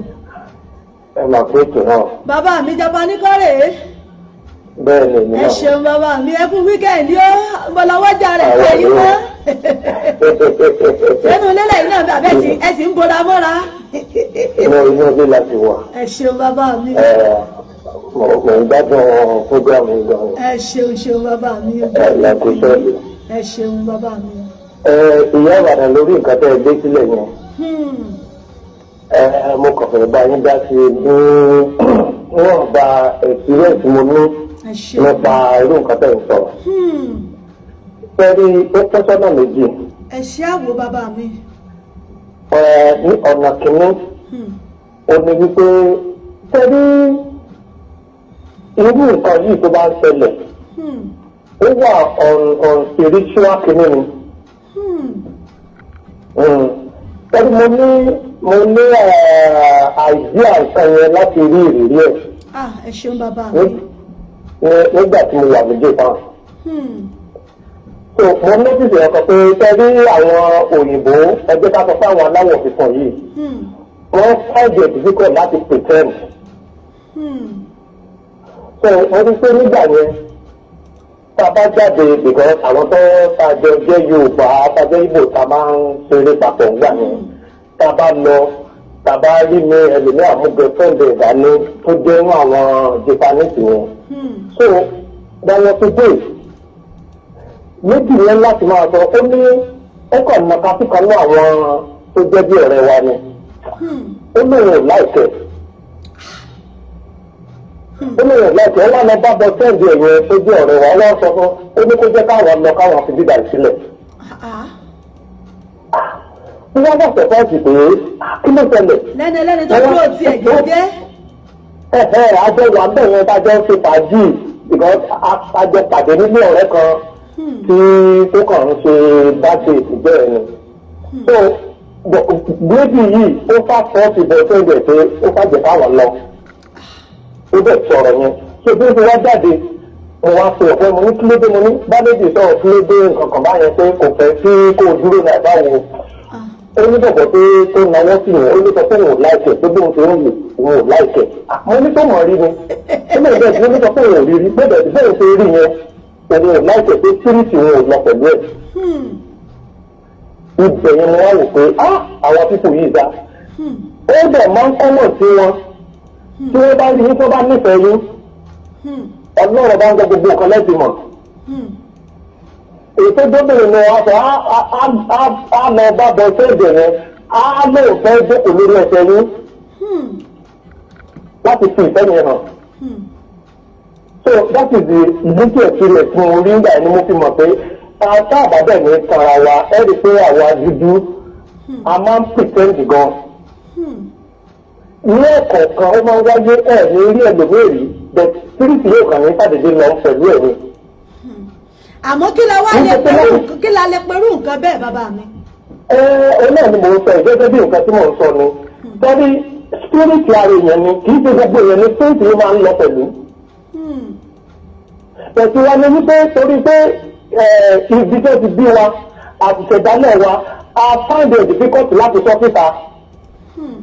ẹ máa pé ètò náà. bàbá mi jọba níkọ́rè. bẹ́ẹ̀ ni èmi náà. ẹ ṣeun bàbá mi ẹ fún wíkẹ́ndì ó bọ̀lọ́wọ́jà rẹ̀ ṣe yí mọ́. sẹ́nu lélẹ̀ yìí náà bàbá ẹ ti ń bora mọ́ra. inú inú ilé láti wà. ẹ ṣeun bàbá mi. ẹ mọ̀ ń gbádùn fúgàmù gan. ẹ ṣeun ṣeun bàbá mi. ẹ lẹ́kùsẹ́. ẹ ṣeun bàbá mi. ìyá Ìbàdàn lórí nǹkan tẹ́ ẹ gbé sílẹ̀ yẹn. Hmm ẹ mo kàn fẹ́ bá yín dá sí ní wọ́n gba experience mo ní nípa irú nǹkan tẹ̀ ń sọ̀rọ̀. Hmm. pẹ̀lú ó pẹ́ sọ́nà méjì. ẹ ṣe àwò bàbá mi. ẹ ní ọ̀nà kìíní hmm. ó ní wípé pẹ̀lú irú nǹkan yìí tó bá ń ṣẹlẹ̀ hmm. ó wà on kìíní ni. pẹ̀lú mo ní mo ní eh, àìsí àìsàn yẹn láti rí ìrírí ẹ̀. Ah, ẹ ṣeun bàbá mi. nígbà tí mo wà lójú kan. Hmm. so mo notice ọkàn pé sẹ́rí àwọn òyìnbó ẹgbẹ́ bá sọ fún àwọn aláwọ̀ funfun yìí hmm. wọ́n fàjẹ̀ ìdíkọ̀ láti pretend. Hmm. so mo ti pé nígbà yẹn tàbá jáde because àwọn tó tàjọ jẹ́ Yorùbá tàjọ Ìgbò tá a máa ń ṣeré papọ̀ nígbà yẹn tábà lọ tábà rí mi ẹlòmí àmúgbẹ́fẹ́ǹdì ìdáná tó dé mú àwọn japanese yẹn. Hmm. so gbọ́dọ̀ ti dé méjì yẹn láti máa sọ ó ní ó kàn mọ kápíkan ní àwọn tó jẹ́ bí ọ̀rẹ́ wa ni ó lóun ò láìpẹ́ ó ní ìrọ̀lẹ́ ọ̀tún ọlá lọ bá bọ sẹ́ǹdì ẹ̀yẹ ojú ọ̀rọ̀ wa ọlọ́sọ̀kọ́ ó ní kó jẹ́ káwọn lọ káwọn fi dídà sílẹ̀. Ah, ah wọ́n wá wà sọ́fọ́ọ̀sì é kí ló ṣẹlẹ̀. lẹ́nu ẹlẹ́ni tó dúró tiẹ̀ gẹ́gẹ́. ẹ ẹ àjọ wà bẹ́ẹ̀ yẹn tájọ́ ń ṣe fàájì because àjọ pàdé nínú ọ̀rẹ́ kan hmm. tí tó kàn ń ṣe báṣe ìbẹ́ẹ̀ ni. Hmm. so gbèdì yìí ó fà sọ́ọ̀sì bọ̀ tó ń bẹ̀ pé ó fà jẹ̀ fáwọn lọ. ó bẹ̀ sọ̀rọ̀ yẹn ṣé bí wọ́n jáde mo wá fi ọ̀pẹ mo ní kílódé mo ní bá méjì sọ̀rọ̀ kílódé nǹkan kan báyẹn pé kò fẹ́ sí kó dúró ní àbáwo ó ní bọ̀bọ̀ pé tó náwó sí wọn ó ní sọ pé òun láìsẹ̀ tó bóun ṣe ń lò òun ò láìsẹ̀ àmọ́ ní tó mọ̀ rí ni ó lè bẹ̀rẹ̀ sí ní sọ pé òun ò rí rí bẹ́ẹ̀ bẹ́ẹ̀ ṣe rí yẹn òun ò láìsẹ̀ pé síríìsì òun ò lọ pẹ̀lú ẹ̀. Hmm. ibẹ̀ yẹn ni wọ́n rò pé á àwọn pípò yìí dá hmm. ó dẹ̀ máa ń kọ́mọ̀ sí wọn hmm. tí wọ́n bá rí yín tó bá nífẹ̀ẹ́ yín ọlọ́run bá ń gbọ́ gbogbo nǹkan lẹ́sìn mọ̀ ètò gómìnà lọ ọkọ̀ á lọ bá bọ sẹ́ẹ̀dẹ̀ yẹn á lè fẹ́ jókòó lórí ẹsẹ̀ yín hmm. láti fi ìfẹ́ hàn. Hmm. so that is the little experience mo rí nígbà yẹn ni mo fi mọ̀ pé tá a bá bẹ̀ ní kanra i pé àwa dúdú a máa ń pretend gan. Hmm. ní ẹ̀kọ̀ọ̀kan ó máa ń wáyé ẹ̀ ní orí ẹ̀lòmíràn but spirit yóò kàn ní sàdédé lọ pẹ̀lú ẹ̀mí àmọ́ kí la wá lè pẹ̀lú kí la lè pẹ̀lú nǹkan bẹ́ẹ̀ bàbá mi. ẹ ẹ náà ni mò ń sọ gẹ́gẹ́ bí nǹkan tí mò ń sọ ni tọ́lí hmm. spiriti ara èèyàn ni kì í ṣe gbogbo èèyàn ni spiriti yìí máa ń lọ pẹ̀lú. pẹ̀sì hmm. wa ni wípé torí pé ibi ti bí wa àtìṣẹ̀dálẹ̀ wa a find it difficult láti sọ síta hmm.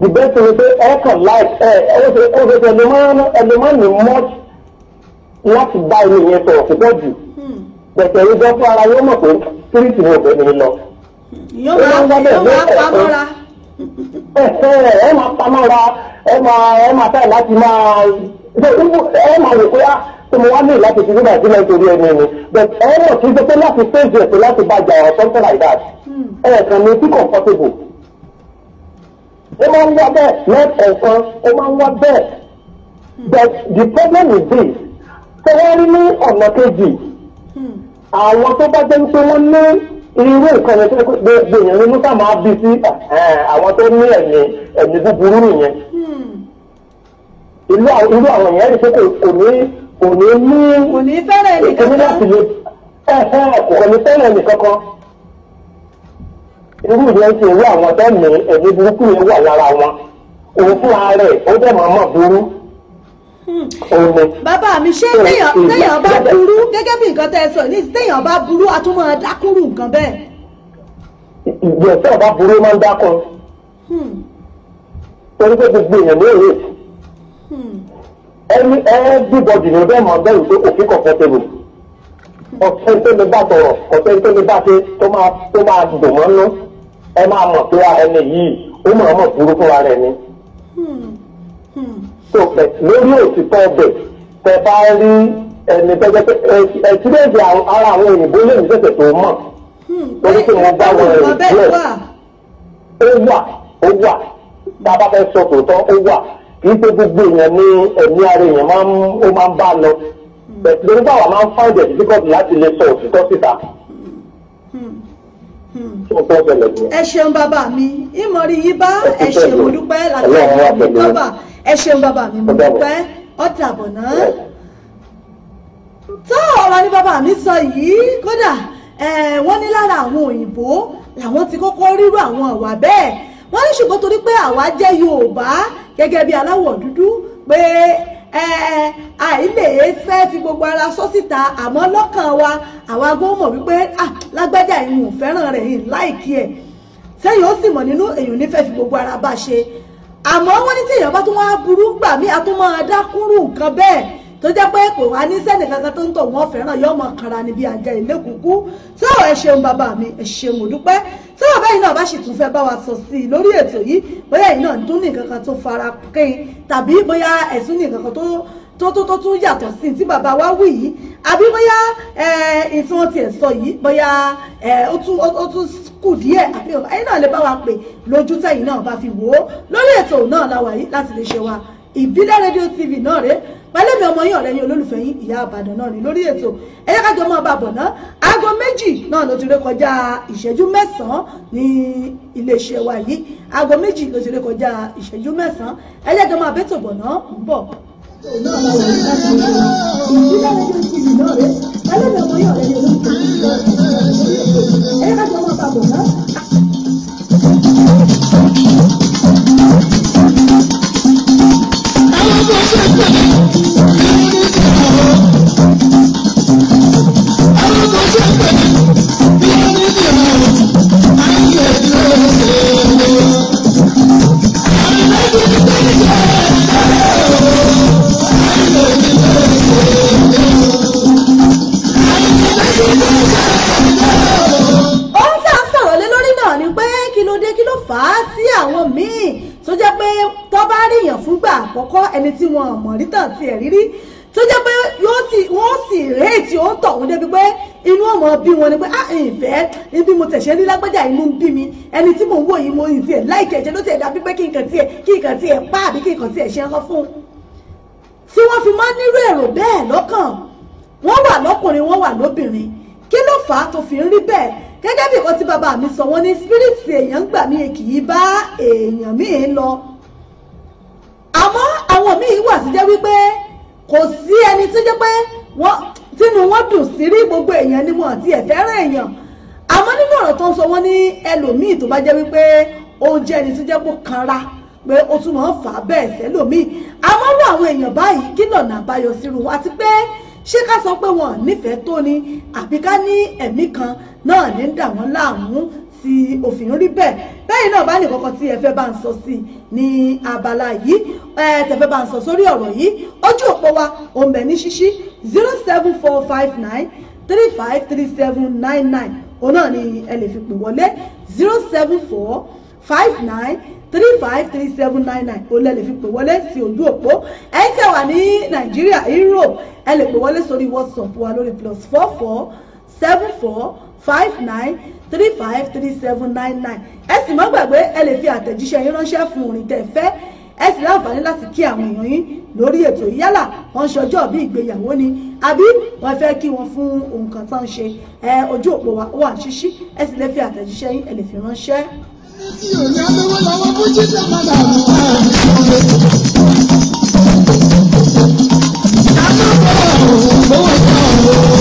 the best way pé ẹ kàn láì ẹ ẹ ó ṣe ó ṣe ẹni máa ń ní much láti bá ẹni yẹn sọ̀rọ̀ púpọ̀ jù bẹ̀tẹ̀ yìí gbọ́ fún ara yóò mọ̀ pé spiriti wo bẹ́ẹ̀ ni lọ. yóò máa pamọ́ra. ẹ máa pamọ́ra ẹ máa ẹ máa fẹ́ láti máa ẹ máa wò pé á ah, tí mo wá ní láti fi nígbà tí lẹ́yìn torí ẹni ni but ẹ mọ̀ sí pé láti stage ẹ̀sìn láti bá jà ọ̀ something like that ẹ kàn ní tí comfortable. ó máa ń wá bẹ́ẹ̀ lẹ́ẹ̀kọ̀ọ̀kan ó máa ń wá bẹ́ẹ̀ hmm. but the problem is this. sọ wá rí ní ọ̀nà kejì. Hmm àwọn tó bá jẹ́ pé wọ́n ní irú nǹkan yẹn tó gbogbo èèyàn ní musa máa bí sí eh, àwọn tó ní ẹ̀mí ẹ̀mí búburú nìyẹn irú àwọn èèyàn rí pé kò ní kò ní ní kò ní fẹ́rẹ̀ nìkan kan eh, eh, kò ní fẹ́rẹ̀ nìkan kan irú ìyẹn ti irú àwọn tó ní ẹ̀mí burúkú yẹn wà lára wọn òun fúnra rẹ̀ ó dẹ̀ máa mọ̀ burú bàbá mi ṣé téèyàn téèyàn bá burú gẹ́gẹ́ bí nǹkan tẹ́ ẹ sọ ní téèyàn bá burú a tún máa dákúrú nǹkan bẹ́ẹ̀. ìgbẹ́ téèyàn bá burú máa ń dákun hmm. torí pé gbogbo èèyàn ló rè hmm. ẹni everybody ni bẹ́ẹ̀ máa bẹ́ẹ̀ pé òfin comfortable ọ̀sẹ̀ tó lè bá tọ̀rọ̀ ọ̀sẹ̀ tó lè bá ṣe tó máa tó máa dùn mọ́ nú ẹ máa mọ̀ pé ẹni yìí ó mọ̀ mọ̀ burú fúnra rẹ̀ ni. Hmm sọpẹ eh, lórí òtítọ́ ọbẹ̀ tẹ́ bá rí ẹni tẹ́jẹ́ pé ẹtìrẹ́jì ara àwọn òyìnbó lè ní tẹ̀tẹ̀ tó mọ̀ torí pé mo bá wọn rìn díẹ̀ ó wà ó wà tá a bá fẹ́ sọ tòótọ́ ó wà kì í ṣe gbogbo èèyàn ní ẹ̀mí ara èèyàn ó máa ń bá lọ hmm. bẹ̀tẹ̀ lórí báwa máa ń fáìdẹ̀ difficult láti lè sọ òtítọ́ síta. Hmm. ẹ ṣeun bàbá mi ìmọ̀rí yìí bá ẹ ṣe mo dúpẹ́ látàrí mi bàbá ẹ ṣeun bàbá mi mo ọ̀tà bọ̀nà. tó ọ̀rọ̀ ni bàbá mi sọ yìí kódà wọ́n ní lára àwọn òyìnbó làwọn ti kọ́kọ́ rírú àwọn àwà bẹ́ẹ̀ wọ́n ní ṣùgbọ́n torí pé àwa jẹ́ Yorùbá gẹ́gẹ́ bí aláwọ̀ dúdú pé àìlè fẹ́ fi gbogbo ara sọ síta àmọ́ lọ́kàn wa àwa gbọ́ mọ̀ wípé lágbájá ìhùn fẹ́ràn rẹ̀ yìí láìkí ẹ̀ sẹ́yìn ó sì mọ̀ nínú èèyàn nífẹ̀ẹ́ fi gbogbo ara bá ṣe àmọ́ wọ́n ní tí èèyàn bá tún wá burú gbà mí a tún máa dákúrú nǹkan bẹ́ẹ̀ tó jẹ́ pé kò wá ní sẹ́nì kankan tó ń tọ̀ wọ́n fẹ́ràn yóò mọ kanra níbi àjẹ ìlékùkú tó ẹ ṣeun bàbá mi ẹ ṣeun mo dúpẹ́ tó bàbá yìí náà bá sì tún fẹ́ bá wa sọ sí i lórí ètò yìí bóyá yìí náà tún ní kankan tó fara kín tàbí bóyá ẹ̀sùn ní kankan tó tó tó tó tún yàtọ̀ sí tí bàbá wa wí yìí àbí bóyá ìtún ọtí ẹ̀ sọ yìí bóyá ó tún ó tún kù díẹ̀ àbí ẹ̀yin náà lè bá wa pè lójú tẹ̀yin náà bá fi wò ó lórí ètò náà la láti lè ṣe wa ìbílẹ̀ radio tv náà rèé pẹ̀lẹ́mi ọmọ yín ọ̀rẹ́ yín olólùfẹ́ yín ìyá àbàdàn náà ni lórí ètò ẹ̀yẹ́ kájọ máa bá bọ̀ ná aago méjì náà ló ti ré kọjá ìṣẹ́jú mẹ́sàn-án ní iléeṣẹ́ wa yìí aago méjì ló ti ré kọjá ìṣẹ́jú mẹ́sàn-án ẹ̀yẹ́ kájọ máa bẹ́tò bọ̀ ná ń bọ̀. ẹ̀yẹ́ kájọ I don't Thank you. àkọ́kọ́ ẹni tí wọn mọ̀ rí tàn tiẹ̀ rírí tó jẹ́ pé yóò sì wọ́n sì réètì ó ń tọ̀ wọ́n débi pé inú ọmọ bí wọn ni pé ah ìfẹ́ ibi mo tẹ̀sẹ̀ ní lágbájá inú ń bí mi ẹni tí mò ń wò yìí mo ì tiẹ̀ láìkẹ̀ ẹ̀jẹ̀ ló tiẹ̀ dàbí pé kí nǹkan tiẹ̀ kí nǹkan tiẹ̀ pa àbí kí nǹkan tiẹ̀ ṣe ń lọ fún un. tí wọ́n fi máa ń nírú èrò bẹ́ẹ̀ lọ́kàn wọ́n wà lọ́kùnrin wọ́n wà lóbìnrin kí ló fà á tó fi ń rí bẹ́ẹ̀ gẹ́gẹ́ bí nǹkan tí bàbá mi sọ wọ́n ní spirits èèyàn gbà mí kì í bá èèyàn míì lọ àmọ́ àwọn míì wà sí jẹ́ wípé kò sí ẹni tó jẹ́ pé tínú wọn dùn sí rí gbogbo èèyàn ni wọn àti ẹ̀fẹ́ràn èèyàn àmọ́ nínú ọ̀rọ̀ tó ń sọ wọ́n ní ẹlòmíì tó bá jẹ́ wípé ó jẹ́ ẹni tó jẹ́ pé kanra pé ó tún máa ń fà á bẹ́ẹ̀ sẹ́lòmíì àmọ́ wọ àwọn èèyàn báyìí kí lọ́nà àbáyọ sírun wọn àti pé ṣé ká sọ pé wọn nífẹ̀ẹ́ tó ni àbí ká ní ẹ̀mí kan náà ní dà wọ́n láàmú tí òfin rí bẹ́ẹ̀ bẹ́ẹ̀ náà bá ní kankan tí ẹ fẹ́ bá ń sọ sí ní abala yìí ẹ tẹ̀fẹ́ bá ń sọ sórí ọ̀rọ̀ yìí ojú òpó wa òǹbẹ̀ ní ṣíṣí zero seven four five nine three five three seven nine nine òun náà ni ẹ lè fi pè wọlé zero seven four five nine three five three seven nine nine ó lẹ lè fi pè wọlé sí ojú òpó ẹ̀yin tẹ́ wà ní nàìjíríà europe ẹ lè pè wọlé sórí whatsapp wa lórí plus four four seven four five nine three five three seven nine nine ẹ sì má gbàgbé ẹ lè fi àtẹ̀jíṣẹ́ yín ránṣẹ́ fún orin tẹ̀ fẹ́ ẹ sì láǹfààní láti kí àwọn èèyàn yín lórí ètò yálà wọn ṣọjọ́ bí ìgbéyàwó ni àbí wọn fẹ́ kí wọn fún ohun kan tán ṣe ẹ ojú òpó wa wà ṣíṣí ẹ sì lè fi àtẹ̀jíṣẹ́ yín ẹ lè fi ránṣẹ́. tí ò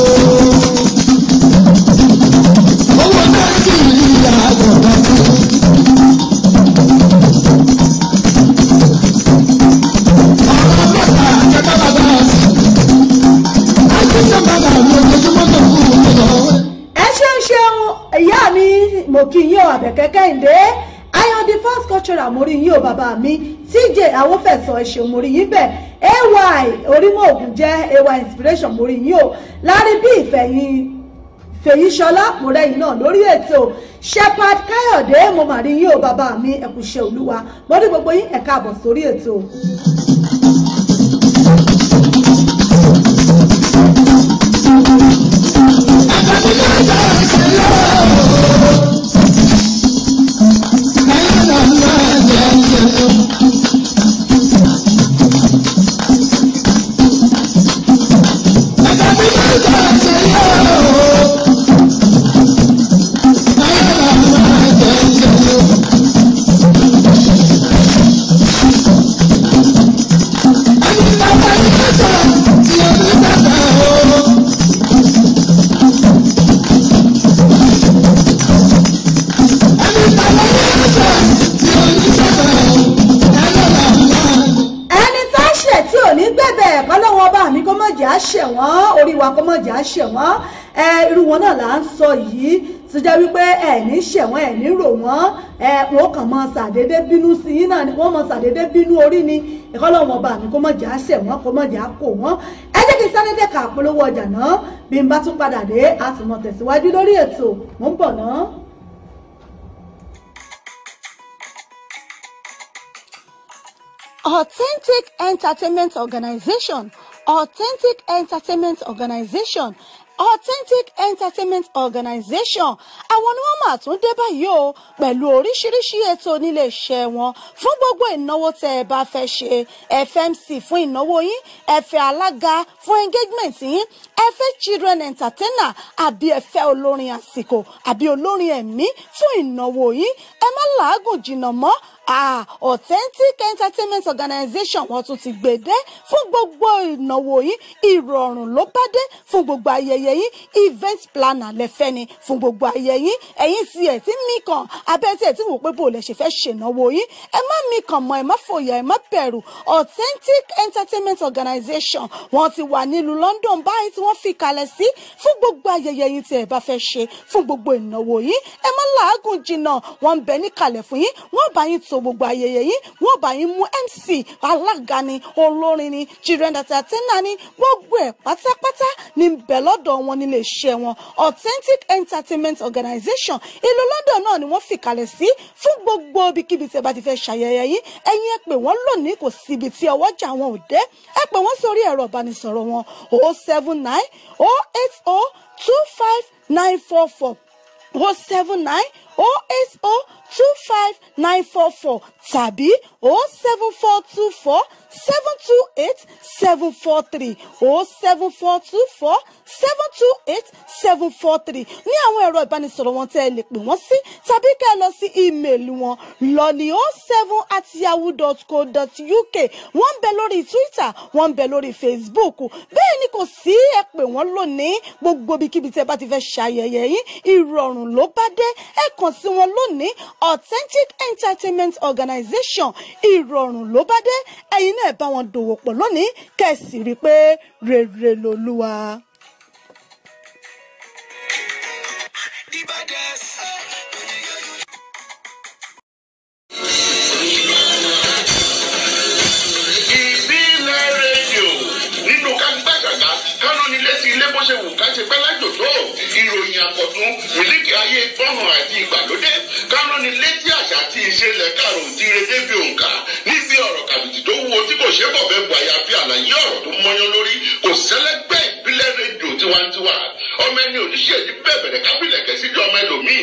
mo kí yín o àbẹ̀kẹ́ kẹ́hìndé iron first cultural mo rí yín o bàbá mi tj awofẹsọ ẹṣẹ mo rí yín bẹ ay orímọ̀ ògùn jẹ́ ay inspiration mo rí yín o lárí bí ìfẹ̀yìn fèyíṣọlá mo rẹ́yìn náà lórí ètò shepherd káyọ̀dé mo mà rí yín o bàbá mi ẹ̀kúṣẹ́ olúwa mo rí gbogbo yín ẹ̀ka àbọ̀ sórí ètò. Thank you. Thank you. wa kó má jà ṣẹ̀ wọ́n irú wọn náà là ń sọ yìí tó jẹ́ wípé ẹ̀ ní ṣẹ̀wọ́n ẹ̀ rò wọ́n wọ́n kàn máa ṣàdédé bínú sí yín náà wọ́n máa ṣàdédé bínú orí ni ìkọ́lọ́wọ́n bá mi kó má jà ṣẹ̀wọ́n kó má jà kò wọ́n ẹ jẹ́ kí sáré ká polówó ọjà náà bí n bá tún padà dé a sì mọ̀ tẹ̀síwájú lórí ètò mò ń bọ̀ náà. Authentic Entertainment Organization Authentic Entertainment Organization Authentic Entertainment Organization àwọn ni wọ́n máa tún dé báyìí o pẹ̀lú oríṣiríṣi ètò nílé iṣẹ́ wọn fún gbogbo ìnáwó tẹ́ ẹ bá fẹ́ ṣe ẹ fẹ́ MC fún ìnáwó yín ẹ alága fún engagement yín ẹ children entertainer àbí ẹ fẹ́ olórin àsìkò àbí olórin ẹ̀mí fún ìnáwó yín ẹ má làágùn jìnnà mọ́ ah, authentic entertainment organization wọ́n tún ti gbèdé fún gbogbo ìnáwó yìí ìrọ̀rùn ló bá dé fún gbogbo ayẹyẹ yìí event planner lẹ́fẹ́ ni fún gbogbo ayẹyẹ yìí ẹ̀yin sì ẹ̀ tí mí kàn abẹ́tẹ̀ tí wò pé bò lẹ ṣe fẹ́ ṣènáwó yìí ẹ má mí kàn mọ́ ẹ má fòyà ẹ má bẹ̀rù authentic entertainment organization wọ́n ti wà nílùú London báyìí tí wọ́n fi kalẹ̀ sí fún gbogbo ayẹyẹ yìí tí ẹ bá fẹ́ ṣe fún gbogbo ìnáwó yìí ẹ má làágùn jìnnà wọ́n ń bẹ ṣètò gbogbo ayẹyẹ yìí wọ́n bá yín mú mc alága ni olórin ni children entertainer ni gbogbo ẹ̀ pátápátá ní bẹ̀ wọn nílé iṣẹ́ wọn authentic entertainment organization ìlú london náà ni wọ́n fìkàlẹ̀ sí fún gbogbo ibikíbi tí ẹ bá ti fẹ́ ṣàyẹyẹ yìí ẹ̀yin ẹ pè wọ́n lónìí kò síbi tí ọwọ́jà wọn ò dé ẹ pè wọ́n sórí ẹ̀rọ ìbánisọ̀rọ̀ wọn o oh seven nine o oh eight o oh two five nine four four o seven nine two five nine 080 four tàbí 07424 728 743 07424 728 743 ní àwọn ẹ̀rọ ìbánisọ̀rọ̀ wọn tẹ́ ẹ lè pè wọ́n sí tàbí kẹ́ ẹ lọ sí ímeèlì wọn lọ́ọ̀nì 07 at yahoo dot co dot uk wọ́n ń bẹ lórí twitter wọ́n ń bẹ lórí facebook bẹ́ẹ̀ ni kò sí ẹ pè wọ́n lónìí gbogbo ibikíbi tẹ́ bá ti fẹ́ ṣayẹyẹ yín ìrọ̀rùn ló bá dé ẹ k kàn sí wọn lónìí authentic entertainment organization ìrọ̀rùn ló bá dé ẹ̀yin náà bá wọn dòwò pọ̀ lónìí kẹ̀sì rí i pé rere lolúwa. Ìbàdàn. ìṣe lẹ́kàrò òdire débi òǹkà níbi ọ̀rọ̀ kàbìtì tó wúwo tí kò ṣe bọ̀bẹ̀ gbàyà bí àlàyé ọ̀rọ̀ tó mọ́yán lórí kò sẹ́lẹ́gbẹ́ ìbílẹ̀ rédíò tiwantiwa ọmọ ẹni òdíṣẹ́ yìí bẹ̀bẹ̀rẹ̀ kábìlẹ̀ kẹ́síjú ọmọ ẹlòmíì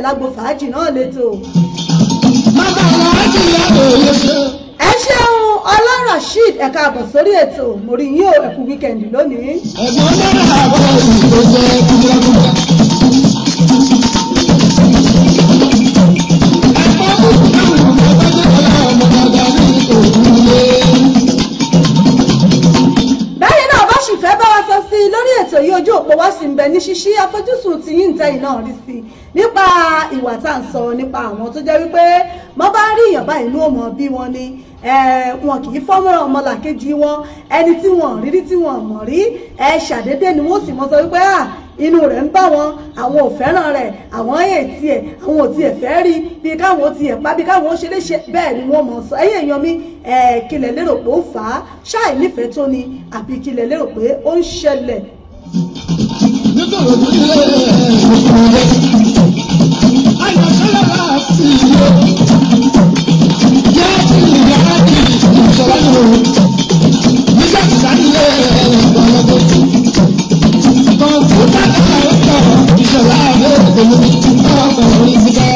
bẹ́ẹ̀ lágbo fàájì náà létò. bàbá àwọn àjì ìyá òye ṣe. ẹ ṣeun ọlá rasheed ẹ káàbọ̀ sórí ètò mo rí yín o ẹ wíkẹ́ndì lónìí. ẹ̀gbọ́n mẹ́rin àwọn olùdókòwò ẹ̀kú lẹ́kùn. lórí ètò yìí ojú òpó wá sí ń bẹ ní ṣíṣí àfojúsùn tí yín tẹ́yìn náà rí sí nípa ìwà tá à ń sọ nípa àwọn tó jẹ́ wípé mo bá rí èèyàn báyìí ló mọ̀ bí wọ́n ni wọn kì í fọ́mọ́ràn ọmọlàkejì wọn ẹni tí wọ́n rí tí wọ́n mọ̀ rí ẹ ṣàdédé ni wọ́n sì mọ̀ sọ wípé inú rẹ̀ ń bá wọn àwọn ò fẹ́ràn rẹ̀ àwọn ètí ẹ̀ àwọn ò tiẹ̀ fẹ́ rí bí káwọn ò tiẹ̀ pa bí káwọn ó ṣe léṣe bẹ́ẹ̀ ni wọ́n mọ̀ sọ ẹ̀yìn èèyàn mi ẹ̀ kílẹ̀ lérò pé ó fà á ṣáì nífẹ̀ẹ́ tó ni àbí kílẹ̀ lérò pé ó ń ṣẹlẹ̀. nítorí ilé òkúta kọ́ńtọ̀ ìṣòro ayé òkòló ti kọ́ ọmọ orí mi dẹ́.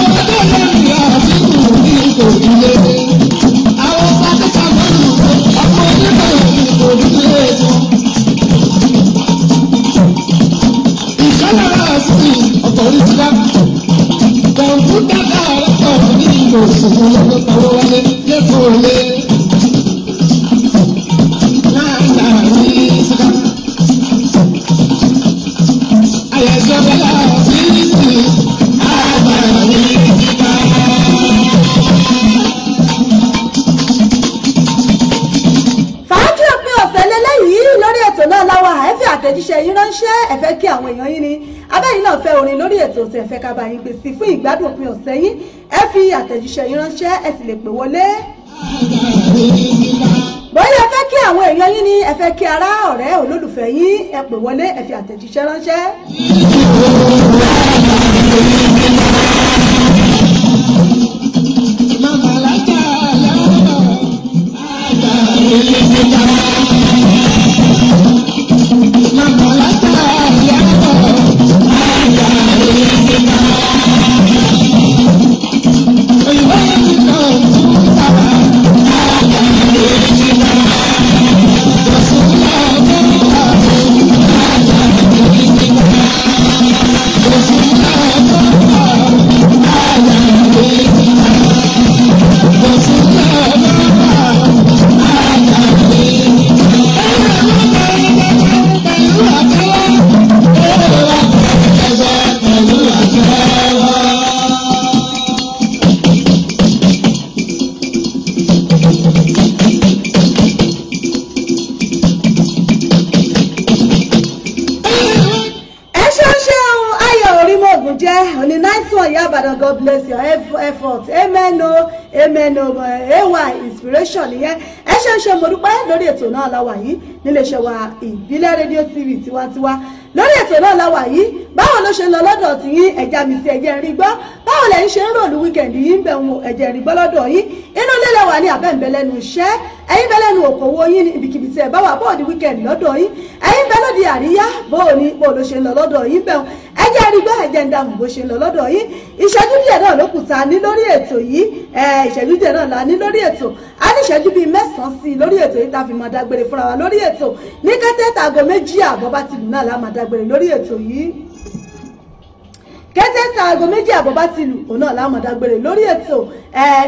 àwọn tó lè rìn ọ̀sìnkù ní ipò ìdílé. àwọn pátákà mọ́nù ọmọ onígbà ìdìbò ìdílé wọn. ìṣọ́nà rẹ̀ sí ọkọ̀ orí ti dá. kọ̀ǹpútà kọ́ ọ̀rẹ́kọ̀ọ́ ní ìlò òṣèlú ọlọ́pàá wọlé lẹ́kọ̀ọ́ lé. àtẹ̀jíṣẹ́ yín ránṣẹ́ ẹ fẹ́ kí àwọn èèyàn yín ni abẹ́yìn náà fẹ́ orin lórí ètò ọ̀sẹ̀ ẹ̀fẹ́ ká bá yín pè sí fún ìgbádùn òpin ọ̀sẹ̀ yín ẹ fi àtẹ̀jíṣẹ́ yín ránṣẹ́ ẹ sì lè pè wọlé. bóyá ẹ fẹ́ kí àwọn èèyàn yín ni ẹ fẹ́ kí ará ọ̀rẹ́ olólùfẹ́ yín ẹ pè wọlé ẹ fi àtẹ̀jíṣẹ́ ránṣẹ́. Thank you. mamãe. ètò náà la wà yìí níléeṣẹ́ wa ìbílẹ̀ rédíò tv tiwantiwa lórí ètò náà la wà yìí báwo ló ṣe lọ lọ́dọ̀ tí yín ẹ̀já mi sí ẹ̀jẹ̀ rí gbọ́ báwo lẹ́yìn ṣe ń ròlú wíkẹ̀ndì yìí ń bẹ̀ wọn ẹ̀jẹ̀ rí gbọ́ lọ́dọ̀ yín inú lélẹ̀ wà ní àbẹ̀ǹbẹ̀ lẹ́nu iṣẹ́ ẹ̀yin bẹ́ lẹ́nu òkòwò yín ní ibikíbi ẹ̀ bá wà bóòdì wíkẹ̀ndì lọ́dọ̀ yín ẹ̀yin bẹ́ lóde àríyá bóòní bóòló ṣe lọ lọ́dọ̀ yín bẹ̀ jẹ́ rí bẹ́ẹ̀ jẹ́ ń dáhùn bó ṣe lọ lọ́dọ̀ yìí ìṣẹ́jú díẹ̀ náà ló kù tá a ní lórí ètò yìí ìṣẹ́jú díẹ̀ náà la ní lórí ètò a ní ìṣẹ́jú bíi mẹ́sàn-án sí i lórí ètò yìí tá a fi máa dágbére fúnra wa lórí ètò ní kété tàgọ́ méjì àbọ̀ bá ti lù náà la máa dágbére lórí ètò yìí kété tá aago méjì àbọ̀ bá ti lù òun náà lámọ̀dágbére lórí ètò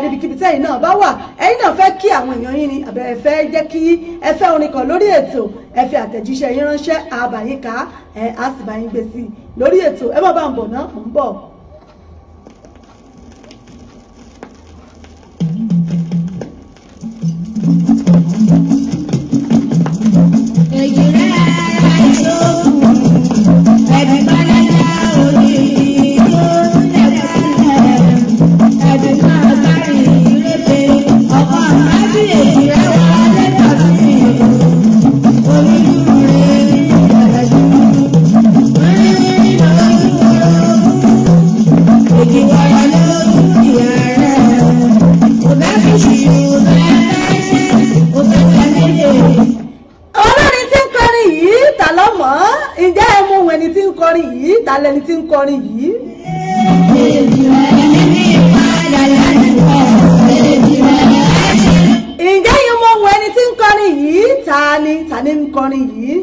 níbikíbi tẹ́yìn náà bá wà ẹ̀yin náà fẹ́ kí àwọn èèyàn yín ni àbẹ̀rẹ̀ fẹ́ jẹ́ kí ẹ fẹ́ orin kan lórí ètò ẹ fi àtẹ̀jíṣẹ́ yín ránṣẹ́ àbàyín ká ẹ á sì gbé sí i lórí ètò ẹ má bá ń bọ̀ náà ń bọ̀. Are you ń kọrin yìí. ǹjẹ́ yìí mo wọ ẹni tí ń kọrin yìí ta ni ta ni ń kọrin yìí.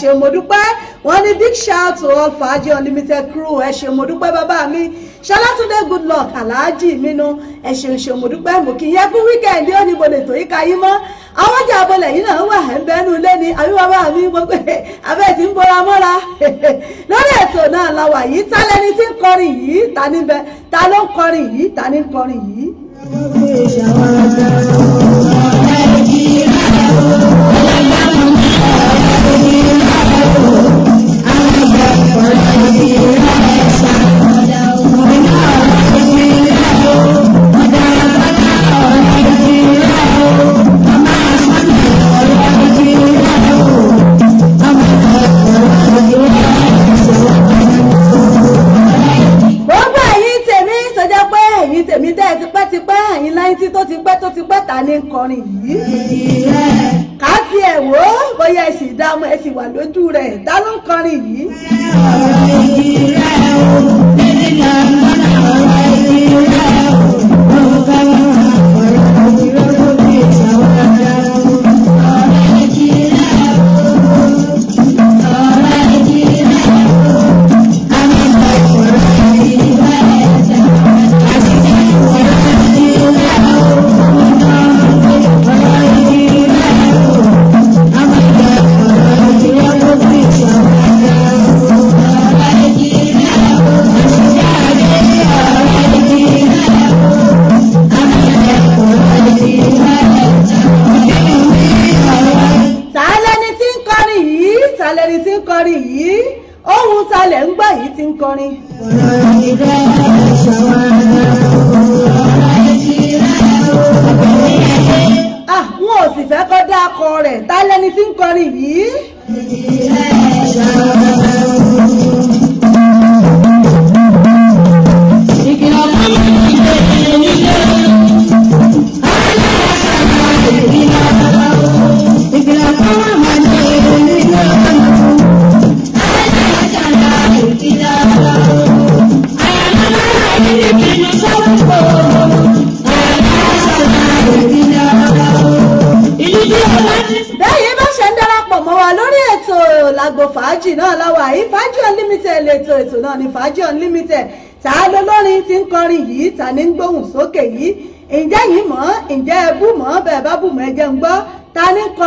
ṣeun mo dúpẹ́ wọ́n ní big shout to all fàájì unlimited crew ẹ ṣeun mo dúpẹ́ bàbá mi ṣọlátúndé good luck aláàjì mínú ẹ ṣeun ṣeun mo dúpẹ́ mo kì í yẹ kú weekend ó ní bolè tó yíká yí mọ́ àwọn ọjà abolẹ̀ yìí náà wà ẹ̀ ń bẹ́nu ilé ni àbí bàbá mi mo pé [LAUGHS] abẹ́ ti ń bora mọ́ra [LAUGHS] lórí ètò náà la wà yìí ta lẹni tí ń kọrin yìí ta ní bẹ ta ló ń kọrin yìí ta ní kọrin yìí. Nàìjíríà o tèmi dẹ́ tipẹ́tipẹ́ ẹ̀yin lẹ́yìn tí tó ti pẹ́ tó ti pẹ́ ta ní kọrin yìí ó yẹ ẹ sì dámọ̀ ẹ sì wà lójú rẹ̀ ta kọrin yìí. ọ̀rọ̀ ìdí o èmi náà ń gbọ́dọ̀ ọ̀rọ̀ ìdí rẹ̀.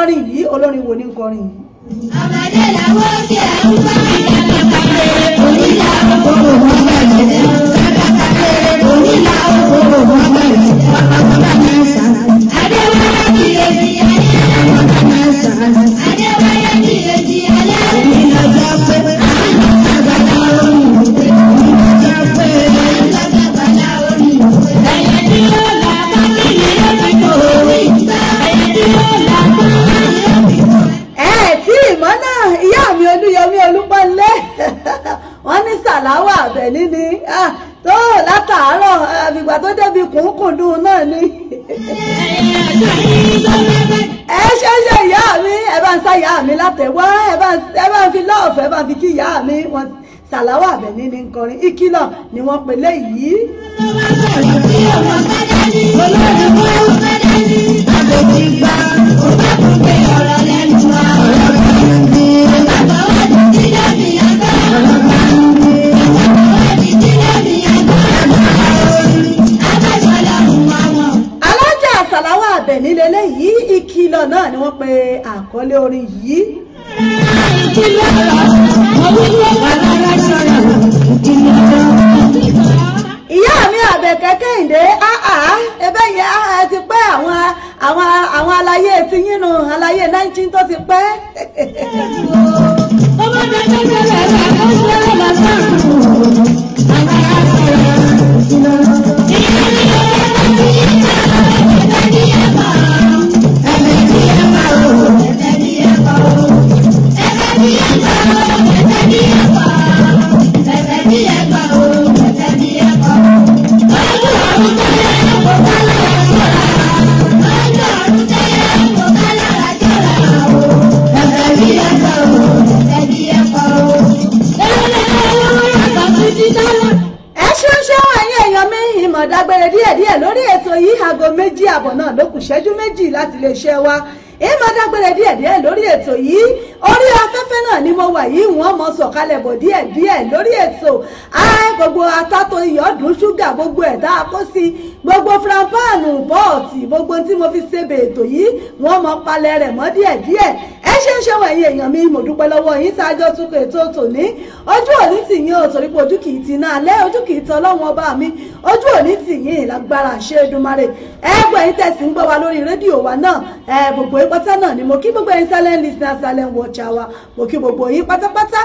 olórin yìí olórin wo ni ń kọrin yìí ìkìlọ̀ ni wọ́n pè léyìí. bọ̀ díẹ̀díẹ̀ lórí ètò áì gbogbo atátó iyọ̀dún ṣúgà gbogbo ẹ̀ dá a kó sí gbogbo frampáànù bọ́ọ̀tì gbogbo tí mo fi ṣebè ètò yìí wọ́n mọ palẹ̀ rẹ̀ mọ́ díẹ̀díẹ̀ ẹ ṣe ń ṣẹ́wọ̀n ẹ̀yin èèyàn mi mo dúpẹ́ lọ́wọ́ yín tá a jọ tún kò ètò tòní ojú òní tì yín o torí pé ojú kì í ti náà lẹ́ ojú kì í tan ọlọ́run ọba mi ojú òní tì yín lágbára ṣe é dùnmarè ẹgbẹ́ yín tẹ̀sí ń gbọ́ wa lórí rédíò wa náà ẹ gbogbo yín pátá náà ni mo kí gbogbo yín silent listener silent watcher wa mo kí gbogbo yín pátápátá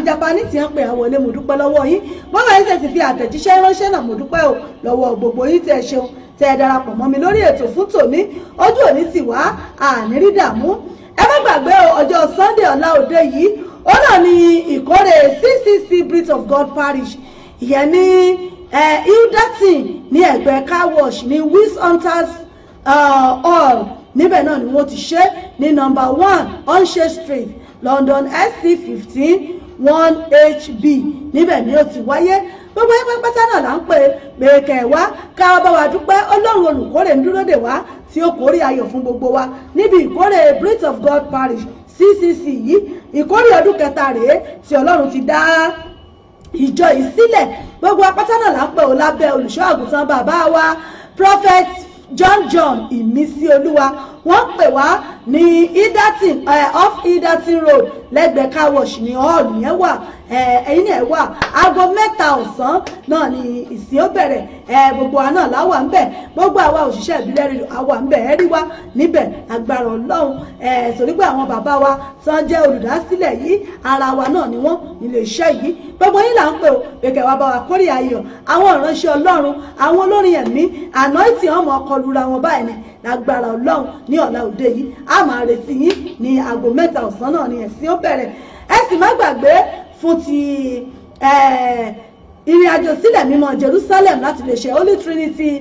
àti Japanese ti ń pè àwọn ilé mo lọ́wọ́ yín bọ́lá yín tẹ̀sí fi àtẹ̀jíṣẹ́ ránṣẹ́ náà mo o lọ́wọ́ gbogbo yín tẹ̀ ṣeun tẹ̀ darapọ̀ mọ́ mi lórí ètò fún tòní ojú òní ti wá àní dààmú ẹ má gbàgbé ọjọ́ Sunday ọ̀la òde yìí ó náà ní ìkórè CCC Breath of God Parish ìyẹn ní Hilderton ní ẹ̀gbẹ́ car wash ní Wheels Hunters uh, hall níbẹ̀ náà ni wọ́n ti ṣe ní number one onse street London SC fifteen one hb níbẹ̀ ni ó ti wáyé gbogbo yín pátá náà là ń pè pèkẹ́ wá ká bá wa dúpẹ́ ọlọ́run olùkórè ń dúró dè wá tí ó kórè ayọ̀ fún gbogbo wa níbi ìkórè Breath of God parish ccc yìí ìkórè ọdún kẹta rèé tí ọlọ́run ti dá ìjọ yìí sílẹ̀ gbogbo apátá náà là ń pè ó lábẹ́ olùṣọ́ àgùntàn bàbá wa prophet John John Ìmísíolúwa wọ́n pè wá ní Idatin eh, off Idatin road lẹ́gbẹ̀ẹ́ car wash ní hall yẹn wà Eh, ẹ̀yin náà wà aago mẹ́ta ọ̀sán náà ni ìsìn ó bẹ̀rẹ̀ eh, gbogbo wa náà láwà ń bẹ̀ gbogbo àwa òṣìṣẹ́ ìbílẹ̀ rẹ̀ àwà ń bẹ̀ ẹ́ rí wa níbẹ̀ agbára ọlọ́run sórí eh, pé àwọn bàbá wa tán jẹ́ olùdásílẹ̀ yìí ara wa náà ni wọ́n nílé iṣẹ́ yìí gbogbo yín là ń pè ó bẹ̀kẹ̀ wá bá wa kórè ayọ̀ àwọn ìránṣẹ́ ọlọ́run àwọn olórin ẹ̀mí àná ìtì ọmọ ọkọlura wọn báyìí ni lágbára ọlọ́run ní ọ̀la òde yìí a máa retí yín ní aago mẹ́ta ọ̀sán náà ni ẹ̀sìn ó bẹ̀rẹ̀ ẹ má gbàgbé fún ti ìrìn àjò sílẹ̀ mímọ́ Jerusalem láti lè ṣe Holy Trinity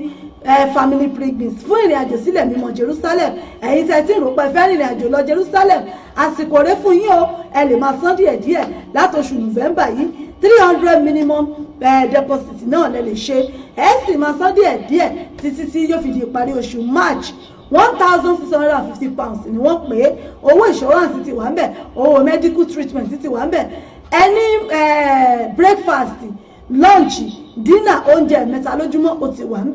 Eh, family pilgrims fún ìrìn àjò sílẹ̀ mímọ́ Jerusalem ẹ̀yin tẹ́ tí ń rò pé fẹ́ rìnrìn àjò lọ Jerusalem àsìkò rẹ fún yín o ẹ lè máa san díẹ̀ díẹ̀ látòṣù November yìí three hundred minimum eh, deposit náà lẹ lè ṣe ẹ sì máa san díẹ̀ díẹ̀ títí tí yóò fi di ìparí oṣù March one thousand six hundred and fifty pounds ni wọ́n pè é owó insurance ti wà ń bẹ̀ owó medical treatment ti wà ń bẹ̀ any eh, breakfast lunch dínà oúnjẹ mẹ́ta lójúmọ́ ó ti wà ń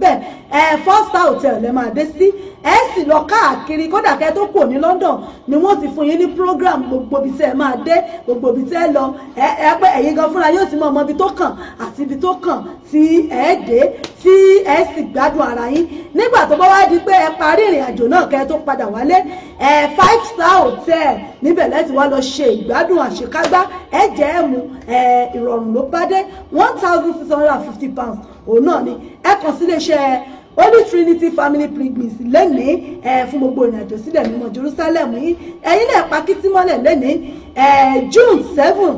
ẹ four star hotel lẹ máa dé sí ẹ sì lọ káàkiri kódà kẹ tó kù ní London ni wọ́n ti fún yín ní program gbogbo ibi tẹ́ ẹ máa dé gbogbo ibi tẹ́ ẹ lọ ẹ ẹ pé ẹ̀yin gan fúnra yóò ti mọ ọmọ ibi tó kàn àti ibi tó kàn tí ẹ dé tí ẹ sì gbádùn ara yín nígbà tó bá wá di pé ẹ parí ìrìn àjò náà kẹ tó padà wálé ẹ five star hotel níbẹ̀ lẹ́tì wá lọ ṣe ìgbádùn àṣekágbá ẹ jẹ́ ẹ mu ẹ ìrọ̀rùn ló bá dé one thousand six hundred and fifty fifty pounds òun náà ni ẹ kàn sí iléeṣẹ́ holy trinity family pilgrims lẹ́nìí ẹ fún gbogbo ìrìnàjò sílẹ̀ mímọ́ jerusalem yìí ẹ̀yin náà pa kìtìmọ́lẹ̀ lẹ́nìí ẹ june seven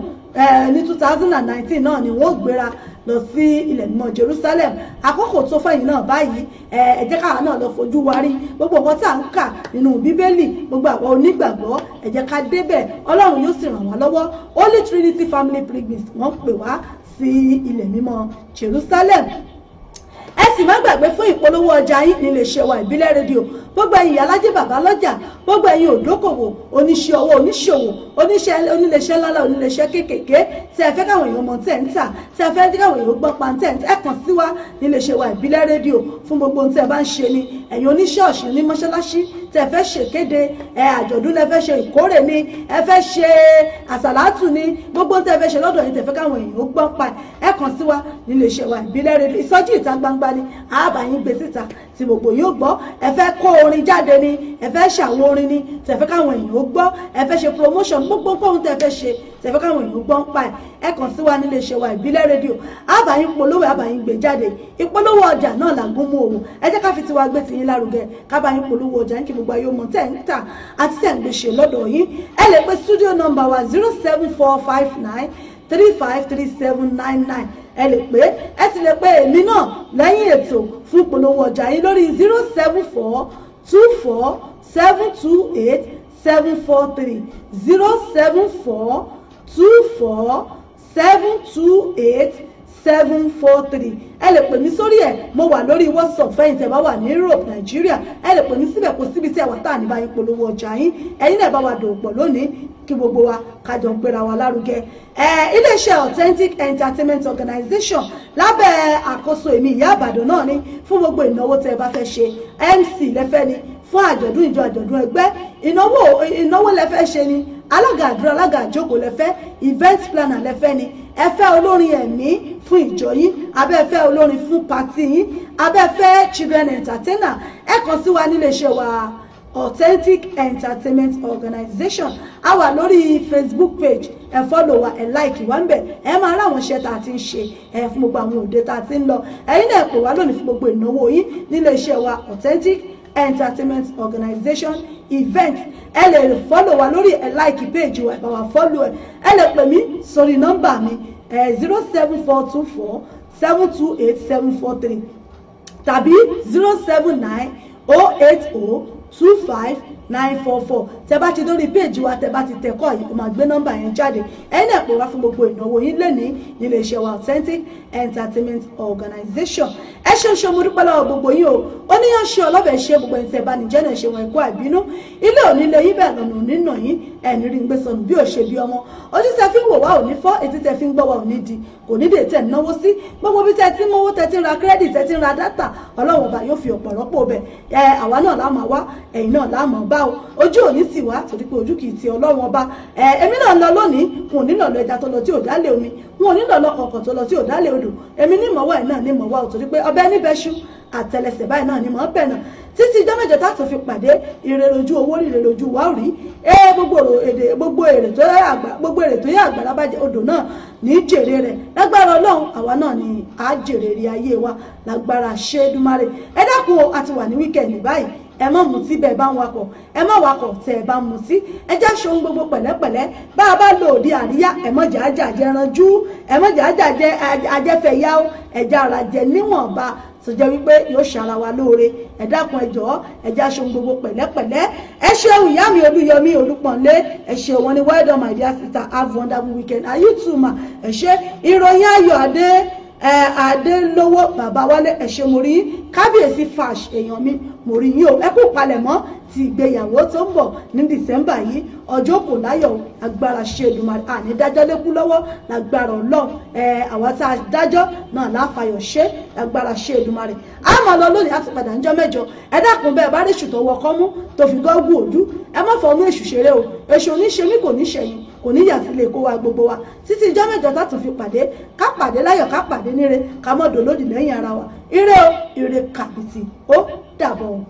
ní two thousand and nineteen náà ni wọ́n gbéra lọ sí ilẹ̀ mímọ́ Jerusalem àkókò tó fẹ̀yìn náà báyìí ẹ jẹ́ káwa náà lọ fojú wa rí gbogbo nǹkan tá à ń kà nínú bíbélì gbogbo àwọn onígbàgbọ́ ẹ jẹ́ ká débẹ̀ ọlọ́run yóò sì ràn wá lọ́wọ́ Holy Trinity Family Pilgrims wọ́n pè wá sí ilẹ̀ mímọ́ Jerusalem ẹ sì má gbàgbé fún ìpolówó ọjà yín nílé iṣẹ́ wa ìbílẹ̀ rédíò gbogbo ẹ̀yin alájẹ bàbá lọ́jà gbogbo ẹ̀yin òdókòwò oníṣẹ́ ọwọ́ oníṣòwò oníṣẹ́ oníléeṣẹ́ ńláńlá oníléeṣẹ́ kéékèèké tí ẹ fẹ́ káwọn èèyàn mọ tẹ̀ ń tà tí ẹ fẹ́ káwọn èèyàn gbọ́ pa tẹ̀ ń tà ẹ kàn sí wa níléeṣẹ́ wa ìbílẹ̀ rédíò fún gbogbo ohun tí ẹ bá ń ṣe ni ẹ̀yin oníṣọ́ọ̀ṣì onímọ́ṣáláṣí tẹ fẹ́ ṣèkéde ẹ àjọ̀dún lẹ fẹ́ ṣe ìkórè ni ẹ fẹ́ ṣe àsàlátù ni gbogbo tẹ fẹ́ ṣe lọ́dọ̀ yìí tẹ fẹ́ káwọn èèyàn ó gbọ́ pa ẹ kàn sí wa nílé iṣẹ́ wa ìbílẹ̀ rẹ̀ ìsọjí ìta gbangba ni àbáyín gbé síta tí gbogbo yóò gbọ́ ẹ fẹ́ kó orin jáde ni ẹ fẹ́ ṣàwo orin ni tẹ fẹ́ káwọn èèyàn ó gbọ́ ẹ fẹ́ ṣe promotion gbogbo fóun tẹ fẹ́ ṣe tẹ fẹ́ káwọn èèyàn ó gbọ́ ń pa ẹ̀ ẹ kàn sí wa nílé iṣẹ́ wa ìbílẹ̀ rédíò àbáyín polówó àbáyín gbé jáde ìpolówó ọjà náà là ń gún mú òun ẹ jẹ́ ká fi tiwa gbé tiyín lárugẹ kábàáyín polówó ọjà ń kí gbogbo ayé ọmọ tẹ̀ ń tà àti tẹ̀ ń gbèsè lọ́dọ̀ yín ẹ lè pe studio number wa zero seven four five nine three five three seven nine nine ẹ lè pé ẹ sì lè pé èmi náà lẹ́yìn ètò fún ìpolówó ọjà yín lórí zero seven four two four seven two eight seven four three zero seven four two four seven two eight seven four three ẹ lè pè mí sórí ẹ̀ mo wà lórí whatsapp fẹ́yìntì ẹ bá wà ní Europe Nigeria ẹ lè pè mí síbẹ̀ kó síbi tí àwọn táà ní bá yín polówó ọjà yín ẹ̀yin náà bá wa dòwò pọ̀ lónìí kí gbogbo wa kájọ ń gbéra wa lárugẹ ẹ authentic entertainment organization lábẹ́ àkóso èmi ìyá àbàdàn náà ni fún gbogbo ìnáwó tẹ́ ẹ bá fẹ́ ṣe mc lẹ́fẹ́ ni fún àjọ̀dún ìjọ àjọ̀dún ẹgbẹ́ ìnáwó lẹ́fẹ́ ṣe ni alága àdúrà alága àjókòó lẹ́fẹ́ event planner lẹ́fẹ́ ni ẹ fẹ́ olórin ẹ̀mí fún ìjọ yín abẹ́fẹ́ olórin fún pàtí yín abẹ́fẹ́ children entertainer ẹ kàn sí wa níléeṣẹ́ wa authentic entertainment organization a wà lórí facebook page ẹ fọ́lọ̀ wa ẹ like. wá ń bẹ̀ ẹ máa ráwọn iṣẹ́ tá a ti ń ṣe ẹ fún gbogbo àwọn òde tá a ti ń lọ ẹ̀yin náà pè wá lónìí fún gbogbo ìnáwó yín níléeṣẹ́ wa authentic entertainment entertainment organization event ẹ lè fọ́lò wa lórí ẹ̀ láìkì péèjì wa ìbáwá fọ́lò ẹ̀ ẹ lè pè mí sórí nọ́mbà mi zero seven four two four seven two eight seven four three tàbí zero seven nine oh eight oh two five nine four four tẹ bá ti dórí péèjì wa tẹ bá ti tẹ̀kọ́ yìí ó máa gbé nọ́mbà yẹn jáde ẹ̀yin náà pè wá fún gbogbo ìnáwó yín lẹ́ni iléeṣẹ́ wa authentic entertainment organization ẹ ṣe ṣe mo dúpẹ́ lọ́wọ́ gbogbo yín o oníyàn ṣe ọlọ́bẹ̀ ṣe gbogbo ẹ̀ńtẹ̀ bá nìjẹ́ náà ṣe wọn ẹ̀kọ́ àbínú ilé onílé yín bẹ́ẹ̀ lọ́nà onínà yín ẹ̀ní rí gbé sọnù bí ò ṣe bí ọmọ ojú tẹ fi ń wò wá ò ní fọ́ etí tẹ fi ń gbọ́ wá ò ní di kò ní dè tẹ̀ náwó sí gbogbo bí tẹ ti ń mówó tẹ ti ń ra kírẹ́dì tẹ ti ń ra dátà ọlọ́wọ̀n yóò fi ọ̀pọ̀ rọ́pò bẹ̀ ẹ àwa náà láàmú wá ẹ̀yin náà láàmú b ọba o ojú òní sì wá torí pé ojú kì í ti ọlọ́run ọba èmi náà lọ lónìí wọn ò ní lọ lọ ẹja tó lọ tí ò dálé omi wọn ò ní lọ lọ ọkọ̀ tó lọ tí ò dálé odò èmi ní mọ̀wá ẹ̀ náà ní mọ̀wá o torí pé ọbẹ̀ níbẹ̀ ṣú àtẹlẹsẹ̀ báyìí náà ni mọ̀ ọ́ bẹ̀ náà títí ijọ́ mẹ́jọ tá a tún fi pàdé ìrè lójú owó ìrè lójú wa rí ẹ gbogbo èdè gbogbo èrè tó yá àgbà gbogbo èrè tó yá àgbà lábàjẹ́ odò náà ní jèrè rẹ̀ lágbára ọlọ́run àwa náà ni àá jèrè rí ayé wa lágbára ṣéédúmárè ẹ dákun o a ti wà ní wíkẹ̀ndì báyìí ẹ má mutí bẹ́ẹ̀ bá ń wakọ̀ ẹ má wakọ̀ tẹ́ ẹ bá mutí ẹ jẹ́ ṣohun gbogbo pẹ̀lẹ́pẹ̀lẹ́ bá a bá lò òde àríyá ẹ má jàájàjẹ ranjú ẹ má jàájàjẹ ajẹ́fẹ̀yà ó ẹja ara jẹ níwọ̀nba tó jẹ́ wípé yóò ṣara wa lóore ẹ dákun ẹ jọ̀ọ́ ẹ jẹ́ ṣohun gbogbo pẹ̀lẹ́pẹ̀lẹ́ ẹ ṣeun ìyá mi olúyọmí olúpọ̀nlé ẹ ṣe wọn ni well done my dear sister have wonderful weekend are you too ma ẹ ṣe ìròyìn ayọ̀ adé ẹ adé lówó bàbá wálé ẹ ṣe mo rí kábíyèsí fash èèyàn mi mori rí eku o ẹ ti igbeyawo to ń bọ̀ ní dìsẹ́mbà yìí ọjọ́ kò láyọ̀ agbára ṣèdùmarè àní dájọ́ lékú lọ́wọ́ lágbára ọlọ́run ẹ àwa tá a dájọ́ náà láfàyọ̀ ṣe lágbára ṣèdùmarè a ma lọ lónìí láti padà níjọ́ mẹ́jọ ẹ dákun bẹ́ẹ̀ bá rí èṣù tó wọkọ́ mú tó fi gọ́gù òdú ẹ má fọwọ́ mú èṣù ṣeré o èṣù oníṣemí kò ní ṣẹ̀yìn kò ní yà sí lè kó wa gbogbo wa títí ìjọ́ mẹ́jọ tá tún fi pàdé ká pàdé láyọ̀ ká pàdé níre ká mọ̀dọ̀ lódì lẹ́yìn ara wa ire o ire kàbìtì ó dàbọ̀. àgbà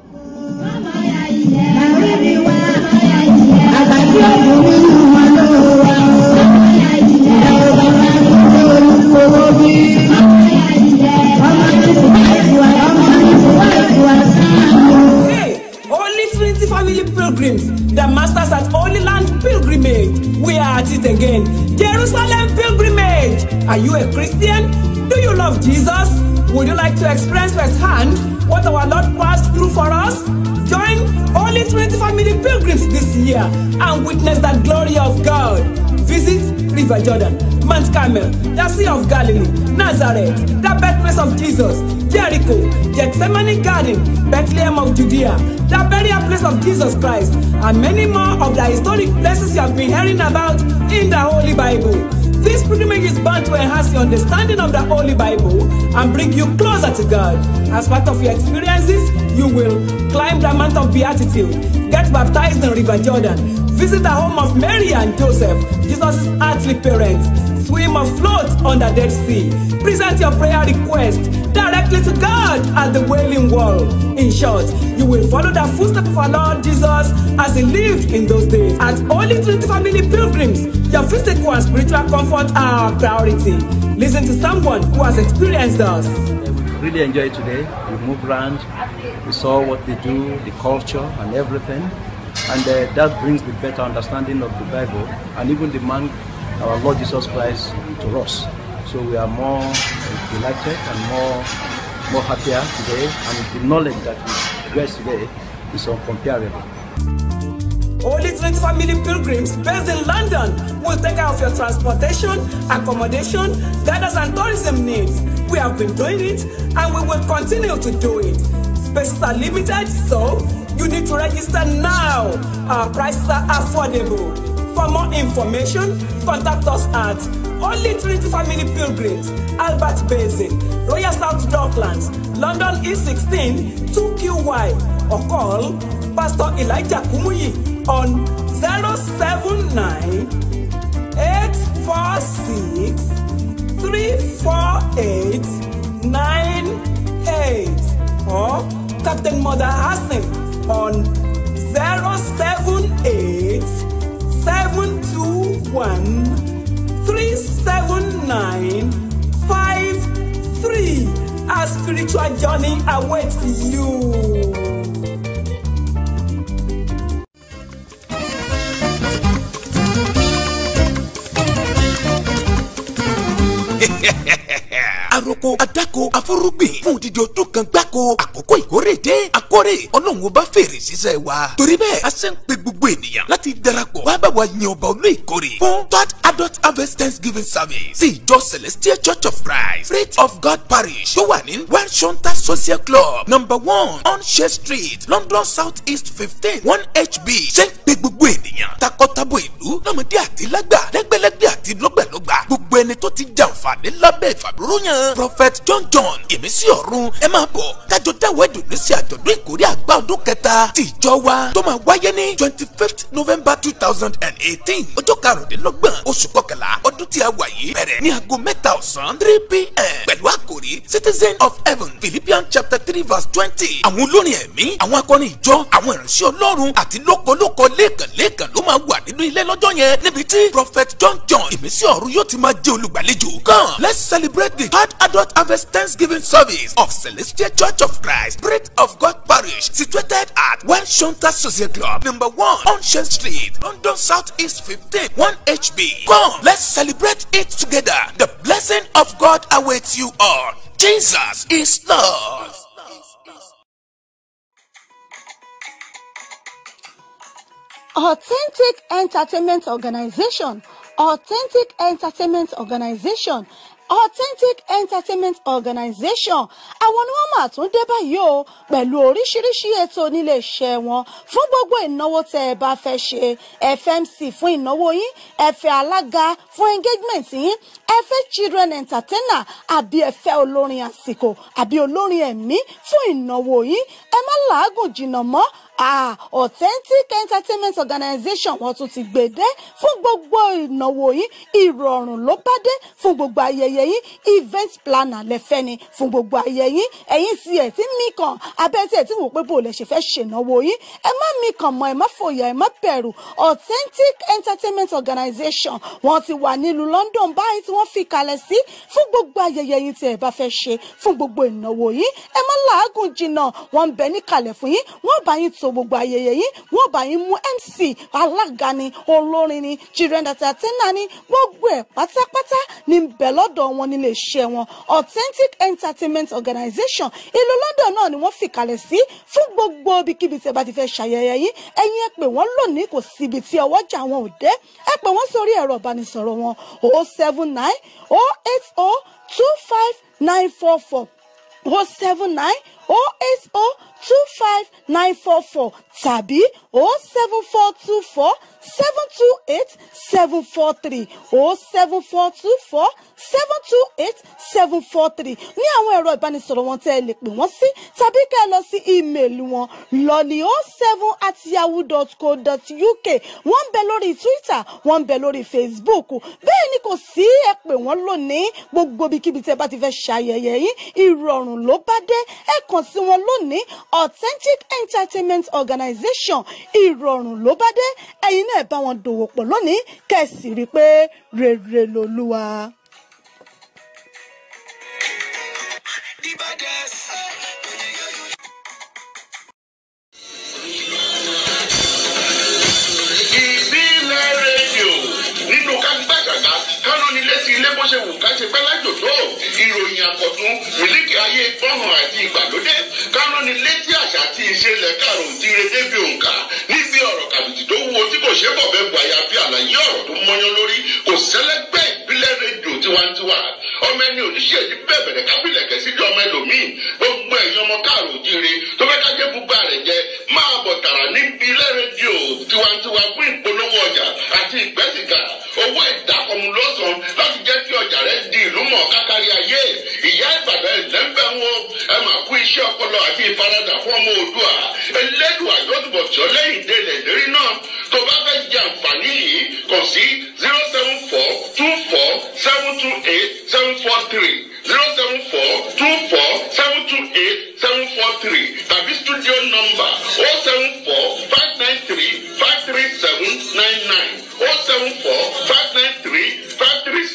Only twenty family pilgrims, the masters at only land pilgrimage. We are at it again. Jerusalem pilgrimage. Are you a Christian? Do you love Jesus? Would you like to experience firsthand what our Lord passed through for us? Join Holy Trinity Family Pilgrims this year and witness that glory of God. Visit River Jordan. Mount Carmel, the Sea of Galilee, Nazareth, the birthplace of Jesus, Jericho, Gethsemane Garden, Bethlehem of Judea, the burial place of Jesus Christ, and many more of the historic places you have been hearing about in the Holy Bible. This pilgrimage is bound to enhance your understanding of the Holy Bible and bring you closer to God. As part of your experiences, you will climb the Mount of Beatitude, get baptized in River Jordan, visit the home of Mary and Joseph, Jesus' earthly parents, swim afloat on the Dead Sea. Present your prayer request directly to God at the Wailing Wall. In short, you will follow the footsteps of our Lord Jesus as he lived in those days. At Holy Trinity Family Pilgrims, your physical and spiritual comfort are our priority. Listen to someone who has experienced us. We really enjoyed today. We moved around, we saw what they do, the culture and everything. And uh, that brings the better understanding of the Bible and even the man our Lord Jesus Christ to us. So we are more delighted and more more happier today, and the knowledge that we get today is uncomparable. Holy Trinity Family Pilgrims based in London will take care of your transportation, accommodation, guidance and tourism needs. We have been doing it and we will continue to do it. Spaces are limited, so you need to register now. Our prices are affordable. For more information, contact us at Holy Trinity Family Pilgrims, Albert Basin, Royal South Docklands, London E16, 2QY, or call Pastor Elijah Kumuyi on 079 846 348 98 or Captain Mother Hassan on 078 seven two one three seven nine five three. Our spiritual journey awaits you. àròkọ àdàkọ àforúgbìn fún òdìdí ọdún kan gbáko àkókò ìkórè dé akórè ọlọ́run ọba fèrè sísẹ wa torí bẹ́ẹ̀ a ṣe ń pe gbogbo ènìyàn láti darapọ̀ wá bá wa yan ọba olú ìkórè fún third adult harvest thanksgiving service sí ìjọ celestial church of christ faith of god parish tó wà ní one shanta social club number one on street london south east fifteen one hb ṣe ń pe gbogbo ènìyàn takọtabo ìlú lọ́mọdé àti lágbà lẹ́gbẹ̀lẹ́gbẹ̀ àti lọ́gbẹ̀lọ́gbà gbogbo ẹni tó ti jàǹfààní lábẹ́ ìfàbúrúyàn prophet john john ìmísí ọ̀run ẹ máa bọ̀ kájọ dáwọ́ ẹ̀dùnú sí àjọ̀dún ìkórè àgbà ọdún kẹta ti ìjọ wa tó máa wáyé ní twenty fifth november two thousand and eighteen ọjọ́ karùndínlọ́gbọ̀n oṣù kọkànlá ọdún tí a wà yìí bẹ̀rẹ̀ ní aago mẹ́ta ọ̀sán three pm pẹ̀lú àkòrí citizen of heaven philippian chapter three verse twenty àwọn olórin ẹ̀mí àwọn akọrin ìjọ àwọn ìránṣẹ́ ọlọ́run àti lókolóko lẹ́ẹ̀kan lẹ́ẹ̀kan ló máa wà nínú ilé lọ́jọ́ prophet john john ìmísí ọ̀run yóò ti máa jẹ́ olùgbàlejò Let's celebrate the third adult harvest Thanksgiving service of Celestial Church of Christ, Spirit of God Parish, situated at Wenshonta Social Club, number 1, Ocean Street, London Southeast 15, 1HB. Come, let's celebrate it together. The blessing of God awaits you all. Jesus is Lord. Authentic Entertainment Organization. Authentic Entertainment Organization Authentic Entertainment Organization àwọn ni wọ́n máa tún dé báyìí o pẹ̀lú oríṣiríṣi ètò níléeṣẹ́ wọn fún gbogbo ìnáwó tẹ́ ẹ bá fẹ́ ṣe ẹ fẹ́ fún ìnáwó yín ẹ alága fún engagement yín ẹ children entertainer àbí ẹ fẹ́ olórin àsìkò àbí olórin ẹ̀mí fún ìnáwó yín ẹ má làágùn jìnnà mọ́ ah authentic entertainment organization wọ́n tún ti gbèdé fún gbogbo ìnáwó yín ìrọ̀rùn ló bá dé fún gbogbo ayẹyẹ yín event planner lẹ́fẹ́ ni fún gbogbo ayẹyẹ yín ẹ̀yin sì ẹ̀ tí mí kan abẹ́ tí ẹ̀ tí wò pé bò lẹ̀ ṣe fẹ́ ṣènáwó yín ẹ má mí kan mọ́ ẹ má fòyà ẹ má bẹ̀rù authentic entertainment organization wọ́n ti wà nílùú London báyìí tí wọ́n fi kalẹ̀ sí fún gbogbo ayẹyẹ yín tí ẹ bá fẹ́ ṣe fún gbogbo ìnáwó yín ẹ má làágùn jìnnà wọ́n ń bẹ ètò gbogbo ayẹyẹ yìí wọ́n bá yín mú MC alága ni olórin ni children entertainer ni gbogbo ẹ̀ pátápátá ní bẹ̀ lọ́dọ̀ wọn nílé iṣẹ́ wọn authentic entertainment organisation ìlú London náà ni wọ́n fìkàlẹ̀ sí fún gbogbo ibikíbi tí ẹ bá ti fẹ́ ṣàyẹyẹ yín ẹ̀yin ẹ pè wọ́n lónìí kò síbi tí ọwọ́ jà wọn ò dé ẹ pè wọ́n sórí ẹ̀rọ ìbánisọ̀rọ̀ wọn o oh seven nine o oh eight o oh two five nine four four o seven nine oh eight oh two five nine four four tàbí oh seven four two four seven two eight seven four three oh seven four two four seven two eight seven four three ní àwọn ẹ̀rọ ìbánisọ̀rọ̀ wọn tẹ́ ẹ lè pè wọ́n sí tàbí kẹ́ ẹ lọ sí ímeèlì wọn lọ́ọ̀lì oh seven at yahoo dot co dot uk wọ́n ń bẹ lórí twitter wọ́n ń bẹ lórí facebook bẹ́ẹ̀ ni kò sí ẹ pè wọ́n lónìí gbogbo ibikíbi tẹ́ bá ti fẹ́ ṣayẹyẹ yín ìrọ̀rùn ló bá dé ẹ kàn sí wọn lónìí authentic entertainment organization ìrọ̀rùn ló bá dé ẹ̀yin náà bá wọn dòwò pọ̀ lónìí kẹ̀sì rí i pé rere lolúwa. ilé sí ilé bó ṣe wù ká ṣe fẹ́ lájò ìròyìn àkọ́tún mílíkì ayé gbọ́hàn àti ìgbàlódé kánú ni létí àṣà àti ìṣe ilẹ̀ ti re débi òǹkà níbi ọ̀rọ̀ kàbìtì tó wúwo tí kò ṣe bọ̀bẹ̀ gbàyà bí àlàyé ọ̀rọ̀ tó mọ́yán lórí kò sẹ́lẹ́gbẹ́ ìbílẹ̀ rédíò tiwantiwa ọmọ ẹni oníṣẹ́ yìí bẹ̀bẹ̀rẹ̀ kábìlẹ̀ kẹ́síjú ọmọ ẹlòmíì gbogbo ẹ̀yìn ọmọ káàrò òjì ti wá fún ìpolówó ọjà àti ìgbẹ́sìgà owó ìdákọ̀mù lọ́sàn-án láti jẹ́ kí ọjà rẹ di ìlú mọ̀ kákàrí ayé ìyá ìbàdàn ìlẹ́ńfẹ̀ wọn ẹ máa iṣẹ́ ọpọlọ àti ìfaradà fún ọmọ Oòduà Ẹlẹ́dùà yóò túbọ̀ tí ọ náà tó bá fẹ́ jẹ àǹfààní yìí kàn sí zero seven four two four seven two eight seven four three zero seven four two four seven two eight seven four three tàbí studio number o oh seven four five nine three five three seven nine nine o oh seven four five nine three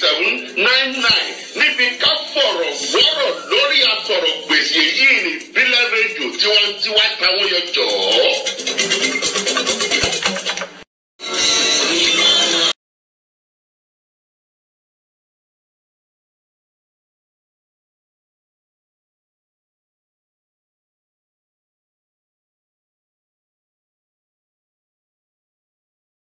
seven nine nine níbi ká fọ̀rọ̀ wọ́rọ̀ lórí àtọ̀rọ̀ gbèsè yìí ni bílẹ̀ rédíò tiwantiwa táwọn yọ jọ̀ọ́.